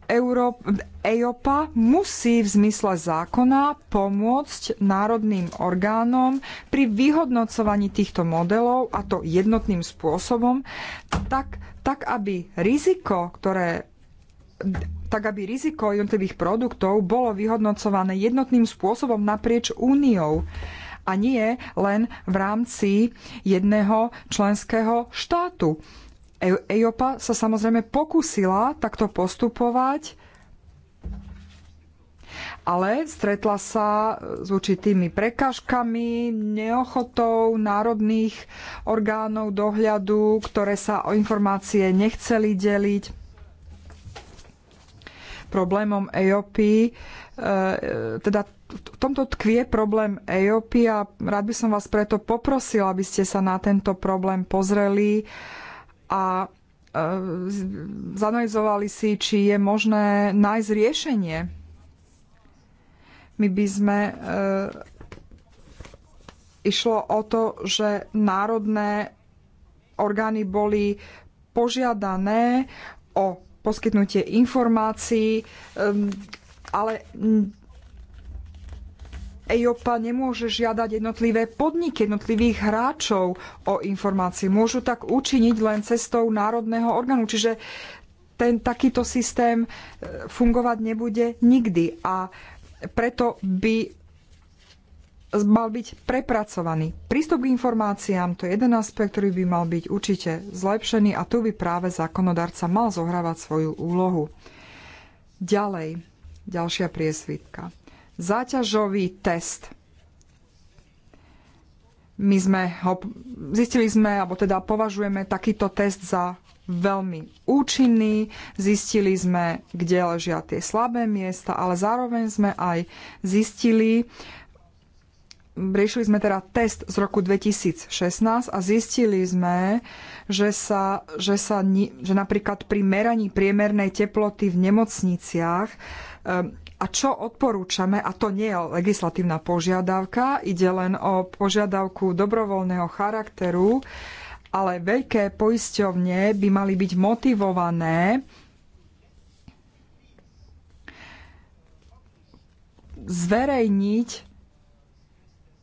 EIOPA musí v zmysle zákona pomôcť národným orgánom pri vyhodnocovaní týchto modelov a to jednotným spôsobom, tak, tak aby riziko, ktoré tak aby riziko jednotlivých produktov bolo vyhodnocované jednotným spôsobom naprieč úniou a nie len v rámci jedného členského štátu. E- EIOPA sa samozrejme pokúsila takto postupovať, ale stretla sa s určitými prekážkami, neochotou národných orgánov dohľadu, ktoré sa o informácie nechceli deliť. Problémom EOP, e, teda v tomto tkvie problém EOP a rád by som vás preto poprosila, aby ste sa na tento problém pozreli a e, zanalizovali si, či je možné nájsť riešenie. My by sme e, išlo o to, že národné orgány boli požiadané o poskytnutie informácií, e, ale EIOPA nemôže žiadať jednotlivé podniky jednotlivých hráčov o informácii. Môžu tak učiniť len cestou národného orgánu. Čiže ten takýto systém e, fungovať nebude nikdy a preto by mal byť prepracovaný. Prístup k informáciám, to je jeden aspekt, ktorý by mal byť určite zlepšený a tu by práve zákonodarca mal zohrávať svoju úlohu. Ďalej, ďalšia priesvitka záťažový test. My sme ho, zistili sme, alebo teda považujeme takýto test za veľmi účinný, zistili sme, kde ležia tie slabé miesta, ale zároveň sme aj zistili, riešili sme teda test z roku 2016 a zistili sme, že, sa, že, sa, že napríklad pri meraní priemernej teploty v nemocniciach ehm, a čo odporúčame, a to nie je legislatívna požiadavka, ide len o požiadavku dobrovoľného charakteru, ale veľké poisťovne by mali byť motivované zverejniť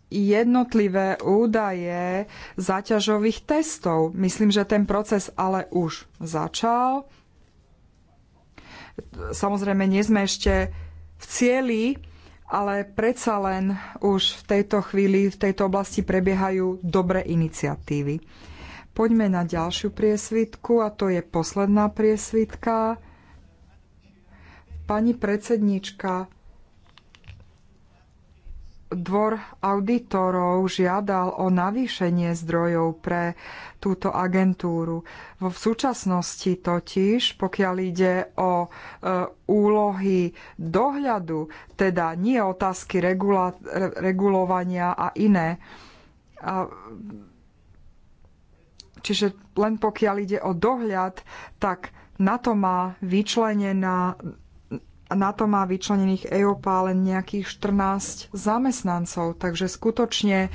jednotlivé údaje záťažových testov. Myslím, že ten proces ale už začal. Samozrejme, nie sme ešte v cieli, ale predsa len už v tejto chvíli, v tejto oblasti prebiehajú dobré iniciatívy. Poďme na ďalšiu priesvitku a to je posledná priesvitka. Pani predsednička, Dvor auditorov žiadal o navýšenie zdrojov pre túto agentúru. V súčasnosti totiž, pokiaľ ide o e, úlohy dohľadu, teda nie otázky regula, re, regulovania a iné, a, čiže len pokiaľ ide o dohľad, tak na to má vyčlenená na to má vyčlenených EOPA len nejakých 14 zamestnancov, takže skutočne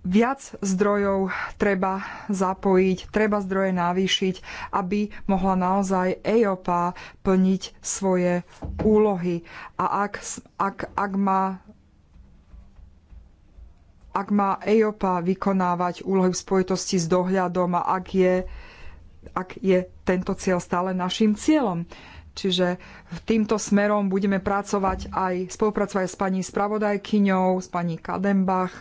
viac zdrojov treba zapojiť, treba zdroje navýšiť, aby mohla naozaj EOPA plniť svoje úlohy. A ak, ak, ak má ak má EOPA vykonávať úlohy v spojitosti s dohľadom a ak je, ak je tento cieľ stále našim cieľom. Čiže týmto smerom budeme pracovať aj spolupracovať s pani spravodajkyňou, s pani Kadembach.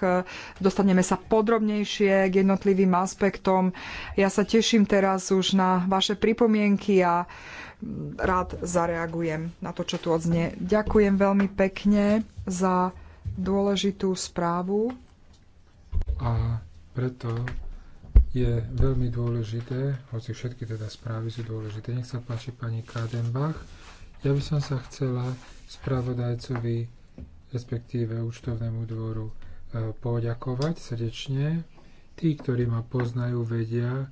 Dostaneme sa podrobnejšie k jednotlivým aspektom. Ja sa teším teraz už na vaše pripomienky a rád zareagujem na to, čo tu odznie. Ďakujem veľmi pekne za dôležitú správu. A preto je veľmi dôležité, hoci všetky teda správy sú dôležité. Nech sa páči pani Kádenbach. Ja by som sa chcela spravodajcovi, respektíve účtovnému dvoru, e, poďakovať srdečne. Tí, ktorí ma poznajú, vedia,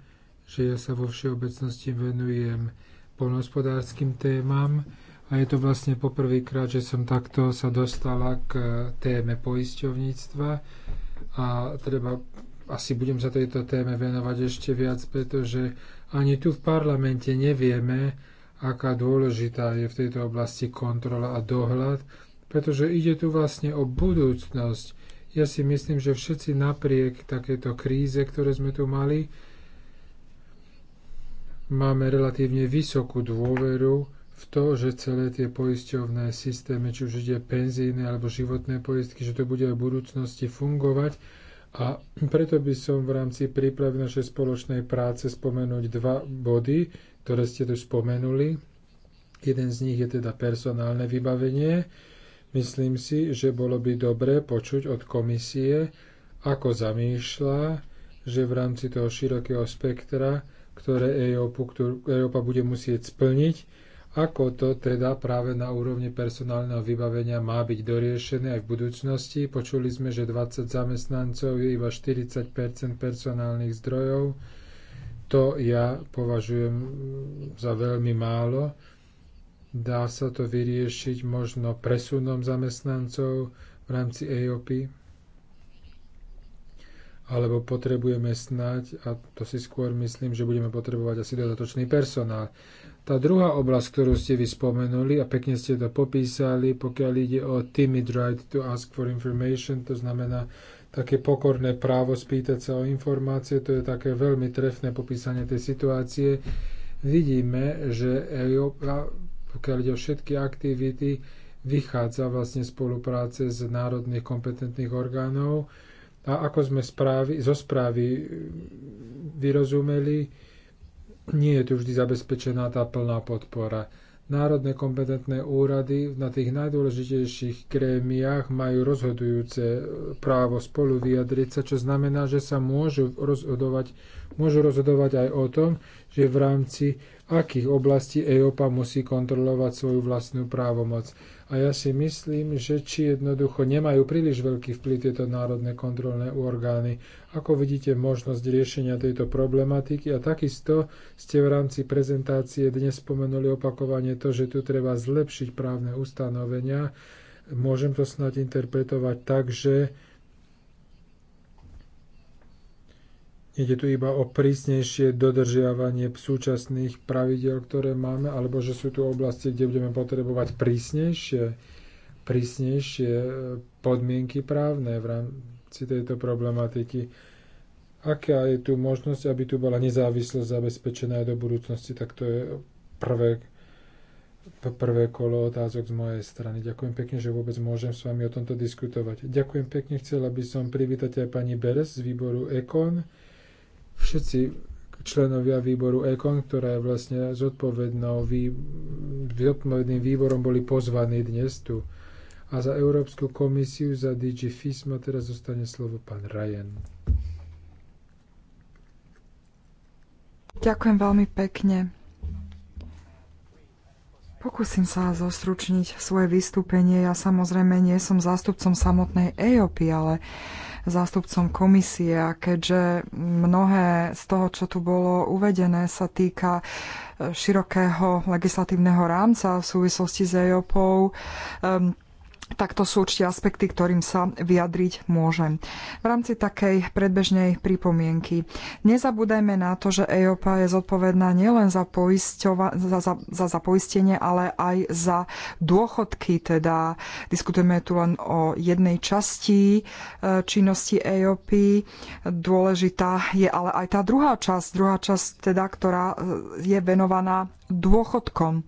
že ja sa vo všeobecnosti venujem polnohospodárským témam a je to vlastne poprvýkrát, že som takto sa dostala k e, téme poisťovníctva a treba asi budem sa tejto téme venovať ešte viac, pretože ani tu v parlamente nevieme, aká dôležitá je v tejto oblasti kontrola a dohľad, pretože ide tu vlastne o budúcnosť. Ja si myslím, že všetci napriek takéto kríze, ktoré sme tu mali, máme relatívne vysokú dôveru v to, že celé tie poisťovné systémy, či už ide penzíne alebo životné poistky, že to bude v budúcnosti fungovať a preto by som v rámci prípravy našej spoločnej práce spomenúť dva body, ktoré ste tu spomenuli. Jeden z nich je teda personálne vybavenie. Myslím si, že bolo by dobré počuť od komisie, ako zamýšľa, že v rámci toho širokého spektra, ktoré EOPA bude musieť splniť, ako to teda práve na úrovni personálneho vybavenia má byť doriešené aj v budúcnosti? Počuli sme, že 20 zamestnancov je iba 40 personálnych zdrojov. To ja považujem za veľmi málo. Dá sa to vyriešiť možno presunom zamestnancov v rámci EOP? Alebo potrebujeme snať, a to si skôr myslím, že budeme potrebovať asi dodatočný personál. Tá druhá oblasť, ktorú ste vy spomenuli, a pekne ste to popísali, pokiaľ ide o timid right to ask for information, to znamená také pokorné právo spýtať sa o informácie, to je také veľmi trefné popísanie tej situácie. Vidíme, že Európa, pokiaľ ide o všetky aktivity, vychádza vlastne spolupráce z národných kompetentných orgánov. A ako sme správy, zo správy mm, vyrozumeli, nie je tu vždy zabezpečená tá plná podpora. Národné kompetentné úrady na tých najdôležitejších krémiách majú rozhodujúce právo spolu vyjadriť sa, čo znamená, že sa môžu rozhodovať, môžu rozhodovať aj o tom, že v rámci akých oblastí EOPA musí kontrolovať svoju vlastnú právomoc. A ja si myslím, že či jednoducho nemajú príliš veľký vplyv tieto národné kontrolné orgány. Ako vidíte možnosť riešenia tejto problematiky a takisto ste v rámci prezentácie dnes spomenuli opakovane to, že tu treba zlepšiť právne ustanovenia. Môžem to snať interpretovať tak, že Ide tu iba o prísnejšie dodržiavanie súčasných pravidel, ktoré máme, alebo že sú tu oblasti, kde budeme potrebovať prísnejšie, prísnejšie e, podmienky právne v rámci tejto problematiky. Aká je tu možnosť, aby tu bola nezávislosť zabezpečená aj do budúcnosti, tak to je prvé, prvé kolo otázok z mojej strany. Ďakujem pekne, že vôbec môžem s vami o tomto diskutovať. Ďakujem pekne, chcela by som privítať aj pani Beres z výboru EKON všetci členovia výboru EKON, ktorá je vlastne zodpovednou vý... zodpovedným výborom, boli pozvaní dnes tu. A za Európsku komisiu, za DG FISMA teraz zostane slovo pán Ryan. Ďakujem veľmi pekne. Pokúsim sa zostručniť svoje vystúpenie. Ja samozrejme nie som zástupcom samotnej EOPy, ale uh, zástupcom komisie a keďže mnohé z toho, čo tu bolo uvedené, sa týka e, širokého legislatívneho rámca v súvislosti s EOPou, e, tak to sú určite aspekty, ktorým sa vyjadriť môžem. V rámci takej predbežnej pripomienky. Nezabúdajme na to, že EOPA je zodpovedná nielen za, za, za, za poistenie, ale aj za dôchodky. Teda diskutujeme tu len o jednej časti e, činnosti EOP. Dôležitá je ale aj tá druhá časť, druhá časť teda, ktorá e, je venovaná dôchodkom.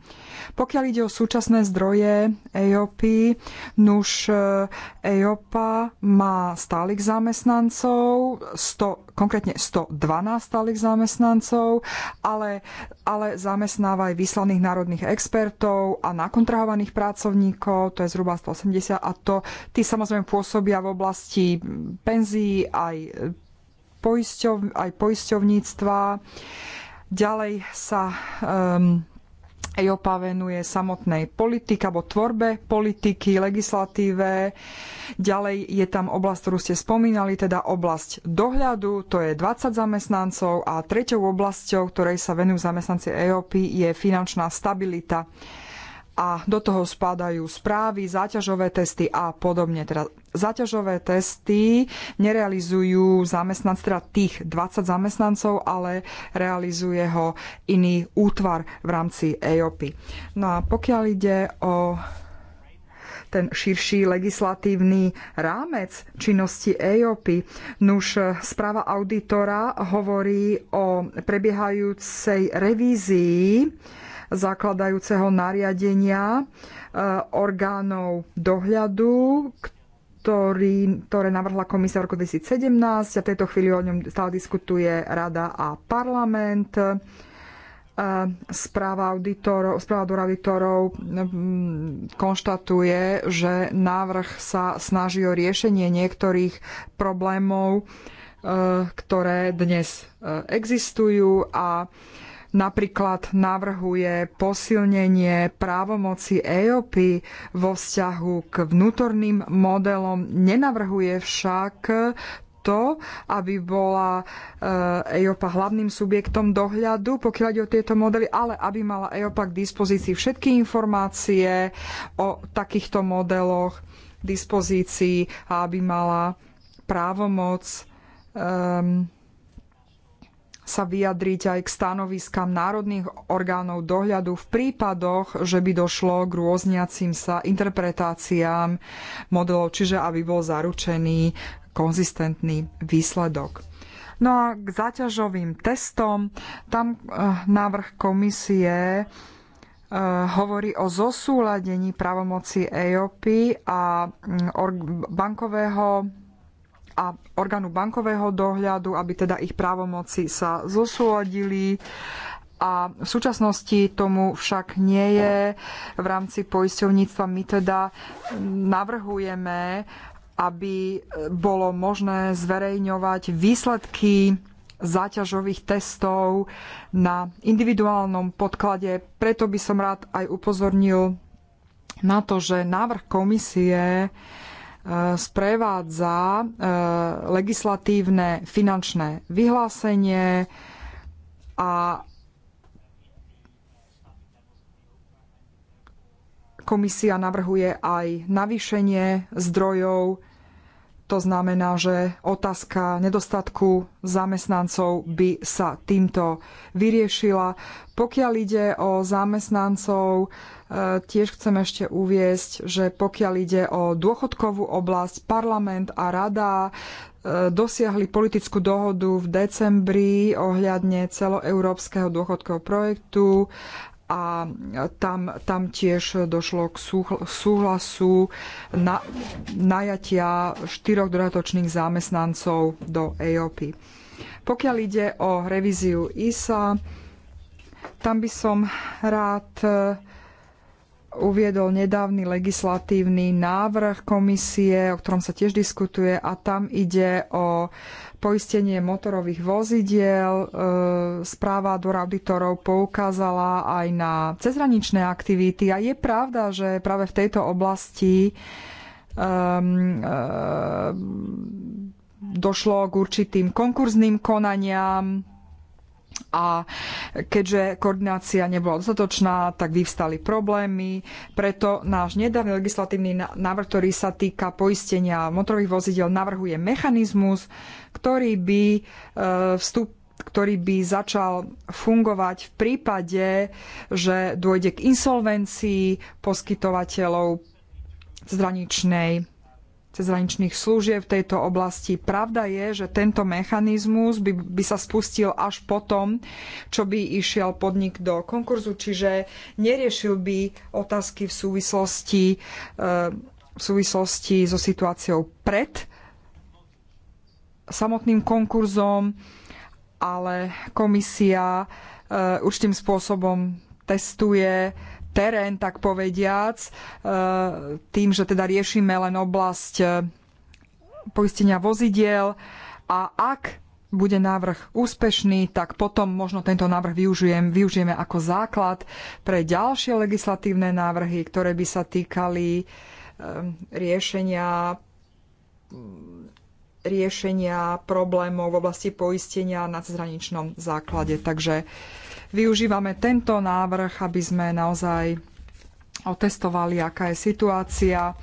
Pokiaľ ide o súčasné zdroje EOPy, nuž EOPA e má stálych zamestnancov, 100, konkrétne 112 stálych zamestnancov, ale, ale zamestnáva aj vyslaných národných expertov a nakontrahovaných pracovníkov, to je zhruba 180 a to tí samozrejme pôsobia v oblasti penzií aj poisťov, aj poisťovníctva. Ďalej sa um, EIOPA venuje samotnej politike alebo tvorbe politiky, legislatíve. Ďalej je tam oblasť, ktorú ste spomínali, teda oblasť dohľadu, to je 20 zamestnancov a treťou oblasťou, ktorej sa venujú zamestnanci EIOPy, je finančná stabilita a do toho spadajú správy, záťažové testy a podobne. Teda záťažové testy nerealizujú zamestnanci, teda tých 20 zamestnancov, ale realizuje ho iný útvar v rámci EOPy. No a pokiaľ ide o ten širší legislatívny rámec činnosti EIOPy. Nuž správa auditora hovorí o prebiehajúcej revízii zakladajúceho nariadenia e, orgánov dohľadu, ktorý, ktoré navrhla komisia v roku 2017 a v tejto chvíli o ňom stále diskutuje rada a parlament. E, správa auditorov, správa do auditorov konštatuje, že návrh sa snaží o riešenie niektorých problémov, e, ktoré dnes existujú a Napríklad navrhuje posilnenie právomoci EOP vo vzťahu k vnútorným modelom, nenavrhuje však to, aby bola EOPA eh, e hlavným subjektom dohľadu, pokiaľ ide o tieto modely, ale aby mala EOPA k dispozícii všetky informácie o takýchto modeloch dispozícii a aby mala právomoc um, sa vyjadriť aj k stanoviskám národných orgánov dohľadu v prípadoch, že by došlo k rôzniacim sa interpretáciám modelov, čiže aby bol zaručený konzistentný výsledok. No a k zaťažovým testom, tam eh, návrh komisie eh, hovorí o zosúladení pravomoci EOP a mm, bankového a orgánu bankového dohľadu, aby teda ich právomoci sa zosúladili a v súčasnosti tomu však nie je v rámci poisťovníctva. My teda navrhujeme, aby bolo možné zverejňovať výsledky záťažových testov na individuálnom podklade. Preto by som rád aj upozornil na to, že návrh komisie E, sprevádza e, legislatívne finančné vyhlásenie a komisia navrhuje aj navýšenie zdrojov. To znamená, že otázka nedostatku zamestnancov by sa týmto vyriešila. Pokiaľ ide o zamestnancov, Tiež chcem ešte uviesť, že pokiaľ ide o dôchodkovú oblasť, parlament a rada e, dosiahli politickú dohodu v decembri ohľadne celoeurópskeho dôchodkového projektu a tam, tam tiež došlo k súhlasu na, najatia štyroch dodatočných zamestnancov do EOP. Pokiaľ ide o revíziu ISA, tam by som rád uviedol nedávny legislatívny návrh komisie, o ktorom sa tiež diskutuje a tam ide o poistenie motorových vozidiel. E, správa dvora auditorov poukázala aj na cezhraničné aktivity a je pravda, že práve v tejto oblasti um, došlo k určitým konkurzným konaniam, a keďže koordinácia nebola dostatočná, tak vyvstali problémy. Preto náš nedávny legislatívny návrh, ktorý sa týka poistenia motorových vozidel, navrhuje mechanizmus, ktorý by e, vstup ktorý by začal fungovať v prípade, že dôjde k insolvencii poskytovateľov zraničnej cezhraničných služieb v tejto oblasti. Pravda je, že tento mechanizmus by, by sa spustil až potom, čo by išiel podnik do konkurzu, čiže neriešil by otázky v súvislosti, eh, v súvislosti so situáciou pred samotným konkurzom, ale komisia eh, určitým spôsobom testuje terén, tak povediac, e, tým, že teda riešime len oblasť e, poistenia vozidiel a ak bude návrh úspešný, tak potom možno tento návrh využijem, využijeme ako základ pre ďalšie legislatívne návrhy, ktoré by sa týkali e, riešenia riešenia problémov v oblasti poistenia na cezhraničnom základe. Takže využívame tento návrh, aby sme naozaj otestovali, aká je situácia.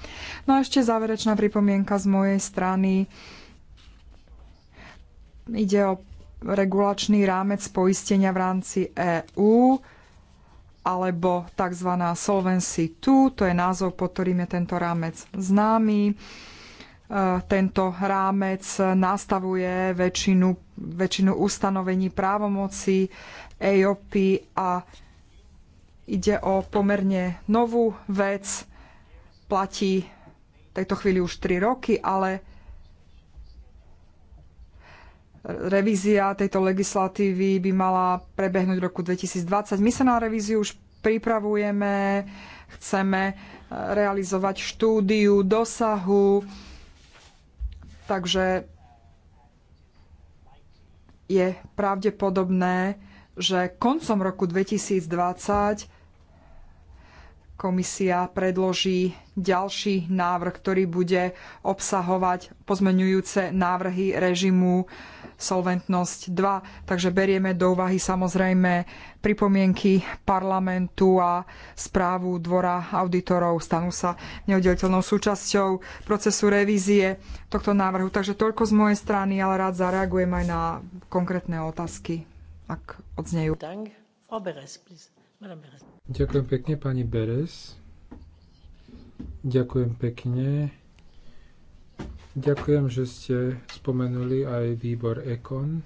No a ešte záverečná pripomienka z mojej strany. Ide o regulačný rámec poistenia v rámci EÚ alebo tzv. Solvency 2, to je názov, pod ktorým je tento rámec známy. E, tento rámec nastavuje väčšinu, väčšinu ustanovení právomoci EIOPy a ide o pomerne novú vec. Platí v tejto chvíli už 3 roky, ale revízia tejto legislatívy by mala prebehnúť v roku 2020. My sa na revíziu už pripravujeme, chceme eh, realizovať štúdiu dosahu, takže je pravdepodobné, že koncom roku 2020 komisia predloží ďalší návrh, ktorý bude obsahovať pozmeňujúce návrhy režimu Solventnosť 2. Takže berieme do úvahy samozrejme pripomienky parlamentu a správu Dvora auditorov. Stanú sa neoddeliteľnou súčasťou procesu revízie tohto návrhu. Takže toľko z mojej strany, ale rád zareagujem aj na konkrétne otázky ak odznejú. Ďakujem pekne, pani Beres. Ďakujem pekne. Ďakujem, že ste spomenuli aj výbor EKON,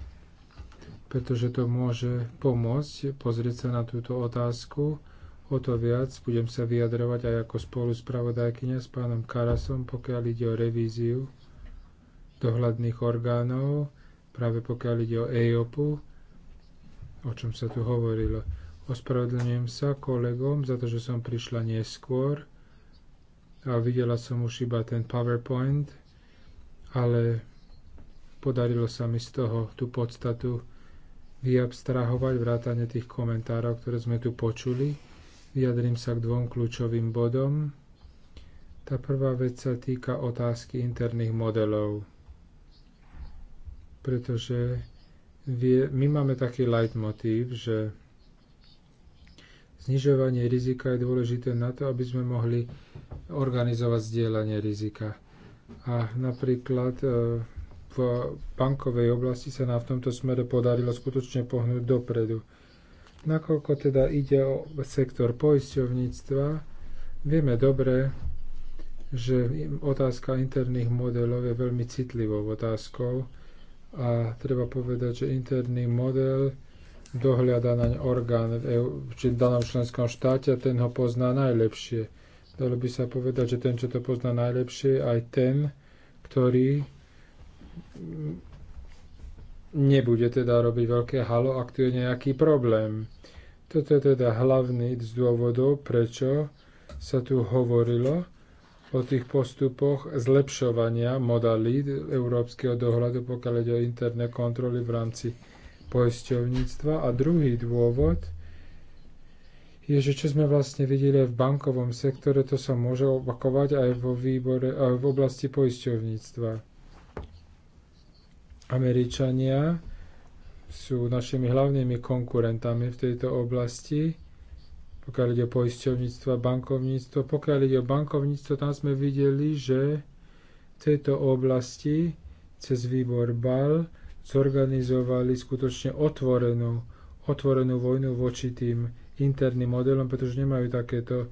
pretože to môže pomôcť pozrieť sa na túto otázku. O to viac budem sa vyjadrovať aj ako spolu s pánom Karasom, pokiaľ ide o revíziu dohľadných orgánov, práve pokiaľ ide o EIOPu o čom sa tu hovorilo. Ospravedlňujem sa kolegom za to, že som prišla neskôr a videla som už iba ten PowerPoint, ale podarilo sa mi z toho tú podstatu vyabstrahovať vrátane tých komentárov, ktoré sme tu počuli. Vyjadrím sa k dvom kľúčovým bodom. Tá prvá vec sa týka otázky interných modelov, pretože vie, my máme taký leitmotív, že znižovanie rizika je dôležité na to, aby sme mohli organizovať zdieľanie rizika. A napríklad e, v bankovej oblasti sa nám v tomto smere podarilo skutočne pohnúť dopredu. Nakoľko teda ide o sektor poisťovníctva, vieme dobre, že otázka interných modelov je veľmi citlivou otázkou a treba povedať, že interný model dohľada naň orgán v, EU, či v danom členskom štáte a ten ho pozná najlepšie. Dalo by sa povedať, že ten, čo to pozná najlepšie, aj ten, ktorý mm, nebude teda robiť veľké halo, ak tu je nejaký problém. Toto je teda hlavný z dôvodov, prečo sa tu hovorilo o tých postupoch zlepšovania modalít európskeho dohľadu, pokiaľ ide o interné kontroly v rámci poisťovníctva. A druhý dôvod je, že čo sme vlastne videli aj v bankovom sektore, to sa môže opakovať aj vo výbore, aj v oblasti poisťovníctva. Američania sú našimi hlavnými konkurentami v tejto oblasti pokiaľ ide o poisťovníctvo a bankovníctvo. Pokiaľ ide o bankovníctvo, tam sme videli, že v tejto oblasti cez výbor BAL zorganizovali skutočne otvorenú, otvorenú vojnu voči tým interným modelom, pretože nemajú takéto e,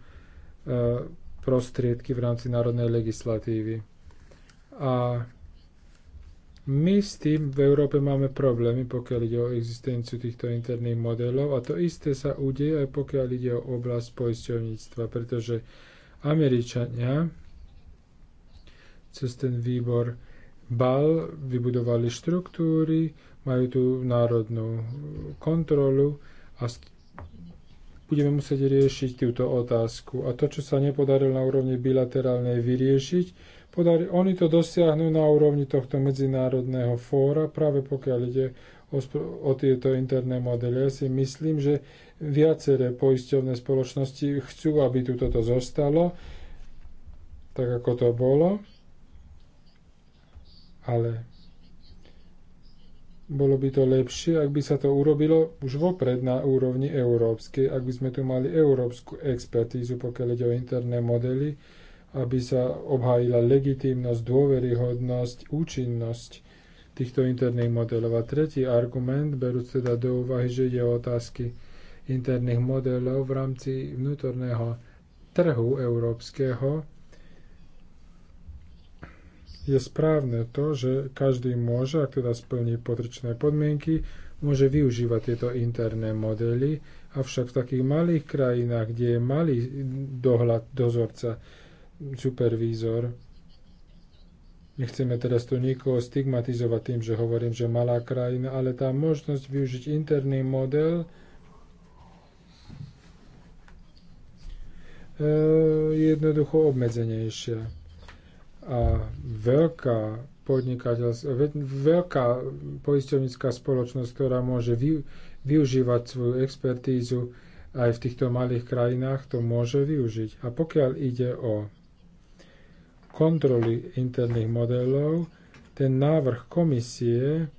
prostriedky v rámci národnej legislatívy. A my s tým v Európe máme problémy, pokiaľ ide o existenciu týchto interných modelov a to isté sa udeje aj pokiaľ ide o oblasť poisťovníctva, pretože Američania cez ten výbor BAL vybudovali štruktúry, majú tu národnú kontrolu a budeme musieť riešiť túto otázku. A to, čo sa nepodarilo na úrovni bilaterálnej vyriešiť, podarí, oni to dosiahnu na úrovni tohto medzinárodného fóra, práve pokiaľ ide o, o tieto interné modely. Ja si myslím, že viaceré poisťovné spoločnosti chcú, aby tu toto zostalo, tak ako to bolo, ale bolo by to lepšie, ak by sa to urobilo už vopred na úrovni európskej, ak by sme tu mali európsku expertízu, pokiaľ ide o interné modely, aby sa obhájila legitímnosť, dôveryhodnosť, účinnosť týchto interných modelov. A tretí argument, berúc teda do úvahy, že ide o otázky interných modelov v rámci vnútorného trhu európskeho, je správne to, že každý môže, ak teda splní potrčné podmienky, môže využívať tieto interné modely, avšak v takých malých krajinách, kde je malý dohľad dozorca, supervízor. Nechceme teraz tu nikoho stigmatizovať tým, že hovorím, že malá krajina, ale tá možnosť využiť interný model e, je jednoducho obmedzenejšia. A veľká veľká poisťovnická spoločnosť, ktorá môže vy, využívať svoju expertízu aj v týchto malých krajinách, to môže využiť. A pokiaľ ide o kontroly interných modelov, ten návrh komisie,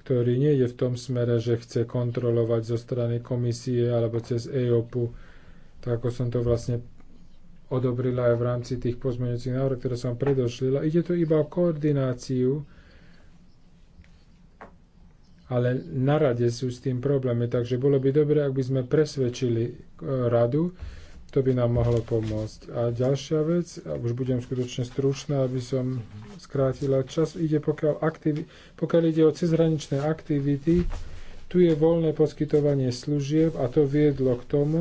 ktorý nie je v tom smere, že chce kontrolovať zo strany komisie alebo cez EOPu, tak ako som to vlastne odobrila aj v rámci tých pozmeňujúcich návrhov, ktoré som predošlila. Ide tu iba o koordináciu, ale na rade sú s tým problémy, takže bolo by dobre, ak by sme presvedčili e, radu, to by nám mohlo pomôcť. A ďalšia vec, a už budem skutočne stručná, aby som skrátila čas, ide pokiaľ, aktiv, pokiaľ ide o cezhraničné aktivity, tu je voľné poskytovanie služieb a to viedlo k tomu,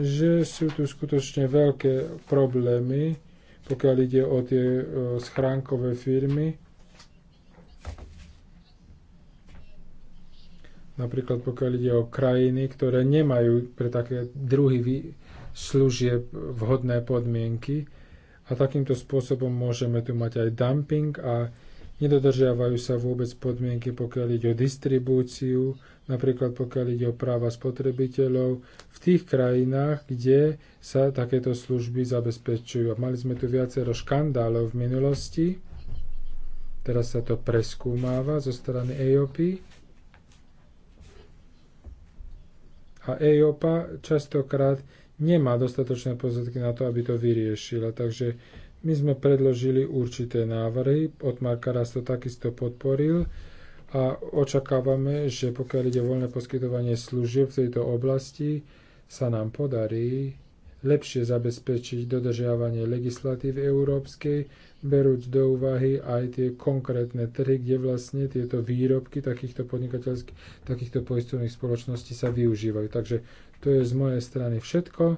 že sú tu skutočne veľké problémy, pokiaľ ide o tie e, schránkové firmy. Napríklad pokiaľ ide o krajiny, ktoré nemajú pre také druhy vý služieb vhodné podmienky a takýmto spôsobom môžeme tu mať aj dumping a nedodržiavajú sa vôbec podmienky, pokiaľ ide o distribúciu, napríklad pokiaľ ide o práva spotrebiteľov v tých krajinách, kde sa takéto služby zabezpečujú. Mali sme tu viacero škandálov v minulosti, teraz sa to preskúmáva zo strany EOP. A EOPA častokrát nemá dostatočné pozadky na to, aby to vyriešila. Takže my sme predložili určité návrhy, od Marka Ras to takisto podporil a očakávame, že pokiaľ ide voľné poskytovanie služieb v tejto oblasti, sa nám podarí lepšie zabezpečiť dodržiavanie legislatívy európskej, berúc do úvahy aj tie konkrétne trhy, kde vlastne tieto výrobky takýchto podnikateľských, takýchto poistovných spoločností sa využívajú. Takže to je z mojej strany všetko.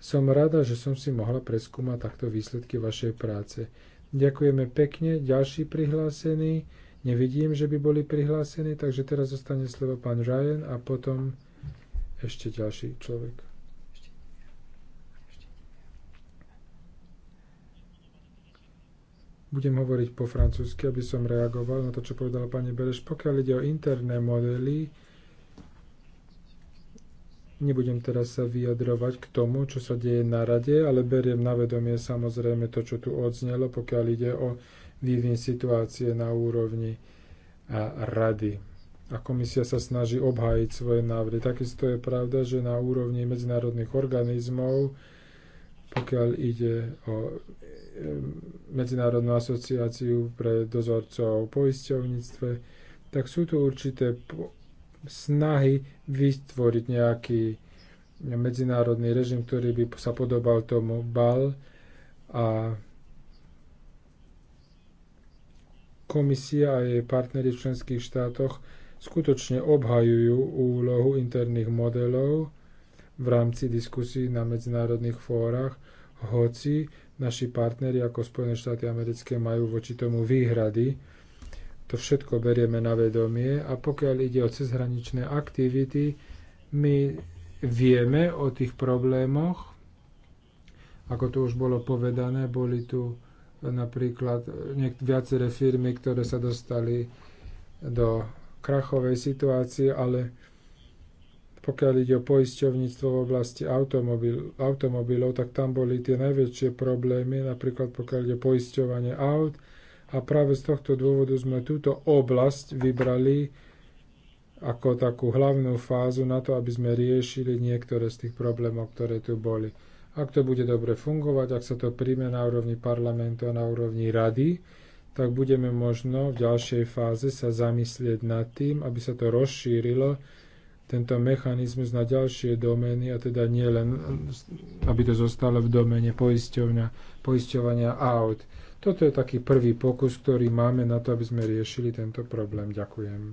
Som rada, že som si mohla preskúmať takto výsledky vašej práce. Ďakujeme pekne. Ďalší prihlásený. Nevidím, že by boli prihlásení, takže teraz zostane slovo pán Ryan a potom ešte ďalší človek. Budem hovoriť po francúzsky, aby som reagoval na to, čo povedala pani Bereš. Pokiaľ ide o interné modely, Nebudem teraz sa vyjadrovať k tomu, čo sa deje na rade, ale beriem na vedomie samozrejme to, čo tu odznelo, pokiaľ ide o vývin situácie na úrovni a rady. A komisia sa snaží obhájiť svoje návrhy. Takisto je pravda, že na úrovni medzinárodných organizmov, pokiaľ ide o Medzinárodnú asociáciu pre dozorcov o poisťovníctve, tak sú tu určité snahy vytvoriť nejaký medzinárodný režim, ktorý by sa podobal tomu BAL a komisia a jej partnery v členských štátoch skutočne obhajujú úlohu interných modelov v rámci diskusí na medzinárodných fórach, hoci naši partneri ako Spojené štáty americké majú voči tomu výhrady, to všetko berieme na vedomie a pokiaľ ide o cezhraničné aktivity, my vieme o tých problémoch. Ako to už bolo povedané, boli tu napríklad viaceré firmy, ktoré sa dostali do krachovej situácie, ale pokiaľ ide o poisťovníctvo v oblasti automobil, automobilov, tak tam boli tie najväčšie problémy, napríklad pokiaľ ide o poisťovanie aut, a práve z tohto dôvodu sme túto oblasť vybrali ako takú hlavnú fázu na to, aby sme riešili niektoré z tých problémov, ktoré tu boli. Ak to bude dobre fungovať, ak sa to príjme na úrovni parlamentu a na úrovni rady, tak budeme možno v ďalšej fáze sa zamyslieť nad tým, aby sa to rozšírilo, tento mechanizmus na ďalšie domény, a teda nie len, aby to zostalo v domene poisťovania aut. Toto je taký prvý pokus, ktorý máme na to, aby sme riešili tento problém. Ďakujem.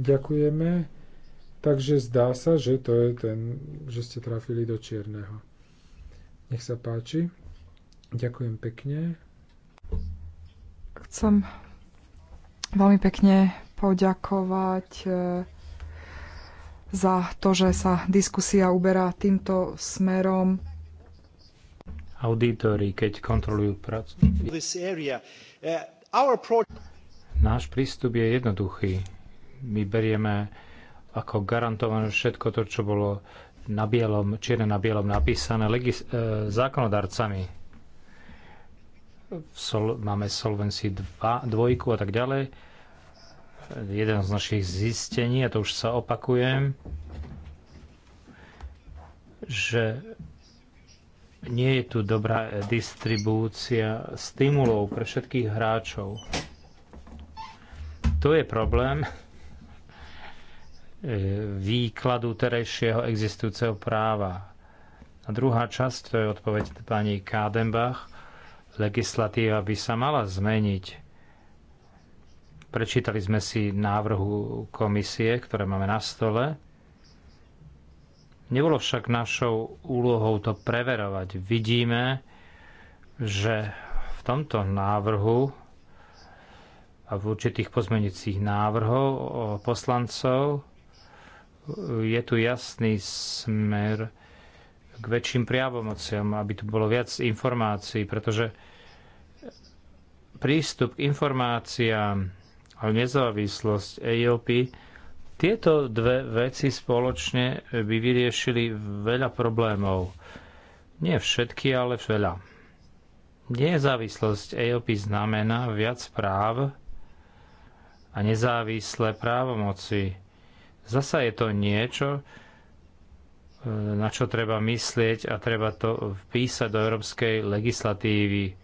Ďakujeme. Takže zdá sa, že to je ten, že ste trafili do čierneho. Nech sa páči. Ďakujem pekne. Chcem veľmi pekne poďakovať e, za to, že sa diskusia uberá týmto smerom. Auditory keď kontrolujú prácu. Uh, Náš prístup je jednoduchý. My berieme ako garantované všetko to, čo bolo na bielom, čierne na bielom napísané legis- e, zákonodarcami. Sol- máme Solvency 2, dvojku a tak ďalej. Jeden z našich zistení, a to už sa opakujem, že nie je tu dobrá distribúcia stimulov pre všetkých hráčov. To je problém e, výkladu terejšieho existujúceho práva. A druhá časť, to je odpoveď pani Kádenbach, legislatíva by sa mala zmeniť. Prečítali sme si návrhu komisie, ktoré máme na stole, Nebolo však našou úlohou to preverovať. Vidíme, že v tomto návrhu a v určitých pozmenicích návrhov poslancov je tu jasný smer k väčším priavomociam, aby tu bolo viac informácií, pretože prístup k informáciám a nezávislosť EIOP tieto dve veci spoločne by vyriešili veľa problémov. Nie všetky, ale veľa. Nezávislosť EOP znamená viac práv a nezávislé právomoci. Zasa je to niečo, e, na čo treba myslieť a treba to vpísať do európskej legislatívy.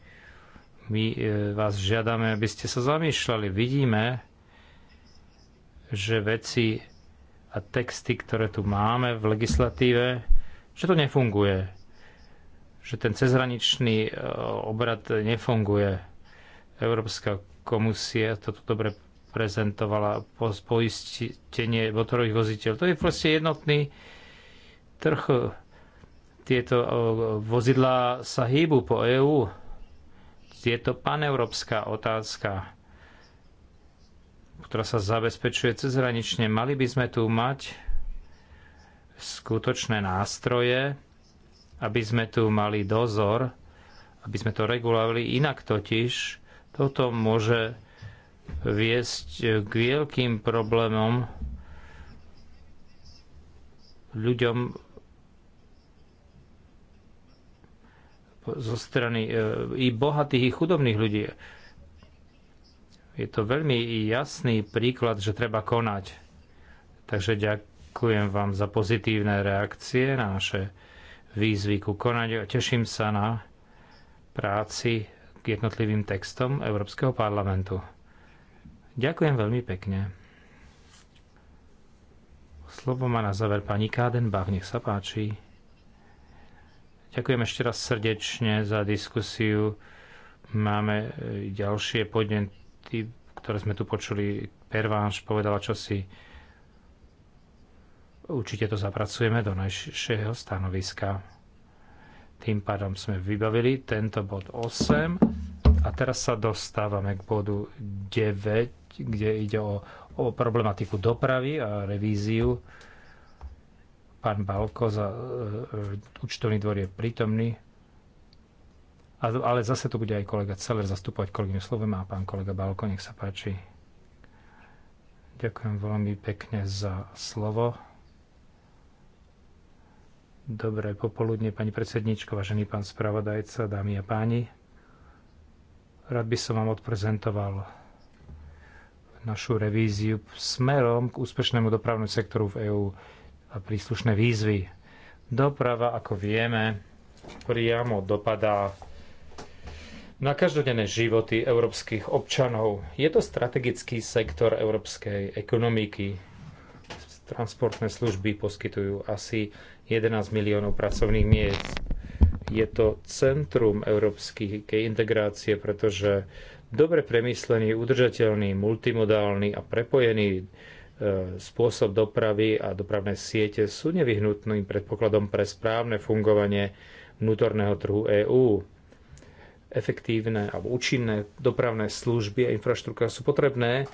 My e, vás žiadame, aby ste sa zamýšľali. Vidíme, že veci a texty, ktoré tu máme v legislatíve, že to nefunguje. Že ten cezhraničný e, obrad nefunguje. Európska komisia toto dobre prezentovala poistenie motorových voziteľ. To je proste jednotný trh. Tieto e, vozidlá sa hýbu po EÚ. Je to paneurópska otázka ktorá sa zabezpečuje cezhranične. Mali by sme tu mať skutočné nástroje, aby sme tu mali dozor, aby sme to regulovali. Inak totiž toto môže viesť k veľkým problémom ľuďom zo strany e, i bohatých, i chudobných ľudí. Je to veľmi jasný príklad, že treba konať. Takže ďakujem vám za pozitívne reakcie na naše výzvy ku konaniu. Teším sa na práci k jednotlivým textom Európskeho parlamentu. Ďakujem veľmi pekne. Slovo má na záver pani Kádenbach, nech sa páči. Ďakujem ešte raz srdečne za diskusiu. Máme e, ďalšie podnety tí, ktoré sme tu počuli, Pervánš povedala čosi, určite to zapracujeme do najšieho stanoviska. Tým pádom sme vybavili tento bod 8 a teraz sa dostávame k bodu 9, kde ide o, o problematiku dopravy a revíziu. Pán Balko za e, e účtovný dvor je prítomný ale zase to bude aj kolega Celer zastupovať kolegyňu Slovema a pán kolega Balko, nech sa páči. Ďakujem veľmi pekne za slovo. Dobré popoludne, pani predsedničko, vážený pán spravodajca, dámy a páni. Rád by som vám odprezentoval našu revíziu smerom k úspešnému dopravnému sektoru v EÚ a príslušné výzvy. Doprava, ako vieme, priamo dopadá na každodenné životy európskych občanov. Je to strategický sektor európskej ekonomiky. Transportné služby poskytujú asi 11 miliónov pracovných miest. Je to centrum európskej integrácie, pretože dobre premyslený, udržateľný, multimodálny a prepojený e, spôsob dopravy a dopravné siete sú nevyhnutným predpokladom pre správne fungovanie vnútorného trhu EÚ efektívne alebo účinné dopravné služby a infraštruktúra sú potrebné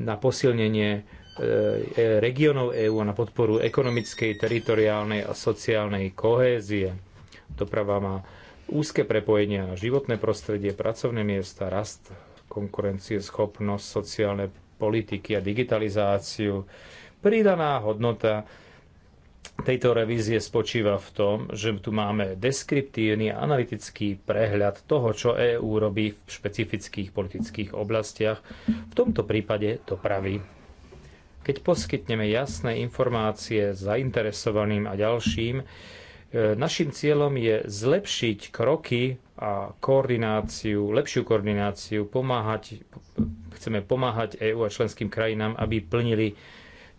na posilnenie e, e, regionov EÚ a na podporu ekonomickej, teritoriálnej a sociálnej kohézie. Doprava má úzke prepojenia na životné prostredie, pracovné miesta, rast, konkurencie, schopnosť, sociálne politiky a digitalizáciu. Pridaná hodnota tejto revízie spočíva v tom, že tu máme deskriptívny a analytický prehľad toho, čo EÚ robí v špecifických politických oblastiach, v tomto prípade dopravy. Keď poskytneme jasné informácie zainteresovaným a ďalším, e, našim cieľom je zlepšiť kroky a koordináciu, lepšiu koordináciu, pomáhať, chceme pomáhať EÚ a členským krajinám, aby plnili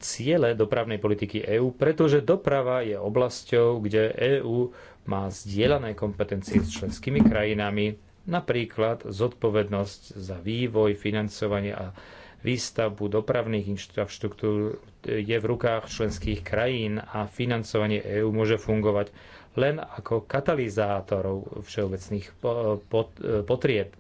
ciele dopravnej politiky EÚ, pretože doprava je oblasťou, kde EÚ má zdieľané kompetencie s členskými krajinami, napríklad zodpovednosť za vývoj, financovanie a výstavbu dopravných infraštruktúr je v rukách členských krajín a financovanie EÚ môže fungovať len ako katalizátorov všeobecných potrieb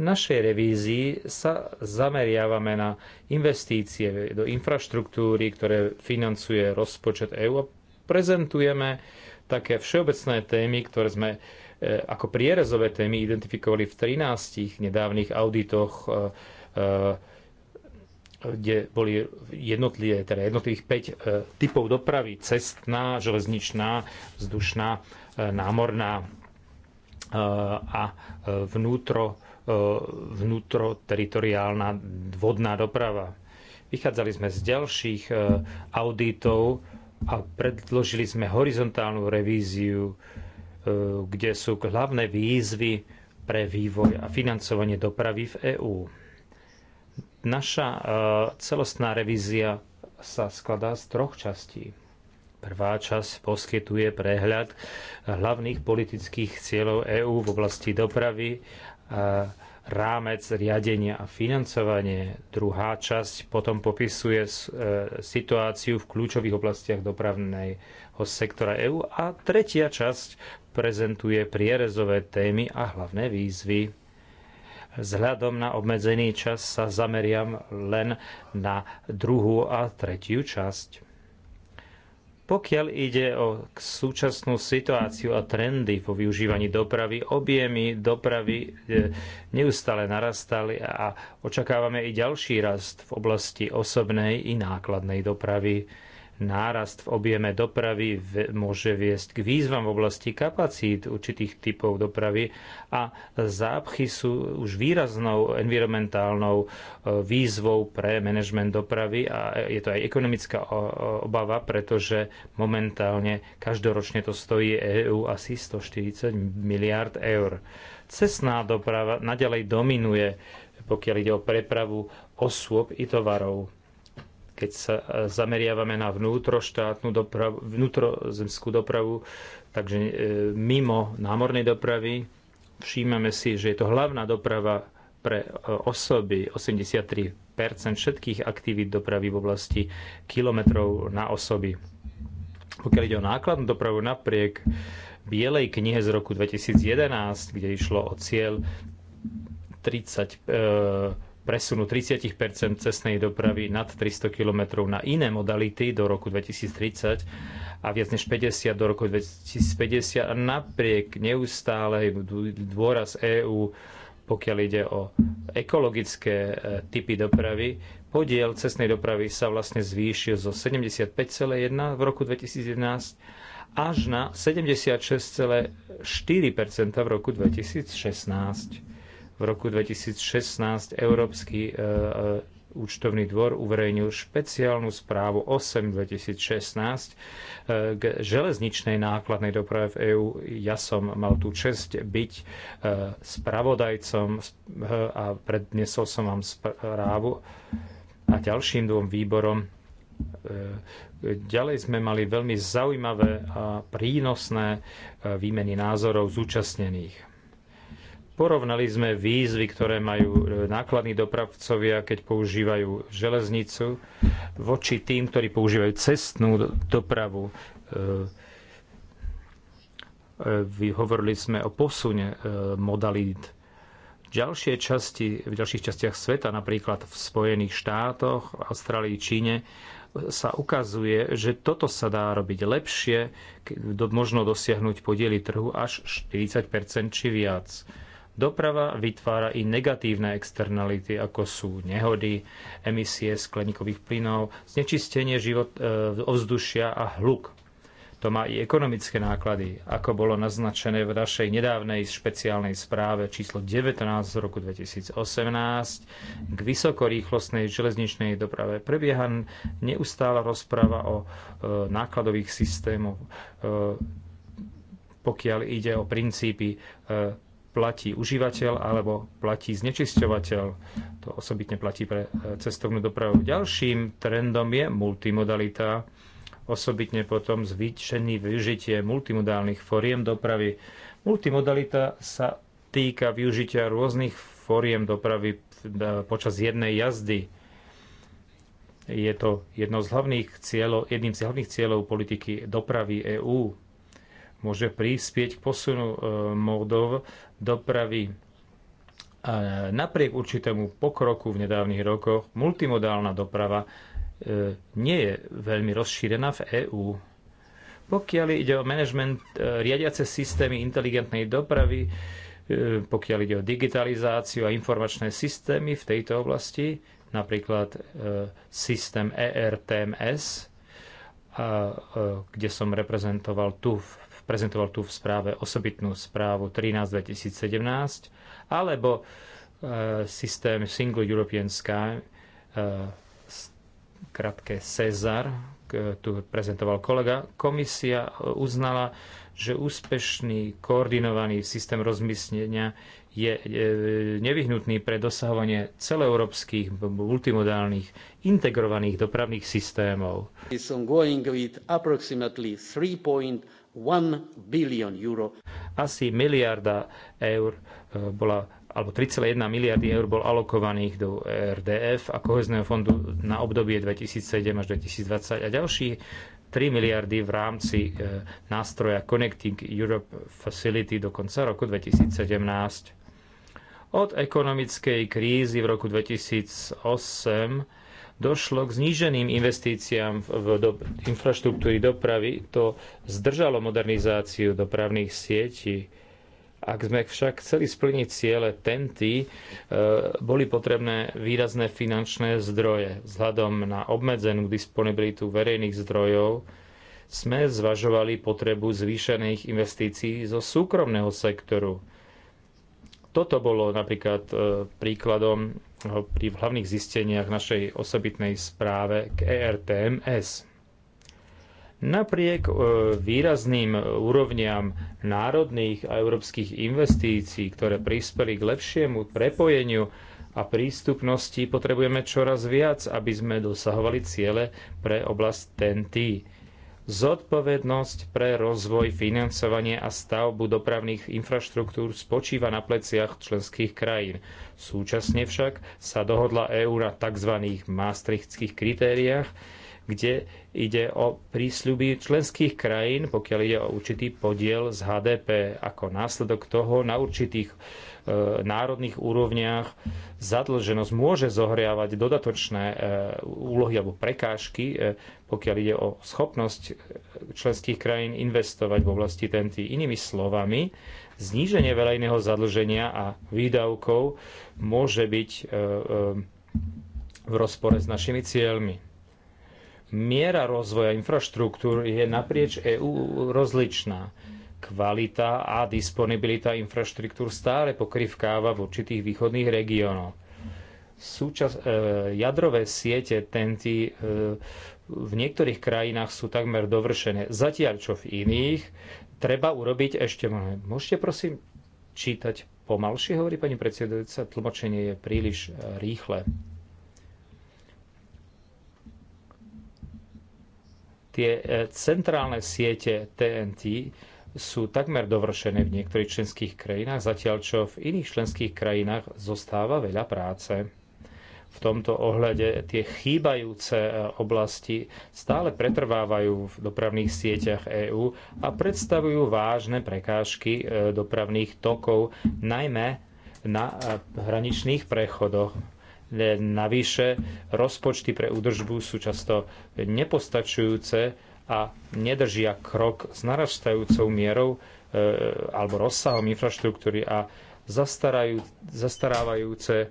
našej revízii sa zameriavame na investície do infraštruktúry, ktoré financuje rozpočet EÚ a prezentujeme také všeobecné témy, ktoré sme e, ako prierezové témy identifikovali v 13 nedávnych auditoch, e, e, kde boli jednotlivé, teda jednotlivých 5 typov dopravy, cestná, železničná, vzdušná, námorná a vnútro E, vnútroteritoriálna vodná doprava. Vychádzali sme z ďalších e, auditov a predložili sme horizontálnu revíziu, e, kde sú hlavné výzvy pre vývoj a financovanie dopravy v EÚ. Naša celostná revízia sa skladá z troch častí. Prvá časť poskytuje prehľad hlavných politických cieľov EÚ v oblasti dopravy E, rámec riadenia a financovanie. Druhá časť potom popisuje e, situáciu v kľúčových oblastiach dopravného sektora EÚ a tretia časť prezentuje prierezové témy a hlavné výzvy. Vzhľadom na obmedzený čas sa zameriam len na druhú a tretiu časť. Pokiaľ ide o súčasnú situáciu a trendy po využívaní dopravy, objemy dopravy e, neustále narastali a očakávame i ďalší rast v oblasti osobnej i nákladnej dopravy nárast v objeme dopravy môže viesť k výzvam v oblasti kapacít určitých typov dopravy a zápchy sú už výraznou environmentálnou e, výzvou pre manažment dopravy a je to aj ekonomická obava, pretože momentálne každoročne to stojí EÚ asi 140 miliard eur. Cestná doprava naďalej dominuje, pokiaľ ide o prepravu osôb i tovarov keď sa e, zameriavame na vnútroštátnu dopravu, vnútrozemskú dopravu, takže e, mimo námornej dopravy, všímame si, že je to hlavná doprava pre e, osoby 83 všetkých aktivít dopravy v oblasti kilometrov na osoby. Pokiaľ ide o nákladnú dopravu napriek Bielej knihe z roku 2011, kde išlo o cieľ 30, e, presunu 30 cestnej dopravy nad 300 km na iné modality do roku 2030 a viac než 50 do roku 2050 a napriek neustále dôraz EÚ, pokiaľ ide o ekologické e, typy dopravy, podiel cestnej dopravy sa vlastne zvýšil zo 75,1 v roku 2011 až na 76,4 v roku 2016 v roku 2016 Európsky e, e, účtovný dvor uverejnil špeciálnu správu 8 2016 e, k železničnej nákladnej doprave v EÚ. Ja som mal tú čest byť spravodajcom a prednesol som vám správu a ďalším dvom výborom. Ďalej sme mali veľmi zaujímavé a prínosné výmeny názorov zúčastnených. Porovnali sme výzvy, ktoré majú e, nákladní dopravcovia, keď používajú železnicu, voči tým, ktorí používajú cestnú dopravu. E, e, hovorili sme o posune modalít. Ďalšie časti, v ďalších častiach sveta, napríklad v Spojených štátoch, Austrálii, Číne, sa ukazuje, že toto sa dá robiť lepšie, možno dosiahnuť podiely trhu až 40 či viac. Doprava vytvára i negatívne externality, ako sú nehody, emisie skleníkových plynov, znečistenie život, e, ovzdušia a hluk. To má i ekonomické náklady, ako bolo naznačené v našej nedávnej špeciálnej správe číslo 19 z roku 2018 k vysokorýchlostnej železničnej doprave. Prebieha neustála rozprava o e, nákladových systémoch, e, pokiaľ ide o princípy e, platí užívateľ alebo platí znečisťovateľ. To osobitne platí pre e, cestovnú dopravu. Ďalším trendom je multimodalita, osobitne potom zvýšený využitie multimodálnych foriem dopravy. Multimodalita sa týka využitia rôznych foriem dopravy e, počas jednej jazdy. Je to jedno z hlavných cieľov, jedným z hlavných cieľov politiky dopravy EÚ môže prispieť k posunu e, módov dopravy. A napriek určitému pokroku v nedávnych rokoch multimodálna doprava e, nie je veľmi rozšírená v EÚ. Pokiaľ ide o management, e, riadiace systémy inteligentnej dopravy, e, pokiaľ ide o digitalizáciu a informačné systémy v tejto oblasti, napríklad systém ERTMS, a, kde som reprezentoval tu v prezentoval tu v správe osobitnú správu 13 2017, alebo e, systém Single European Sky, e, krátke CESAR, tu prezentoval kolega. Komisia e, uznala, že úspešný koordinovaný systém rozmyslenia je nevyhnutný pre dosahovanie celoeurópskych multimodálnych integrovaných dopravných systémov. It's ongoing with approximately 3 asi miliarda eur e, bola alebo 3,1 miliardy eur bol alokovaných do RDF a kohezného fondu na obdobie 2007 až 2020 a ďalší 3 miliardy v rámci e, nástroja Connecting Europe Facility do konca roku 2017. Od ekonomickej krízy v roku 2008 došlo k zníženým investíciám v do, infraštruktúry dopravy. To zdržalo modernizáciu dopravných sietí. Ak sme však chceli splniť ciele TENTY, boli potrebné výrazné finančné zdroje. Vzhľadom na obmedzenú disponibilitu verejných zdrojov sme zvažovali potrebu zvýšených investícií zo súkromného sektoru toto bolo napríklad e, príkladom e, pri hlavných zisteniach našej osobitnej správe k ERTMS. Napriek e, výrazným úrovniam národných a európskych investícií, ktoré prispeli k lepšiemu prepojeniu a prístupnosti, potrebujeme čoraz viac, aby sme dosahovali ciele pre oblasť TNT Zodpovednosť pre rozvoj, financovanie a stavbu dopravných infraštruktúr spočíva na pleciach členských krajín. Súčasne však sa dohodla EÚ na tzv. maastrichtských kritériách, kde ide o prísľuby členských krajín, pokiaľ ide o určitý podiel z HDP. Ako následok toho na určitých E, národných úrovniach zadlženosť môže zohriavať dodatočné e, úlohy alebo prekážky, e, pokiaľ ide o schopnosť členských krajín investovať v oblasti TNT. Inými slovami, zníženie verejného zadlženia a výdavkov môže byť v rozpore s našimi cieľmi. Miera rozvoja infraštruktúr je naprieč EÚ rozličná kvalita a disponibilita infraštruktúr stále pokrývkáva v určitých východných regiónoch. Súčas, e, jadrové siete TNT e, v niektorých krajinách sú takmer dovršené, zatiaľ čo v iných treba urobiť ešte mnohé. Môžete prosím čítať pomalšie, hovorí pani predsedujúca, tlmočenie je príliš e, rýchle. Tie e, centrálne siete TNT sú takmer dovršené v niektorých členských krajinách, zatiaľ čo v iných členských krajinách zostáva veľa práce. V tomto ohľade tie chýbajúce e, oblasti stále pretrvávajú v dopravných sieťach EÚ a predstavujú vážne prekážky e, dopravných tokov, najmä na e, hraničných prechodoch. Navyše rozpočty pre údržbu sú často nepostačujúce, a nedržia krok s narastajúcou mierou e, alebo rozsahom infraštruktúry a zastarajú, zastarávajúce e,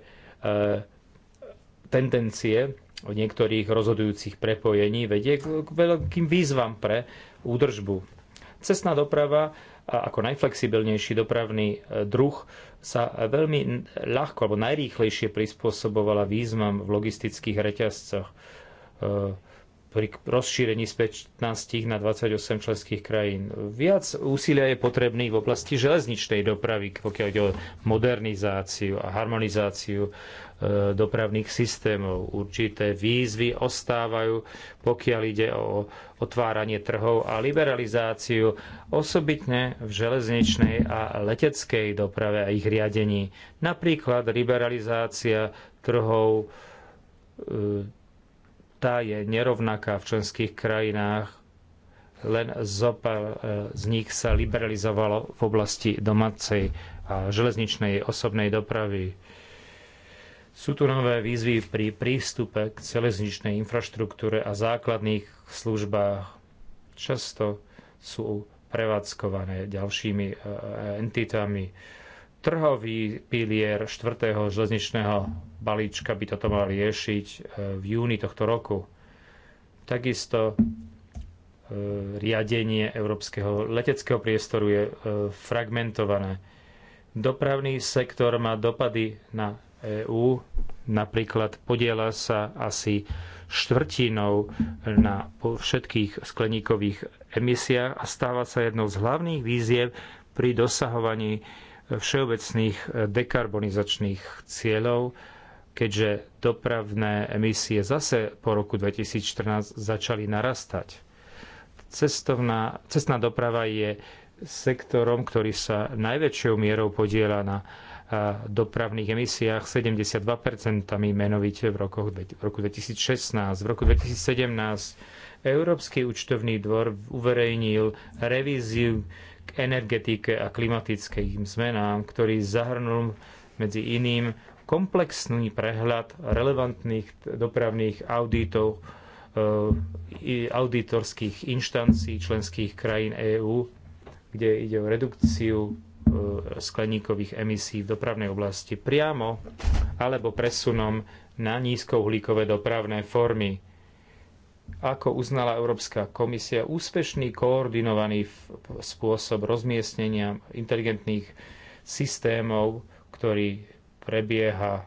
tendencie niektorých rozhodujúcich prepojení vedie k, k veľkým výzvam pre údržbu. Cestná doprava ako najflexibilnejší dopravný e, druh sa veľmi ľahko alebo najrýchlejšie prispôsobovala výzvam v logistických reťazcoch. E, pri rozšírení z 15 na 28 členských krajín. Viac úsilia je potrebný v oblasti železničnej dopravy, pokiaľ ide o modernizáciu a harmonizáciu e, dopravných systémov. Určité výzvy ostávajú, pokiaľ ide o otváranie trhov a liberalizáciu, osobitne v železničnej a leteckej doprave a ich riadení. Napríklad liberalizácia trhov e, tá je nerovnaká v členských krajinách. Len zopár e, z nich sa liberalizovalo v oblasti domácej a železničnej osobnej dopravy. Sú tu nové výzvy pri prístupe k železničnej infraštruktúre a základných službách. Často sú prevádzkované ďalšími e, entitami. Trhový pilier štvrtého železničného balíčka by toto mal riešiť e, v júni tohto roku. Takisto e, riadenie európskeho leteckého priestoru je e, fragmentované. Dopravný sektor má dopady na EÚ, napríklad podiela sa asi štvrtinou na všetkých skleníkových emisiách a stáva sa jednou z hlavných víziev pri dosahovaní všeobecných dekarbonizačných cieľov keďže dopravné emisie zase po roku 2014 začali narastať. Cestovná, cestná doprava je sektorom, ktorý sa najväčšou mierou podiela na dopravných emisiách 72%, menovite v, rokoch, v roku 2016. V roku 2017 Európsky účtovný dvor uverejnil revíziu k energetike a klimatickým zmenám, ktorý zahrnul medzi iným komplexný prehľad relevantných dopravných auditov eh, i auditorských inštancií členských krajín EÚ, kde ide o redukciu eh, skleníkových emisí v dopravnej oblasti priamo alebo presunom na nízkouhlíkové dopravné formy. Ako uznala Európska komisia, úspešný koordinovaný spôsob rozmiestnenia inteligentných systémov, ktorý prebieha, e,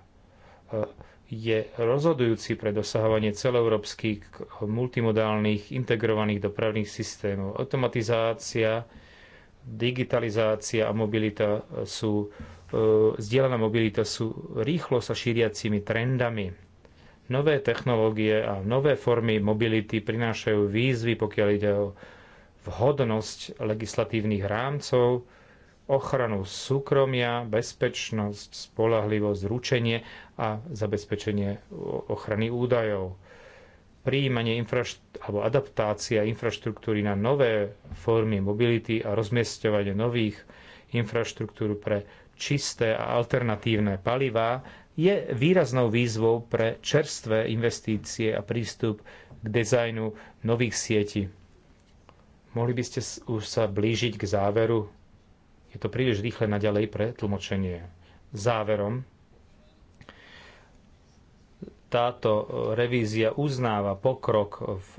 je rozhodujúci pre dosahovanie celoeurópskych multimodálnych integrovaných dopravných systémov. Automatizácia, digitalizácia a mobilita sú, e, zdieľaná mobilita sú rýchlo sa šíriacimi trendami. Nové technológie a nové formy mobility prinášajú výzvy, pokiaľ ide o vhodnosť legislatívnych rámcov, ochranu súkromia, bezpečnosť, spolahlivosť, ručenie a zabezpečenie ochrany údajov. Príjmanie infraštru- alebo adaptácia infraštruktúry na nové formy mobility a rozmiestňovanie nových infraštruktúr pre čisté a alternatívne palivá je výraznou výzvou pre čerstvé investície a prístup k dizajnu nových sietí. Mohli by ste už sa blížiť k záveru je to príliš rýchle naďalej pre tlmočenie. Záverom, táto revízia uznáva pokrok v,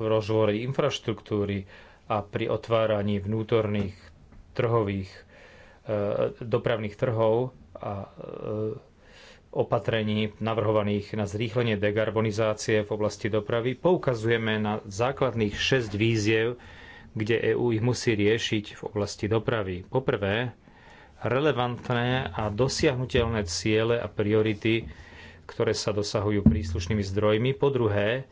v rozvore infraštruktúry a pri otváraní vnútorných trhových e, dopravných trhov a e, opatrení navrhovaných na zrýchlenie dekarbonizácie v oblasti dopravy, poukazujeme na základných 6 víziev, kde EÚ ich musí riešiť v oblasti dopravy. Poprvé, relevantné a dosiahnutelné ciele a priority, ktoré sa dosahujú príslušnými zdrojmi. Po druhé,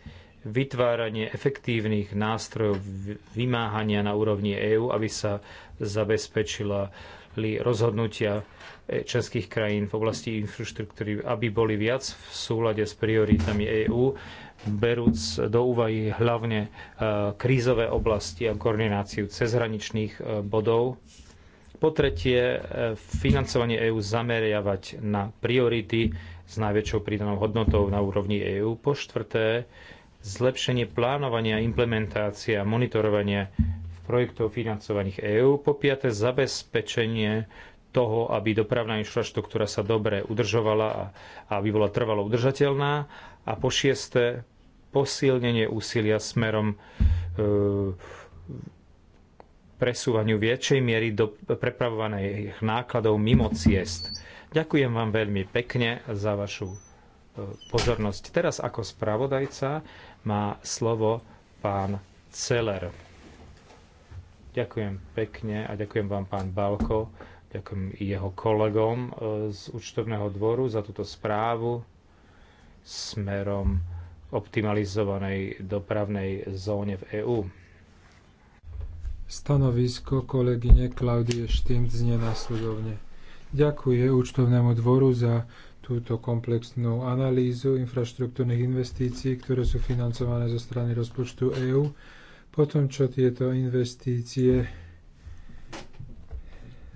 vytváranie efektívnych nástrojov vymáhania na úrovni EÚ, aby sa zabezpečila rozhodnutia e- členských krajín v oblasti infraštruktúry, aby boli viac v súlade s prioritami EÚ berúc do úvahy hlavne e, krízové oblasti a koordináciu cezhraničných e, bodov. Po tretie, e, financovanie EÚ zameriavať na priority s najväčšou pridanou hodnotou na úrovni EÚ. Po štvrté, zlepšenie plánovania, implementácia a monitorovania projektov financovaných EÚ. Po piaté, zabezpečenie toho, aby dopravná infraštruktúra sa dobre udržovala a aby bola trvalo udržateľná a po šiesté posilnenie úsilia smerom e, presúvaniu väčšej miery do prepravovaných nákladov mimo ciest. Ďakujem vám veľmi pekne za vašu e, pozornosť. Teraz ako spravodajca má slovo pán Celer. Ďakujem pekne a ďakujem vám pán Balko, ďakujem jeho kolegom e, z účtovného dvoru za túto správu smerom k optimalizovanej dopravnej zóne v EÚ. Stanovisko kolegyne Klaudie Štint znie nasledovne. Ďakuje účtovnému dvoru za túto komplexnú analýzu infraštruktúrnych investícií, ktoré sú financované zo strany rozpočtu EÚ. Potom, čo tieto investície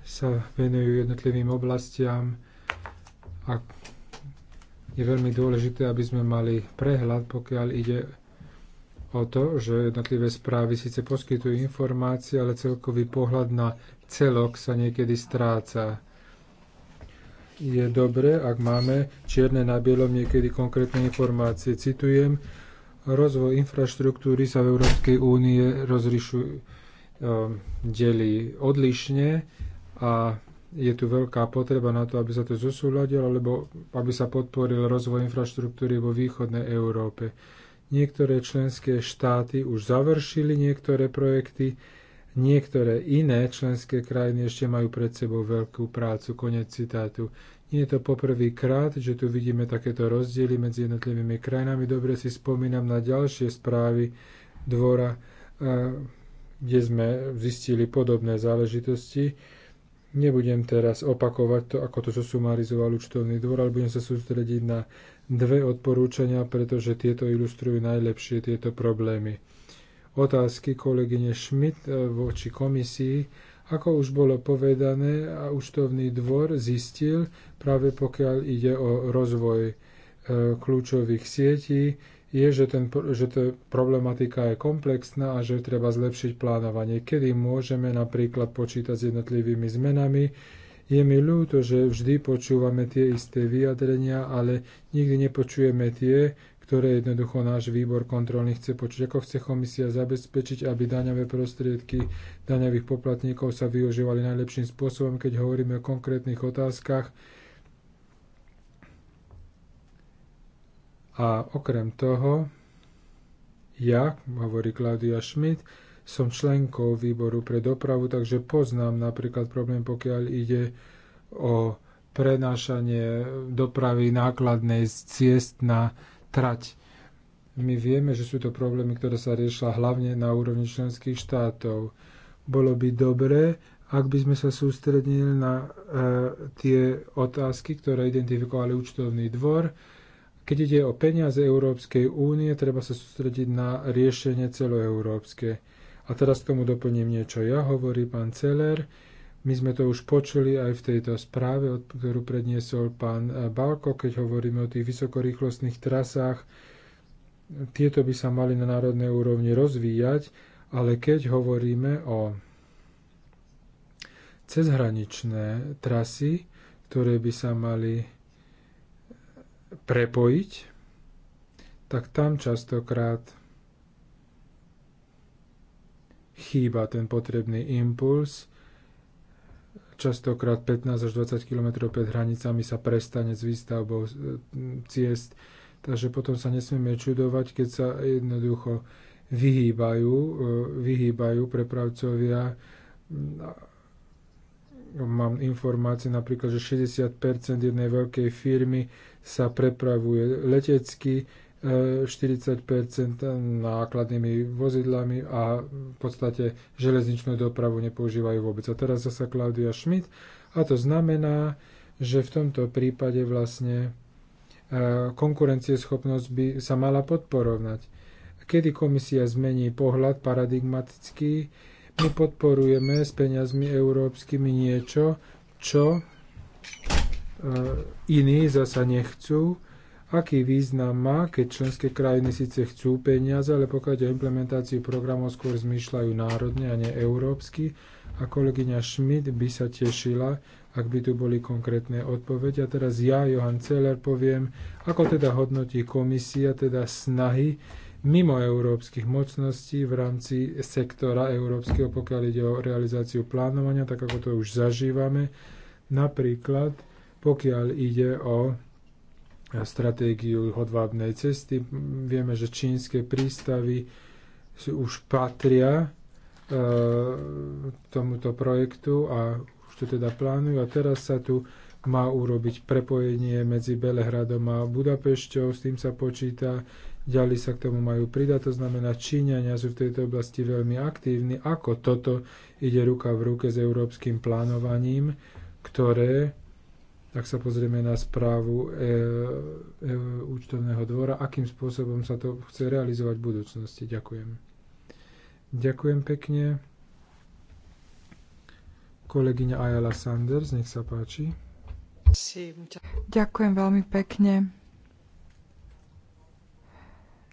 sa venujú jednotlivým oblastiam a je veľmi dôležité, aby sme mali prehľad, pokiaľ ide o to, že jednotlivé správy síce poskytujú informácie, ale celkový pohľad na celok sa niekedy stráca. Je dobre, ak máme čierne na bielom niekedy konkrétne informácie. Citujem, rozvoj infraštruktúry sa v Európskej únie rozlišuje, ehm, delí odlišne a je tu veľká potreba na to, aby sa to zosúľadilo, alebo aby sa podporil rozvoj infraštruktúry vo východnej Európe. Niektoré členské štáty už završili niektoré projekty, niektoré iné členské krajiny ešte majú pred sebou veľkú prácu. Konec citátu. Nie je to poprvýkrát, že tu vidíme takéto rozdiely medzi jednotlivými krajinami. Dobre si spomínam na ďalšie správy dvora, eh, kde sme zistili podobné záležitosti Nebudem teraz opakovať to, ako to zosumarizoval účtovný dvor, ale budem sa sústrediť na dve odporúčania, pretože tieto ilustrujú najlepšie tieto problémy. Otázky kolegyne Schmidt eh, voči komisii. Ako už bolo povedané, a účtovný dvor zistil, práve pokiaľ ide o rozvoj eh, kľúčových sietí, je, že, ten, že to problematika je komplexná a že treba zlepšiť plánovanie. Kedy môžeme napríklad počítať s jednotlivými zmenami? Je mi ľúto, že vždy počúvame tie isté vyjadrenia, ale nikdy nepočujeme tie, ktoré jednoducho náš výbor kontrolný chce počuť. Ako chce komisia zabezpečiť, aby daňové prostriedky daňových poplatníkov sa využívali najlepším spôsobom, keď hovoríme o konkrétnych otázkach, A okrem toho, ja, hovorí Klaudia Schmidt, som členkou výboru pre dopravu, takže poznám napríklad problém, pokiaľ ide o prenášanie dopravy nákladnej z ciest na trať. My vieme, že sú to problémy, ktoré sa riešia hlavne na úrovni členských štátov. Bolo by dobré, ak by sme sa sústredili na e, tie otázky, ktoré identifikovali účtovný dvor, keď ide o peniaze Európskej únie, treba sa sústrediť na riešenie celoeurópske. A teraz k tomu doplním niečo ja, hovorí pán Celer. My sme to už počuli aj v tejto správe, ktorú predniesol pán eh, Balko, keď hovoríme o tých vysokorýchlostných trasách. Tieto by sa mali na národnej úrovni rozvíjať, ale keď hovoríme o cezhraničné trasy, ktoré by sa mali prepojiť, tak tam častokrát chýba ten potrebný impuls. Častokrát 15 až 20 km pred hranicami sa prestane s výstavbou mm, ciest, takže potom sa nesmieme čudovať, keď sa jednoducho vyhýbajú, e, vyhýbajú prepravcovia mm, mám informácie napríklad, že 60% jednej veľkej firmy sa prepravuje letecky, 40 e, nákladnými vozidlami a v podstate železničnú dopravu nepoužívajú vôbec. A teraz zasa Klaudia Schmidt a to znamená, že v tomto prípade vlastne e, konkurencieschopnosť by sa mala podporovnať. Kedy komisia zmení pohľad paradigmatický, my podporujeme s peniazmi európskymi niečo, čo E, iní zasa nechcú. Aký význam má, keď členské krajiny síce chcú peniaze, ale pokiaľ o implementáciu programov skôr zmýšľajú národne a nie európsky, a kolegyňa Schmidt by sa tešila, ak by tu boli konkrétne odpovede. A teraz ja, Johan Celer, poviem, ako teda hodnotí komisia, teda snahy mimo európskych mocností v rámci sektora európskeho, pokiaľ ide o realizáciu plánovania, tak ako to už zažívame. Napríklad pokiaľ ide o stratégiu hodvábnej cesty, vieme, že čínske prístavy už patria e, tomuto projektu a už to teda plánujú. A teraz sa tu má urobiť prepojenie medzi Belehradom a Budapešťou, s tým sa počíta, ďalej sa k tomu majú pridať, to znamená, Číňania sú v tejto oblasti veľmi aktívni, ako toto ide ruka v ruke s európskym plánovaním, ktoré ak sa pozrieme na správu e, e, účtovného dvora, akým spôsobom sa to chce realizovať v budúcnosti. Ďakujem. Ďakujem pekne. Kolegyňa Ayala Sanders, nech sa páči. Ďakujem veľmi pekne.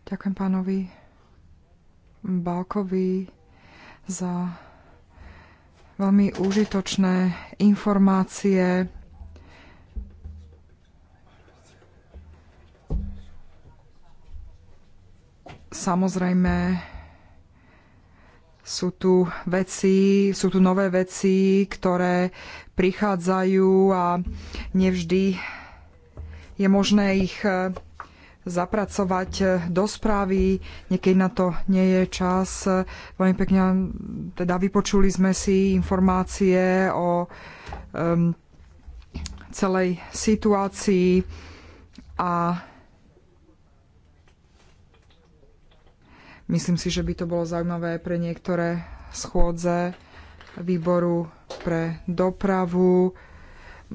Ďakujem pánovi Balkovi za veľmi užitočné informácie Samozrejme, sú tu veci, sú tu nové veci, ktoré prichádzajú a nevždy je možné ich e, zapracovať e, do správy, niekedy na to nie je čas. Veľmi pekne, e, teda vypočuli sme si informácie o um, celej situácii a Myslím si, že by to bolo zaujímavé pre niektoré schôdze výboru pre dopravu.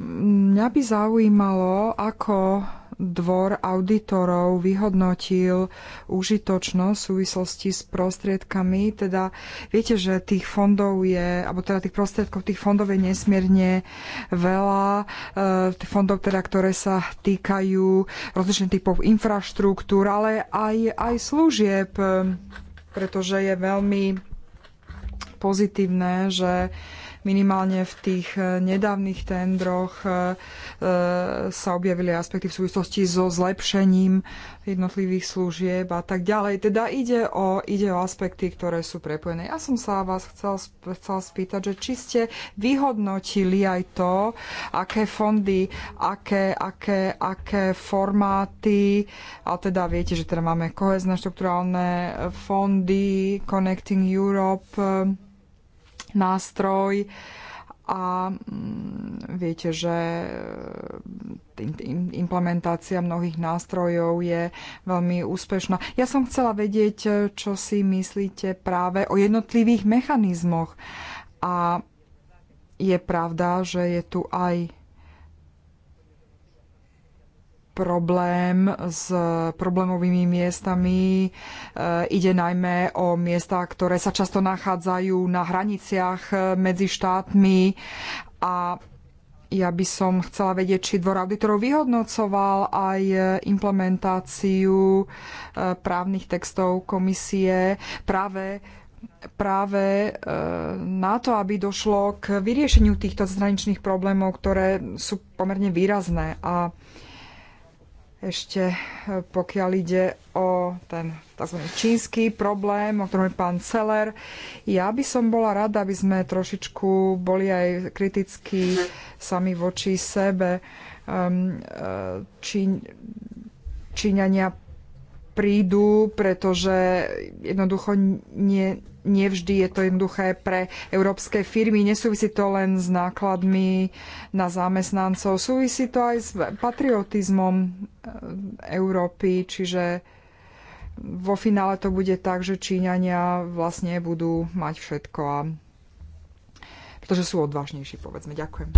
Mňa by zaujímalo, ako dvor auditorov vyhodnotil užitočnosť v súvislosti s prostriedkami. Teda viete, že tých fondov je, alebo teda tých prostriedkov tých fondov je nesmierne veľa. E, tých fondov, teda, ktoré sa týkajú rozličných typov infraštruktúr, ale aj, aj služieb, e, pretože je veľmi pozitívne, že minimálne v tých eh, nedávnych tendroch eh, eh, sa objavili aspekty v súvislosti so zlepšením jednotlivých služieb a tak ďalej. Teda ide o, ide o aspekty, ktoré sú prepojené. Ja som sa vás chcel, chcel spýtať, že či ste vyhodnotili aj to, aké fondy, aké, aké, aké formáty, a teda viete, že teda máme kohezné štruktúrálne fondy, Connecting Europe, nástroj a mm, viete, že e, implementácia mnohých nástrojov je veľmi úspešná. Ja som chcela vedieť, e, čo si myslíte práve o jednotlivých mechanizmoch. A je pravda, že je tu aj problém s problémovými miestami. E, ide najmä o miesta, ktoré sa často nachádzajú na hraniciach e, medzi štátmi a ja by som chcela vedieť, či dvor auditorov vyhodnocoval aj e, implementáciu e, právnych textov komisie práve práve na to, aby došlo k vyriešeniu týchto zraničných problémov, ktoré sú pomerne výrazné. A ešte e, pokiaľ ide o ten tzv. čínsky problém, o ktorom je pán Celer, ja by som bola rada, aby sme trošičku boli aj kriticky, sami voči sebe. Ehm, e, či, Číňania prídu, pretože jednoducho nie, nevždy je to jednoduché pre európske firmy. Nesúvisí to len s nákladmi na zamestnancov, súvisí to aj s patriotizmom eh, Európy, čiže vo finále to bude tak, že Číňania vlastne budú mať všetko a pretože sú odvážnejší, povedzme. Ďakujem.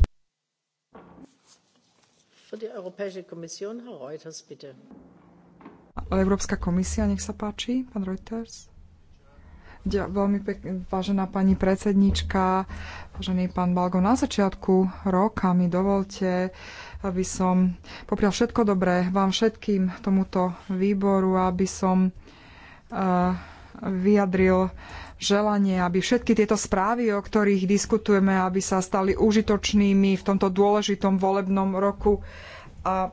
Európska komisia, nech sa páči, pán Reuters. Ja, veľmi pekne, vážená pani predsednička, vážený pán Balgo, na začiatku roka mi dovolte, aby som poprial všetko dobré vám všetkým tomuto výboru, aby som uh, vyjadril želanie, aby všetky tieto správy, o ktorých diskutujeme, aby sa stali užitočnými v tomto dôležitom volebnom roku a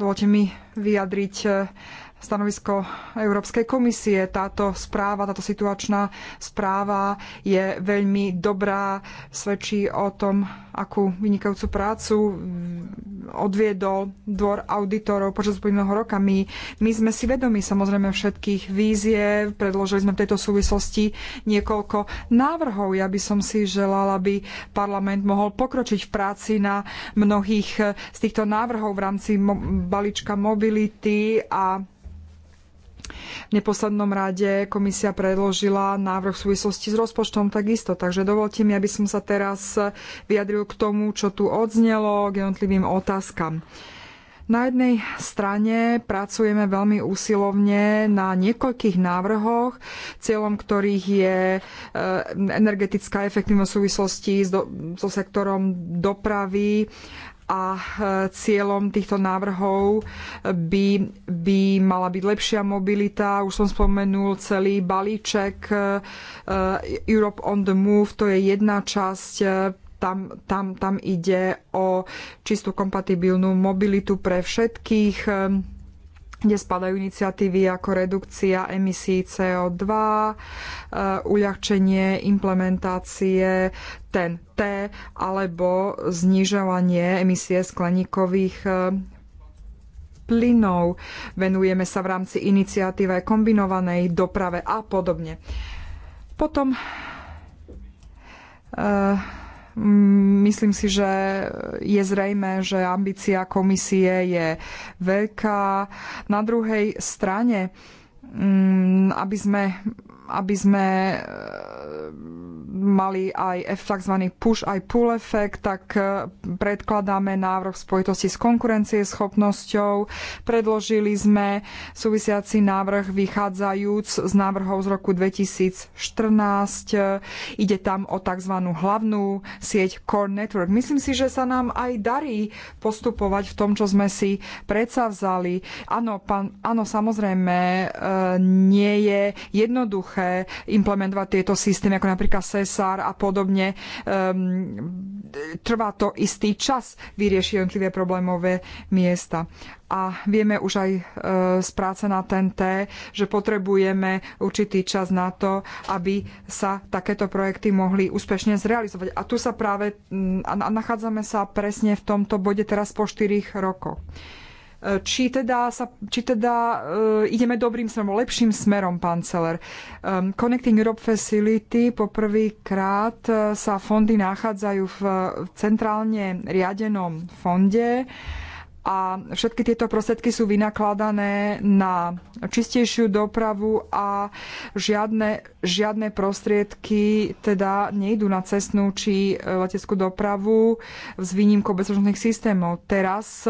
Dovolte mi vyjadriť eh, stanovisko Európskej komisie. Táto správa, táto situačná správa je veľmi dobrá, svedčí o tom, akú vynikajúcu prácu odviedol dvor auditorov počas uplynulého roka. My, my sme si vedomi samozrejme všetkých víziev, predložili sme v tejto súvislosti niekoľko návrhov. Ja by som si želala, aby parlament mohol pokročiť v práci na mnohých z týchto návrhov v rámci balíčka mobility a v neposlednom rade komisia predložila návrh v súvislosti s rozpočtom takisto, takže dovolte mi, aby som sa teraz vyjadril k tomu, čo tu odznelo, k jednotlivým otázkam. Na jednej strane pracujeme veľmi úsilovne na niekoľkých návrhoch, cieľom ktorých je e, energetická efektívnosť v súvislosti so sektorom dopravy a e, cieľom týchto návrhov by, by mala byť lepšia mobilita. Už som spomenul celý balíček e, e, Europe on the Move, to je jedna časť tam, tam, tam ide o čistú kompatibilnú mobilitu pre všetkých kde spadajú iniciatívy ako redukcia emisí CO2, e, uľahčenie implementácie ten T alebo znižovanie emisie skleníkových e, plynov. Venujeme sa v rámci iniciatíve kombinovanej doprave a podobne. Potom uh, Mm, myslím si, že je zrejme, že ambícia komisie je veľká. Na druhej strane, mm, aby sme, aby sme mali aj tzv. push aj pull efekt, tak e, predkladáme návrh v spojitosti s konkurencieschopnosťou. Predložili sme súvisiaci návrh vychádzajúc z návrhov z roku 2014. E, ide tam o tzv. hlavnú sieť Core Network. Myslím si, že sa nám aj darí postupovať v tom, čo sme si predsavzali. Áno, pán, áno samozrejme, e, nie je jednoduché implementovať tieto systémy, ako napríklad cesár a podobne. Um, trvá to istý čas vyriešiť jednotlivé problémové miesta. A vieme už aj e, z práce na TNT, že potrebujeme určitý čas na to, aby sa takéto projekty mohli úspešne zrealizovať. A tu sa práve, a nachádzame sa presne v tomto bode teraz po 4 rokoch či teda, sa, či teda uh, ideme dobrým smerom, lepším smerom, pán Celer. Um, Connecting Europe Facility poprvýkrát e, sa fondy nachádzajú v centrálne riadenom fonde a všetky tieto prostriedky sú vynakladané na čistejšiu dopravu a žiadne, žiadne prostriedky teda nejdú na cestnú či e, leteckú dopravu s výnimkou bezpečnostných systémov. Teraz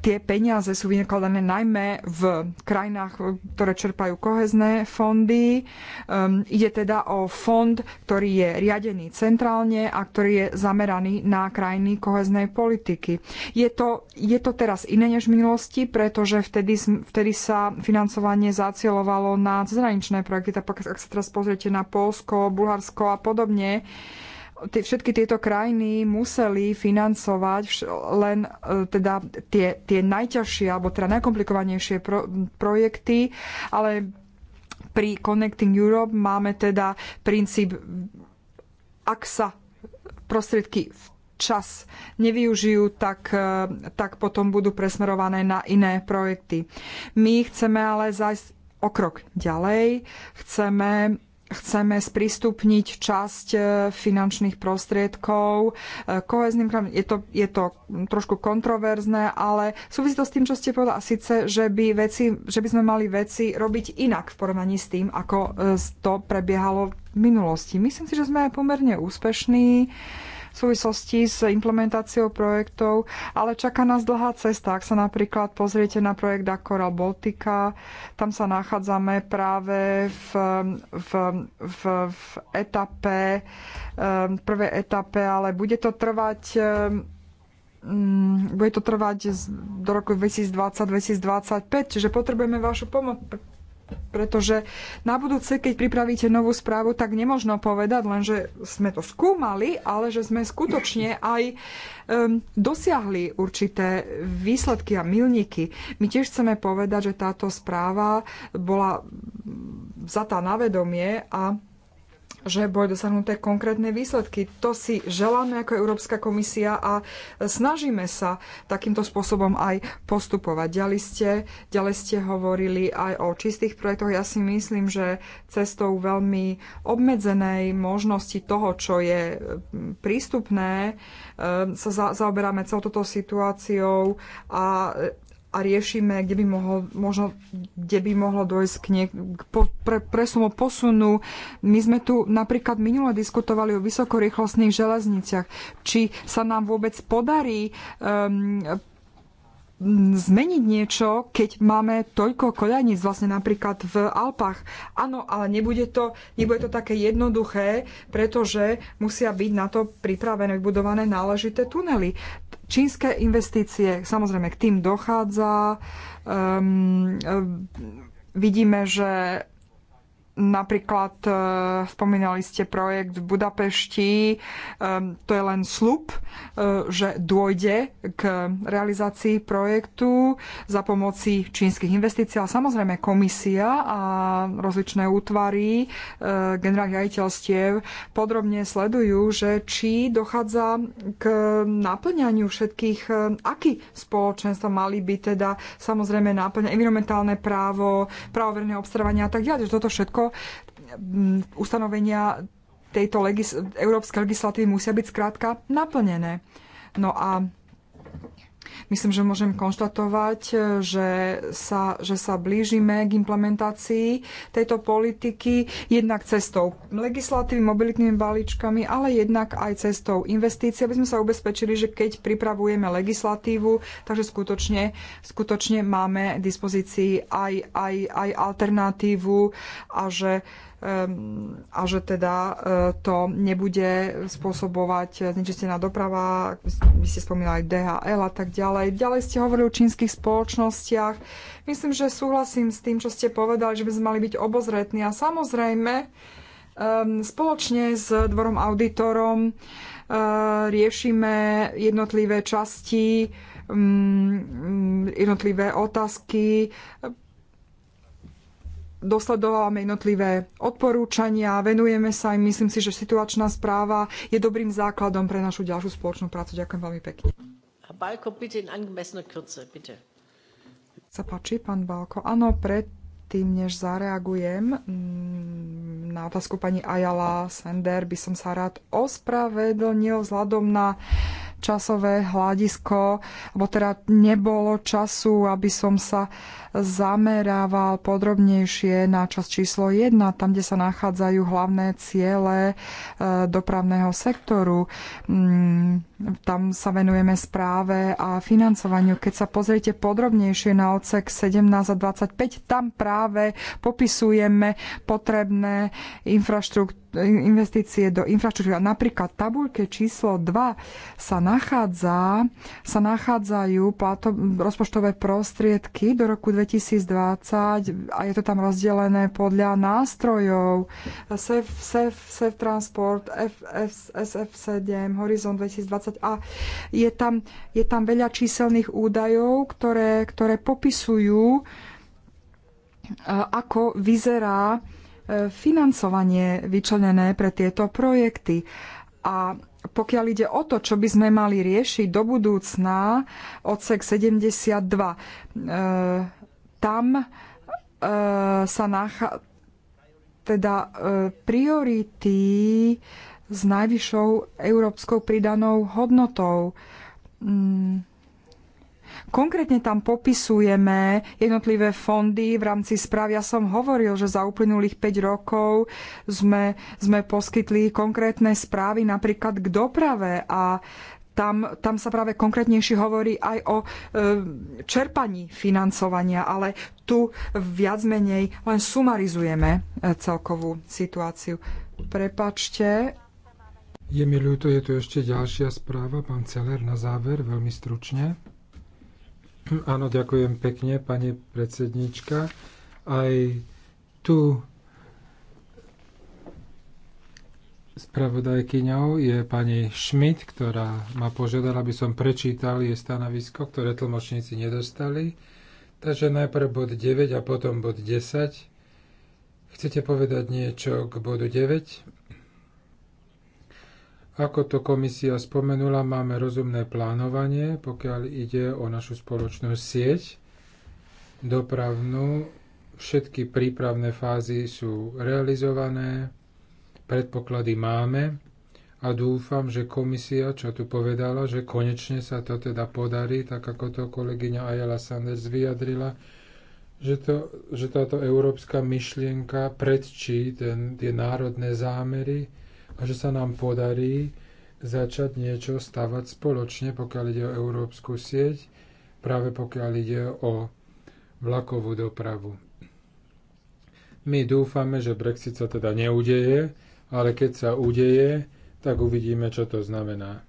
tie peniaze sú vynakladané najmä v krajinách, ktoré čerpajú kohezné fondy. Um, ide teda o fond, ktorý je riadený centrálne a ktorý je zameraný na krajiny koheznej politiky. Je to, je to teraz iné než v minulosti, pretože vtedy, vtedy sa financovanie zacielovalo na cezhraničné projekty, tak ak sa teraz pozriete na Polsko, Bulharsko a podobne, tie, všetky tieto krajiny museli financovať vš, len e, teda tie, tie najťažšie alebo teda najkomplikovanejšie pro, projekty, ale pri Connecting Europe máme teda princíp, ak sa prostriedky v čas nevyužijú, tak, e, tak potom budú presmerované na iné projekty. My chceme ale zajsť o krok ďalej. Chceme chceme sprístupniť časť e, finančných prostriedkov e, kohezným krajom. Je to, je to trošku kontroverzné, ale súvisí to s tým, čo ste povedali, a síce, že by, veci, že by sme mali veci robiť inak v porovnaní s tým, ako e, to prebiehalo v minulosti. Myslím si, že sme pomerne úspešní súvislosti s implementáciou projektov, ale čaká nás dlhá cesta. Ak sa napríklad pozriete na projekt Akora Baltica, tam sa nachádzame práve v, v, v, v etape, v ehm, prvej etape, ale bude to trvať ehm, mm, bude to trvať do roku 2020-2025, čiže potrebujeme vašu pomoc, pretože na budúce, keď pripravíte novú správu, tak nemožno povedať len, že sme to skúmali, ale že sme skutočne aj um, dosiahli určité výsledky a milníky. My tiež chceme povedať, že táto správa bola vzatá na vedomie a že boli dosiahnuté konkrétne výsledky. To si želáme ako Európska komisia a snažíme sa takýmto spôsobom aj postupovať. Ďalej ste, ďalej ste hovorili aj o čistých projektoch. Ja si myslím, že cestou veľmi obmedzenej možnosti toho, čo je prístupné, e, sa zaoberáme celou toto situáciou a a riešime, kde by, mohol, možno, kde by mohlo dojsť k, niek- k po, pre, presunu, posunu. My sme tu napríklad minule diskutovali o vysokorýchlostných železniciach. Či sa nám vôbec podarí um, zmeniť niečo, keď máme toľko koľaníc vlastne napríklad v Alpách. Áno, ale nebude to, nebude to také jednoduché, pretože musia byť na to pripravené, vybudované náležité tunely. Čínske investície, samozrejme, k tým dochádza. Um, um, vidíme, že Napríklad e, spomínali ste projekt v Budapešti, e, to je len slub, e, že dôjde k realizácii projektu za pomoci čínskych investícií, ale samozrejme komisia a rozličné útvary generálnych riaditeľstiev podrobne sledujú, že či dochádza k naplňaniu všetkých aký spoločenstva mali by teda samozrejme naplňať environmentálne právo, právo verejného obstarávania a tak ďalej. Že toto všetko Mm, ustanovenia tejto legis- európskej legislatívy musia byť skrátka naplnené. No a Myslím, že môžem konštatovať, e, že sa, že sa blížime k implementácii tejto politiky jednak cestou legislatívy, mobilitnými balíčkami, ale jednak aj cestou investícií, aby sme sa ubezpečili, že keď pripravujeme legislatívu, takže skutočne, skutočne máme dispozícii aj, aj, aj alternatívu a že Ehm, a že teda e, to nebude spôsobovať znečistená doprava, vy ste spomínali DHL a tak ďalej. Ďalej ste hovorili o čínskych spoločnostiach. Myslím, že súhlasím s tým, čo ste povedali, že by sme mali byť obozretní a samozrejme ehm, spoločne s dvorom auditorom e, riešime jednotlivé časti mm, mm, jednotlivé otázky dosledovávame jednotlivé odporúčania, venujeme sa im. Myslím si, že situačná správa je dobrým základom pre našu ďalšiu spoločnú prácu. Ďakujem veľmi pekne. Balko, bitte in Kürze, bitte. Sa páči, pán Balko. Áno, predtým, než zareagujem mm, na otázku pani Ayala Sender, by som sa rád ospravedlnil vzhľadom na časové hľadisko, lebo teda nebolo času, aby som sa zamerával podrobnejšie na časť číslo 1, tam, kde sa nachádzajú hlavné ciele e, dopravného sektoru. Mm, tam sa venujeme správe a financovaniu. Keď sa pozriete podrobnejšie na odsek 17 a 25, tam práve popisujeme potrebné investície do infraštruktúry. Napríklad v číslo 2 sa, nachádza, sa nachádzajú plato, rozpočtové prostriedky do roku 2020 2020 a je to tam rozdelené podľa nástrojov. SEF, Transport, FF, SF7, Horizon 2020 a je tam, je tam veľa číselných údajov, ktoré, ktoré popisujú, e, ako vyzerá e, financovanie vyčlenené pre tieto projekty. A pokiaľ ide o to, čo by sme mali riešiť do budúcna, odsek 72. E tam e, sa nachádza teda e, priority s najvyššou európskou pridanou hodnotou. Mm. Konkrétne tam popisujeme jednotlivé fondy v rámci správy. Ja som hovoril, že za uplynulých 5 rokov sme, sme poskytli konkrétne správy napríklad k doprave a tam, tam sa práve konkrétnejšie hovorí aj o e, čerpaní financovania, ale tu viac menej len sumarizujeme e, celkovú situáciu. Prepačte. Je mi ľúto, je tu ešte ďalšia správa, pán Celer, na záver, veľmi stručne. Áno, ďakujem pekne, pani predsednička. Aj tu Spravodajkyňou je pani Schmidt, ktorá ma požiadala, aby som prečítal jej stanovisko, ktoré tlmočníci nedostali. Takže najprv bod 9 a potom bod 10. Chcete povedať niečo k bodu 9? Ako to komisia spomenula, máme rozumné plánovanie, pokiaľ ide o našu spoločnú sieť dopravnú. Všetky prípravné fázy sú realizované predpoklady máme a dúfam, že komisia, čo tu povedala, že konečne sa to teda podarí, tak ako to kolegyňa Ayala Sanders vyjadrila, že, to, že táto európska myšlienka predčí ten, tie národné zámery a že sa nám podarí začať niečo stavať spoločne, pokiaľ ide o európsku sieť, práve pokiaľ ide o vlakovú dopravu. My dúfame, že Brexit sa teda neudeje, ale keď sa udeje, tak uvidíme, čo to znamená.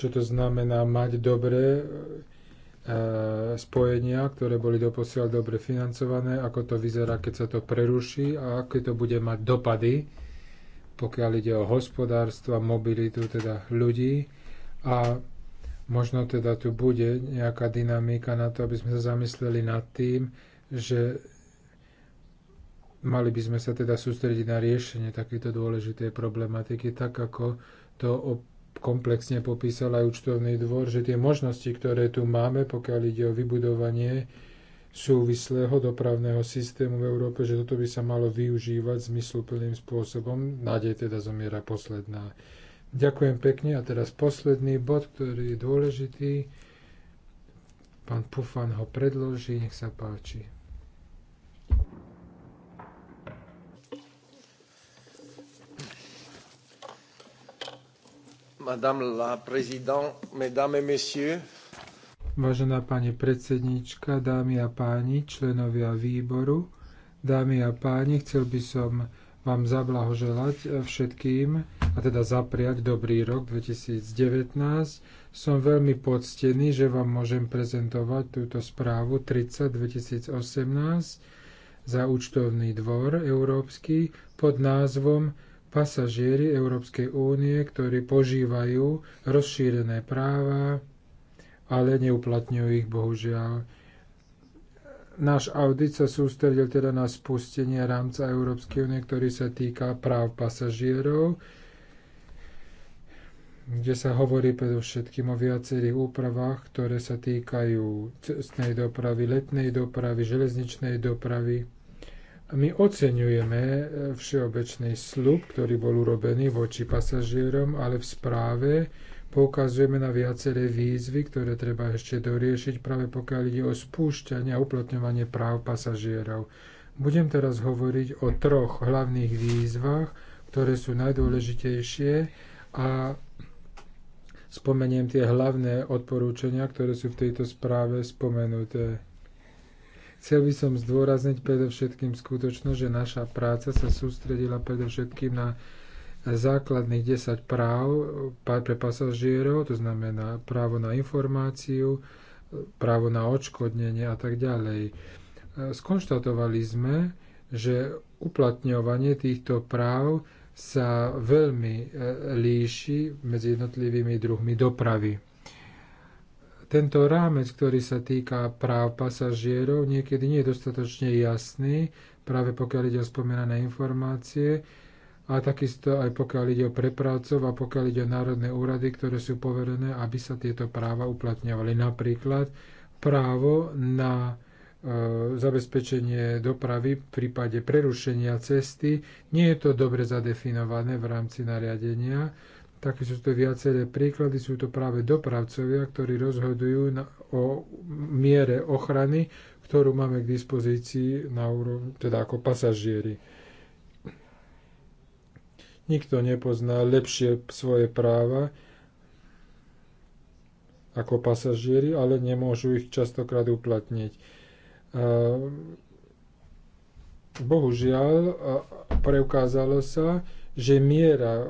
Čo to znamená mať dobré e, spojenia, ktoré boli doposiaľ dobre financované, ako to vyzerá, keď sa to preruší a aké to bude mať dopady, pokiaľ ide o hospodárstvo, mobilitu teda ľudí a možno teda tu bude nejaká dynamika na to, aby sme sa zamysleli nad tým, že Mali by sme sa teda sústrediť na riešenie takéto dôležitej problematiky, tak ako to komplexne popísal aj účtovný dvor, že tie možnosti, ktoré tu máme, pokiaľ ide o vybudovanie súvislého dopravného systému v Európe, že toto by sa malo využívať zmysluplným spôsobom. Nádej teda zomiera posledná. Ďakujem pekne a teraz posledný bod, ktorý je dôležitý. Pán Pufan ho predloží, nech sa páči. Madame la présidente, mesdames et messieurs. Vážená pani predsednička, dámy a páni, členovia výboru, dámy a páni, chcel by som vám zablahoželať všetkým a teda zapriať dobrý rok 2019. Som veľmi poctený, že vám môžem prezentovať túto správu 30 2018 za účtovný dvor európsky pod názvom pasažieri Európskej únie, ktorí požívajú rozšírené práva, ale neuplatňujú ich bohužiaľ. Náš audit sa sústredil teda na spustenie rámca Európskej únie, ktorý sa týka práv pasažierov, kde sa hovorí predovšetkým o viacerých úpravách, ktoré sa týkajú cestnej dopravy, letnej dopravy, železničnej dopravy my oceňujeme e, všeobecný slub, ktorý bol urobený voči pasažierom, ale v správe poukazujeme na viaceré výzvy, ktoré treba ešte doriešiť, práve pokiaľ ide o spúšťanie a uplatňovanie práv pasažierov. Budem teraz hovoriť o troch hlavných výzvach, ktoré sú najdôležitejšie a spomeniem tie hlavné odporúčania, ktoré sú v tejto správe spomenuté. Chcel by som zdôrazniť predovšetkým skutočnosť, že naša práca sa sústredila predovšetkým na základných 10 práv pre pasažierov, to znamená právo na informáciu, právo na odškodnenie a tak ďalej. Skonštatovali sme, že uplatňovanie týchto práv sa veľmi e, líši medzi jednotlivými druhmi dopravy tento rámec, ktorý sa týka práv pasažierov, niekedy nie je dostatočne jasný, práve pokiaľ ide o spomínané informácie a takisto aj pokiaľ ide o prepravcov a pokiaľ ide o národné úrady, ktoré sú poverené, aby sa tieto práva uplatňovali. Napríklad právo na e, zabezpečenie dopravy v prípade prerušenia cesty. Nie je to dobre zadefinované v rámci nariadenia Také sú to viaceré príklady, sú to práve dopravcovia, ktorí rozhodujú na, o miere ochrany, ktorú máme k dispozícii na úrovni, teda ako pasažieri. Nikto nepozná lepšie svoje práva ako pasažieri, ale nemôžu ich častokrát uplatniť. Bohužiaľ, preukázalo sa, že miera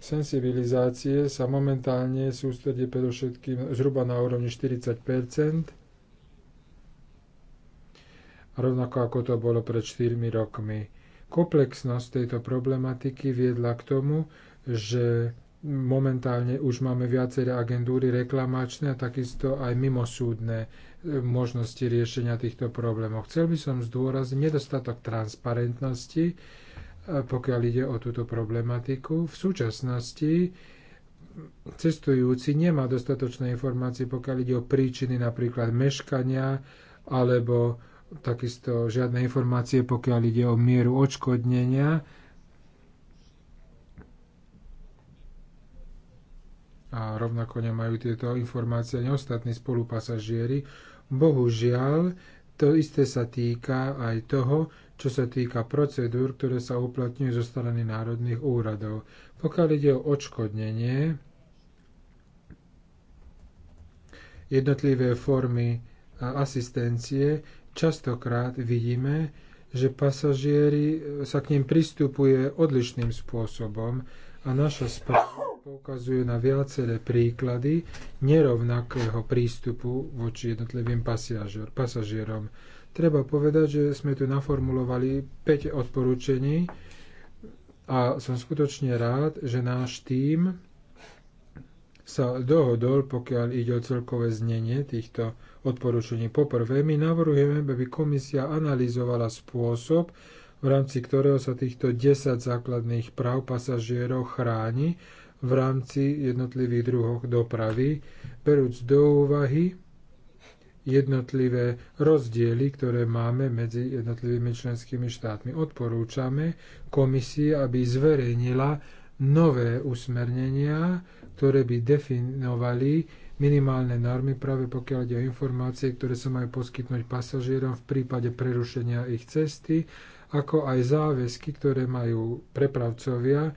sensibilizácie sa momentálne sústredí predovšetkým zhruba na úrovni 40 rovnako ako to bolo pred 4 rokmi. Komplexnosť tejto problematiky viedla k tomu, že momentálne už máme viaceré agentúry reklamačné a takisto aj mimosúdne e, možnosti riešenia týchto problémov. Chcel by som zdôrazniť nedostatok transparentnosti pokiaľ ide o túto problematiku. V súčasnosti cestujúci nemá dostatočné informácie, pokiaľ ide o príčiny napríklad meškania alebo takisto žiadne informácie, pokiaľ ide o mieru odškodnenia. A rovnako nemajú tieto informácie ani ostatní spolupasažieri. Bohužiaľ, to isté sa týka aj toho, čo sa týka procedúr, ktoré sa uplatňujú zo strany národných úradov. Pokiaľ ide o odškodnenie, jednotlivé formy asistencie, častokrát vidíme, že pasažieri e, sa k ním pristupuje odlišným spôsobom a naša správa poukazuje na viaceré príklady nerovnakého prístupu voči jednotlivým pasažierom Treba povedať, že sme tu naformulovali 5 odporúčení a som skutočne rád, že náš tím sa dohodol, pokiaľ ide o celkové znenie týchto odporúčení. Poprvé, my navrhujeme, aby komisia analyzovala spôsob, v rámci ktorého sa týchto 10 základných práv pasažierov chráni v rámci jednotlivých druhov dopravy, berúc do úvahy jednotlivé rozdiely, ktoré máme medzi jednotlivými členskými štátmi. Odporúčame komisii, aby zverejnila nové usmernenia, ktoré by definovali minimálne normy, práve pokiaľ ide o informácie, ktoré sa majú poskytnúť pasažierom v prípade prerušenia ich cesty, ako aj záväzky, ktoré majú prepravcovia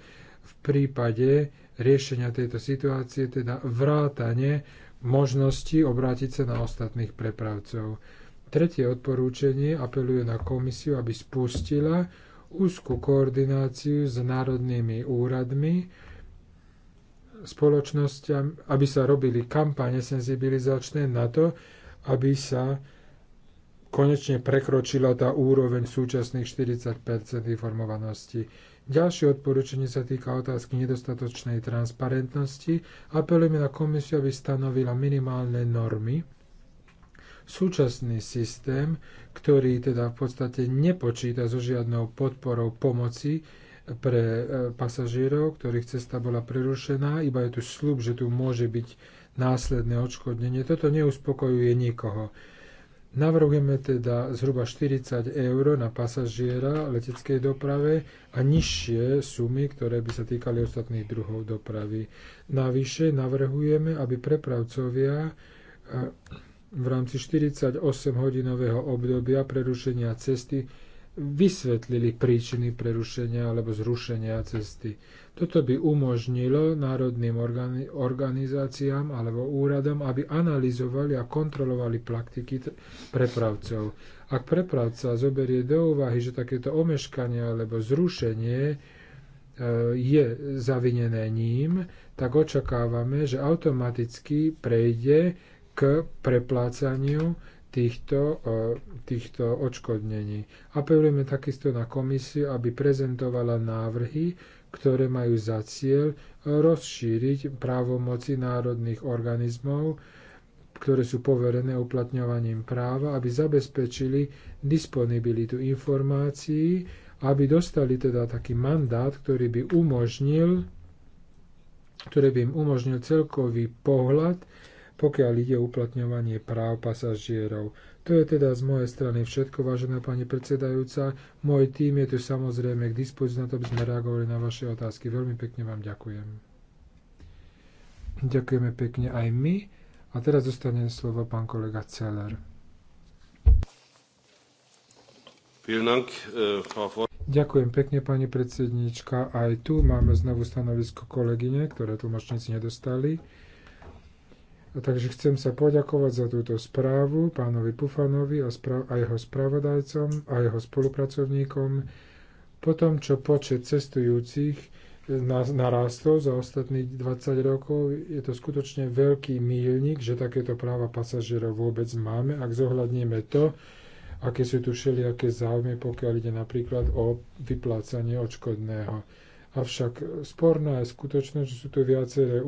v prípade riešenia tejto situácie, teda vrátane možnosti obrátiť sa na ostatných prepravcov. Tretie odporúčanie apeluje na komisiu, aby spustila úzku koordináciu s národnými úradmi, spoločnosťami, aby sa robili kampane senzibilizačné na to, aby sa konečne prekročila tá úroveň súčasných 40 informovanosti. Ďalšie odporúčanie sa týka otázky nedostatočnej transparentnosti. Apelujeme na komisiu, aby stanovila minimálne normy. Súčasný systém, ktorý teda v podstate nepočíta so žiadnou podporou pomoci, pre e, pasažierov, ktorých cesta bola prerušená, iba je tu slub, že tu môže byť následné odškodnenie. Toto neuspokojuje nikoho. Navrhujeme teda zhruba 40 eur na pasažiera leteckej doprave a nižšie sumy, ktoré by sa týkali ostatných druhov dopravy. Navyše navrhujeme, aby prepravcovia e, v rámci 48-hodinového obdobia prerušenia cesty vysvetlili príčiny prerušenia alebo zrušenia cesty. Toto by umožnilo národným organizáciám alebo úradom, aby analyzovali a kontrolovali praktiky prepravcov. Ak prepravca zoberie do úvahy, že takéto omeškanie alebo zrušenie e, je zavinené ním, tak očakávame, že automaticky prejde k preplácaniu týchto, e, týchto odškodnení. Apelujeme takisto na komisiu, aby prezentovala návrhy, ktoré majú za cieľ rozšíriť právomoci národných organizmov, ktoré sú poverené uplatňovaním práva, aby zabezpečili disponibilitu informácií, aby dostali teda taký mandát, ktorý by umožnil, ktorý by im umožnil celkový pohľad, pokiaľ ide o uplatňovanie práv pasažierov. To je teda z mojej strany všetko, vážená pani predsedajúca. Môj tým je tu samozrejme k dispozícii na to, aby sme reagovali na vaše otázky. Veľmi pekne vám ďakujem. Ďakujeme pekne aj my. A teraz dostane slovo pán kolega Celer. Äh, ďakujem pekne, pani predsednička. Aj tu máme znovu stanovisko kolegyne, ktoré tlmočníci nedostali. A takže chcem sa poďakovať za túto správu pánovi Pufanovi a, správ- a jeho spravodajcom a jeho spolupracovníkom po tom, čo počet cestujúcich narástol za ostatných 20 rokov. Je to skutočne veľký míľnik, že takéto práva pasažierov vôbec máme, ak zohľadníme to, aké sú tu všelijaké záujmy, pokiaľ ide napríklad o vyplácanie odškodného. Avšak sporná je skutočnosť, že sú tu viaceré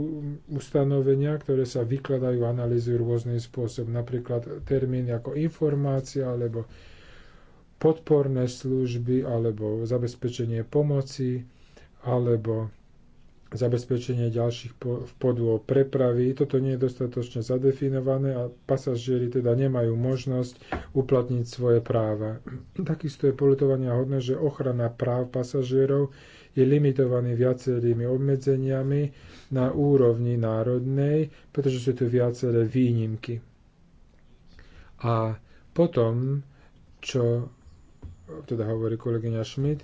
ustanovenia, ktoré sa vykladajú, analýzujú rôznym spôsobom. Napríklad termín ako informácia, alebo podporné služby, alebo zabezpečenie pomoci, alebo zabezpečenie ďalších podôb prepravy. Toto nie je dostatočne zadefinované a pasažieri teda nemajú možnosť uplatniť svoje práva. Takisto je politovania hodné, že ochrana práv pasažierov je limitovaný viacerými obmedzeniami na úrovni národnej, pretože sú tu viaceré výnimky. A potom, čo teda hovorí kolegyňa Schmidt,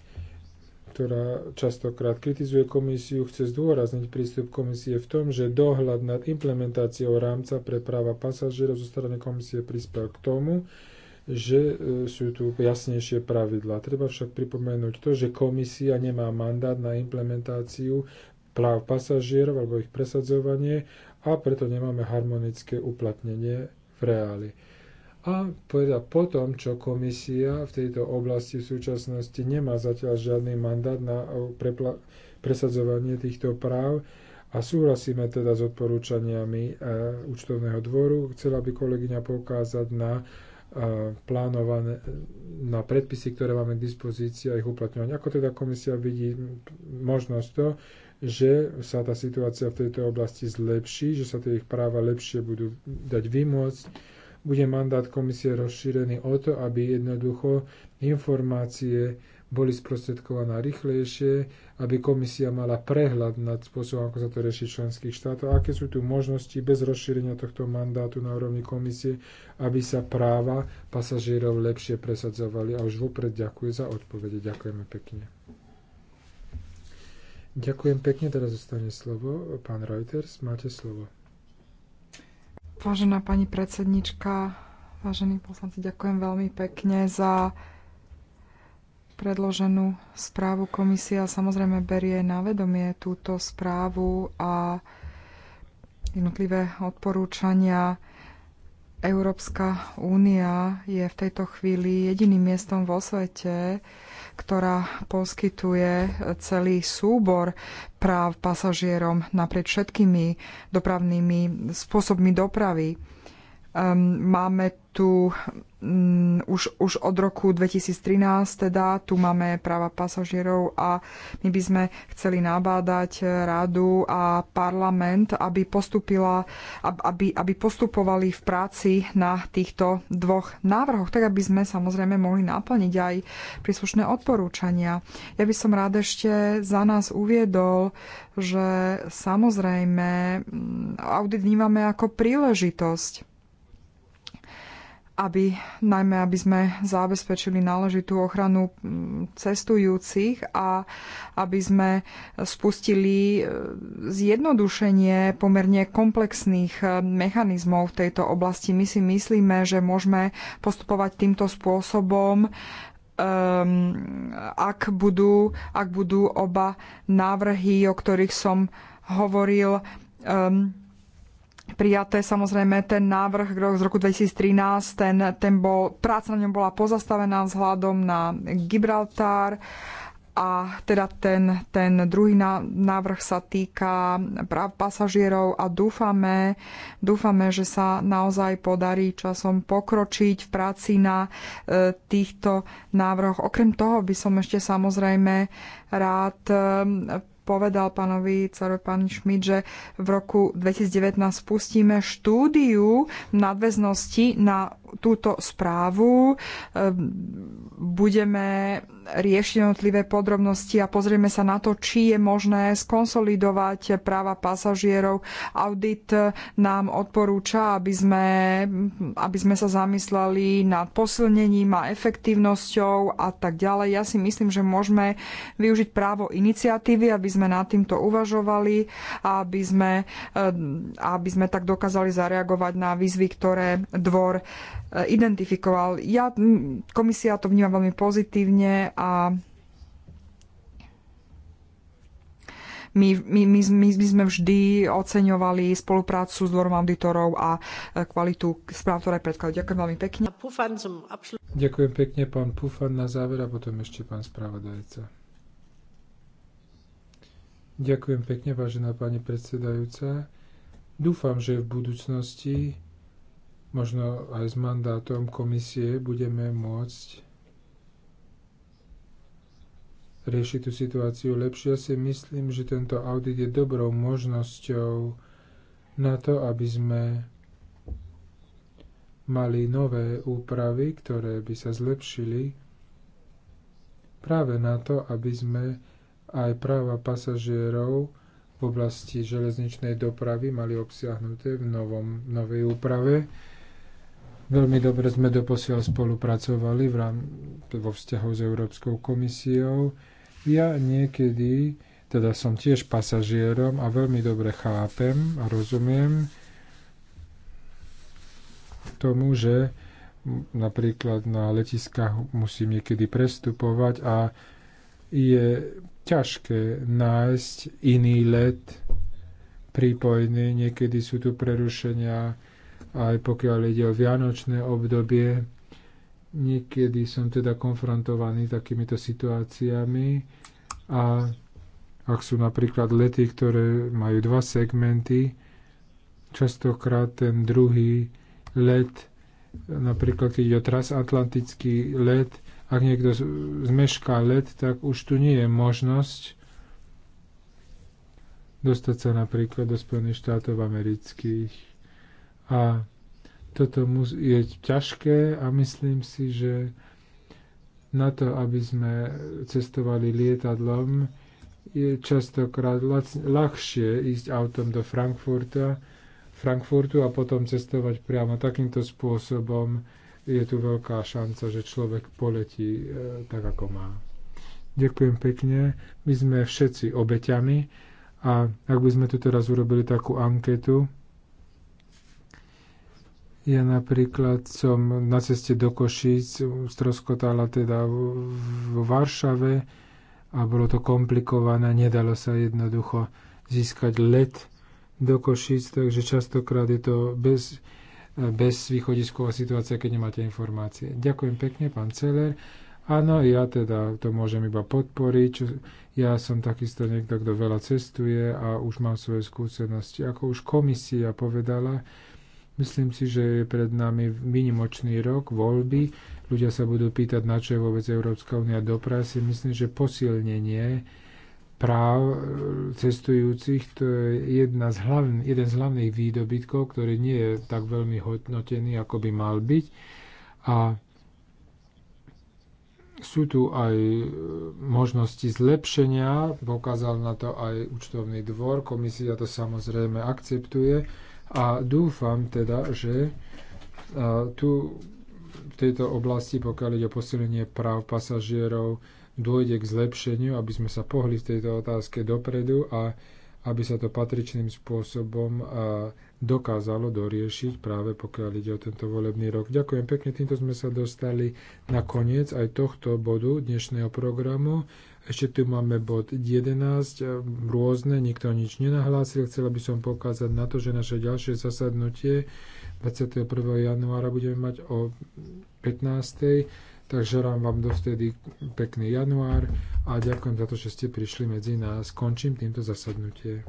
ktorá častokrát kritizuje komisiu, chce zdôrazniť prístup komisie v tom, že dohľad nad implementáciou rámca pre práva pasažierov zo strany komisie prispel k tomu, že e, sú tu jasnejšie pravidlá. Treba však pripomenúť to, že komisia nemá mandát na implementáciu práv pasažierov alebo ich presadzovanie a preto nemáme harmonické uplatnenie v reáli. A teda po tom, čo komisia v tejto oblasti v súčasnosti nemá zatiaľ žiadny mandát na e, presadzovanie týchto práv a súhlasíme teda s odporúčaniami e, účtovného dvoru, chcela by kolegyňa poukázať na plánované e, na predpisy, ktoré máme k dispozícii a ich uplatňovanie. Ako teda komisia vidí možnosť to, že sa tá situácia v tejto oblasti zlepší, že sa tie ich práva lepšie budú dať vymôcť. Bude mandát komisie rozšírený o to, aby jednoducho informácie boli sprostredkované rýchlejšie, aby komisia mala prehľad nad spôsobom, ako sa to rieši členských štátov, aké sú tu možnosti bez rozšírenia tohto mandátu na úrovni komisie, aby sa práva pasažierov lepšie presadzovali. A už vopred ďakujem za odpovede. Ďakujeme pekne. Ďakujem pekne, teraz zostane slovo. Pán Reuters, máte slovo. Vážená pani predsednička, vážení poslanci, ďakujem veľmi pekne za predloženú správu. Komisia samozrejme berie na vedomie túto správu a jednotlivé odporúčania. Európska únia je v tejto chvíli jediným miestom vo svete, ktorá poskytuje celý súbor práv pasažierom napriek všetkými dopravnými spôsobmi dopravy. Um, máme tu um, už, už od roku 2013, teda tu máme práva pasažierov a my by sme chceli nabádať eh, Rádu a parlament, aby, postupila, aby, aby postupovali v práci na týchto dvoch návrhoch, tak aby sme samozrejme mohli naplniť aj príslušné odporúčania. Ja by som rád ešte za nás uviedol, že samozrejme mm, audit vnímame ako príležitosť aby, najmä aby sme zabezpečili náležitú ochranu mm, cestujúcich a aby sme spustili e, zjednodušenie pomerne komplexných e, mechanizmov v tejto oblasti. My si myslíme, že môžeme postupovať týmto spôsobom, um, ak, budú, ak budú oba návrhy, o ktorých som hovoril, um, prijaté samozrejme ten návrh z roku 2013, ten, ten bol, práca na ňom bola pozastavená vzhľadom na Gibraltar a teda ten, ten druhý návrh sa týka práv pasažierov a dúfame, dúfame, že sa naozaj podarí časom pokročiť v práci na e, týchto návrhoch. Okrem toho by som ešte samozrejme rád e, povedal pánovi Caro, pán Šmit, že v roku 2019 spustíme štúdiu nadväznosti na túto správu. Ehm, budeme riešiť jednotlivé podrobnosti a pozrieme sa na to, či je možné skonsolidovať práva pasažierov. Audit nám odporúča, aby sme, aby sme sa zamysleli nad posilnením a efektívnosťou a tak ďalej. Ja si myslím, že môžeme využiť právo iniciatívy, aby sme nad týmto uvažovali a aby sme, eh, aby sme tak dokázali zareagovať na výzvy, ktoré dvor eh, identifikoval. Ja, komisia to vníma veľmi pozitívne a my, my, my, my sme vždy oceňovali spoluprácu s dvorom auditorov a eh, kvalitu správ, ktoré predkladajú. Ďakujem veľmi pekne. Ďakujem pekne, pán Pufan, na záver a potom ešte pán spravodajca. Ďakujem pekne, vážená pani predsedajúca. Dúfam, že v budúcnosti, možno aj s mandátom komisie, budeme môcť riešiť tú situáciu lepšie. Ja si myslím, že tento audit je dobrou možnosťou na to, aby sme mali nové úpravy, ktoré by sa zlepšili práve na to, aby sme aj práva pasažierov v oblasti železničnej dopravy mali obsiahnuté v novom, novej úprave. Veľmi dobre sme doposiaľ spolupracovali v rám, vo vzťahu s Európskou komisiou. Ja niekedy, teda som tiež pasažierom a veľmi dobre chápem a rozumiem tomu, že napríklad na letiskách musím niekedy prestupovať a je ťažké nájsť iný let prípojný. Niekedy sú tu prerušenia, aj pokiaľ ide o vianočné obdobie. Niekedy som teda konfrontovaný takýmito situáciami a ak sú napríklad lety, ktoré majú dva segmenty, častokrát ten druhý let, napríklad keď je transatlantický let, ak niekto zmešká let, tak už tu nie je možnosť dostať sa napríklad do Spojených štátov amerických. A toto je ťažké a myslím si, že na to, aby sme cestovali lietadlom, je častokrát ľahšie ísť autom do Frankfurta, Frankfurtu a potom cestovať priamo takýmto spôsobom je tu veľká šanca, že človek poletí e, tak, ako má. Ďakujem pekne. My sme všetci obeťami a ak by sme tu teraz urobili takú anketu, ja napríklad som na ceste do Košíc stroskotala teda v Varšave a bolo to komplikované, nedalo sa jednoducho získať let do Košíc, takže častokrát je to bez, bez východisková situácia, keď nemáte informácie. Ďakujem pekne, pán Celer. Áno, ja teda to môžem iba podporiť. Ja som takisto niekto, kto veľa cestuje a už mám svoje skúsenosti. Ako už komisia povedala, myslím si, že je pred nami minimočný rok voľby. Ľudia sa budú pýtať, na čo je vôbec Európska únia doprava. myslím, že posilnenie práv e, cestujúcich, to je jedna z hlavn, jeden z hlavných výdobytkov, ktorý nie je tak veľmi hodnotený, ako by mal byť. A sú tu aj e, možnosti zlepšenia, pokázal na to aj účtovný dvor, komisia to samozrejme akceptuje a dúfam teda, že e, tu v tejto oblasti, pokiaľ ide o posilnenie práv pasažierov, dôjde k zlepšeniu, aby sme sa pohli v tejto otázke dopredu a aby sa to patričným spôsobom dokázalo doriešiť práve pokiaľ ide o tento volebný rok. Ďakujem pekne, týmto sme sa dostali na koniec aj tohto bodu dnešného programu. Ešte tu máme bod 11, e, rôzne, nikto nič nenahlásil. Chcela by som pokázať na to, že naše ďalšie zasadnutie 21. januára budeme mať o 15. Takže želám vám dovtedy pekný január a ďakujem za to, že ste prišli medzi nás. Končím týmto zasadnutie.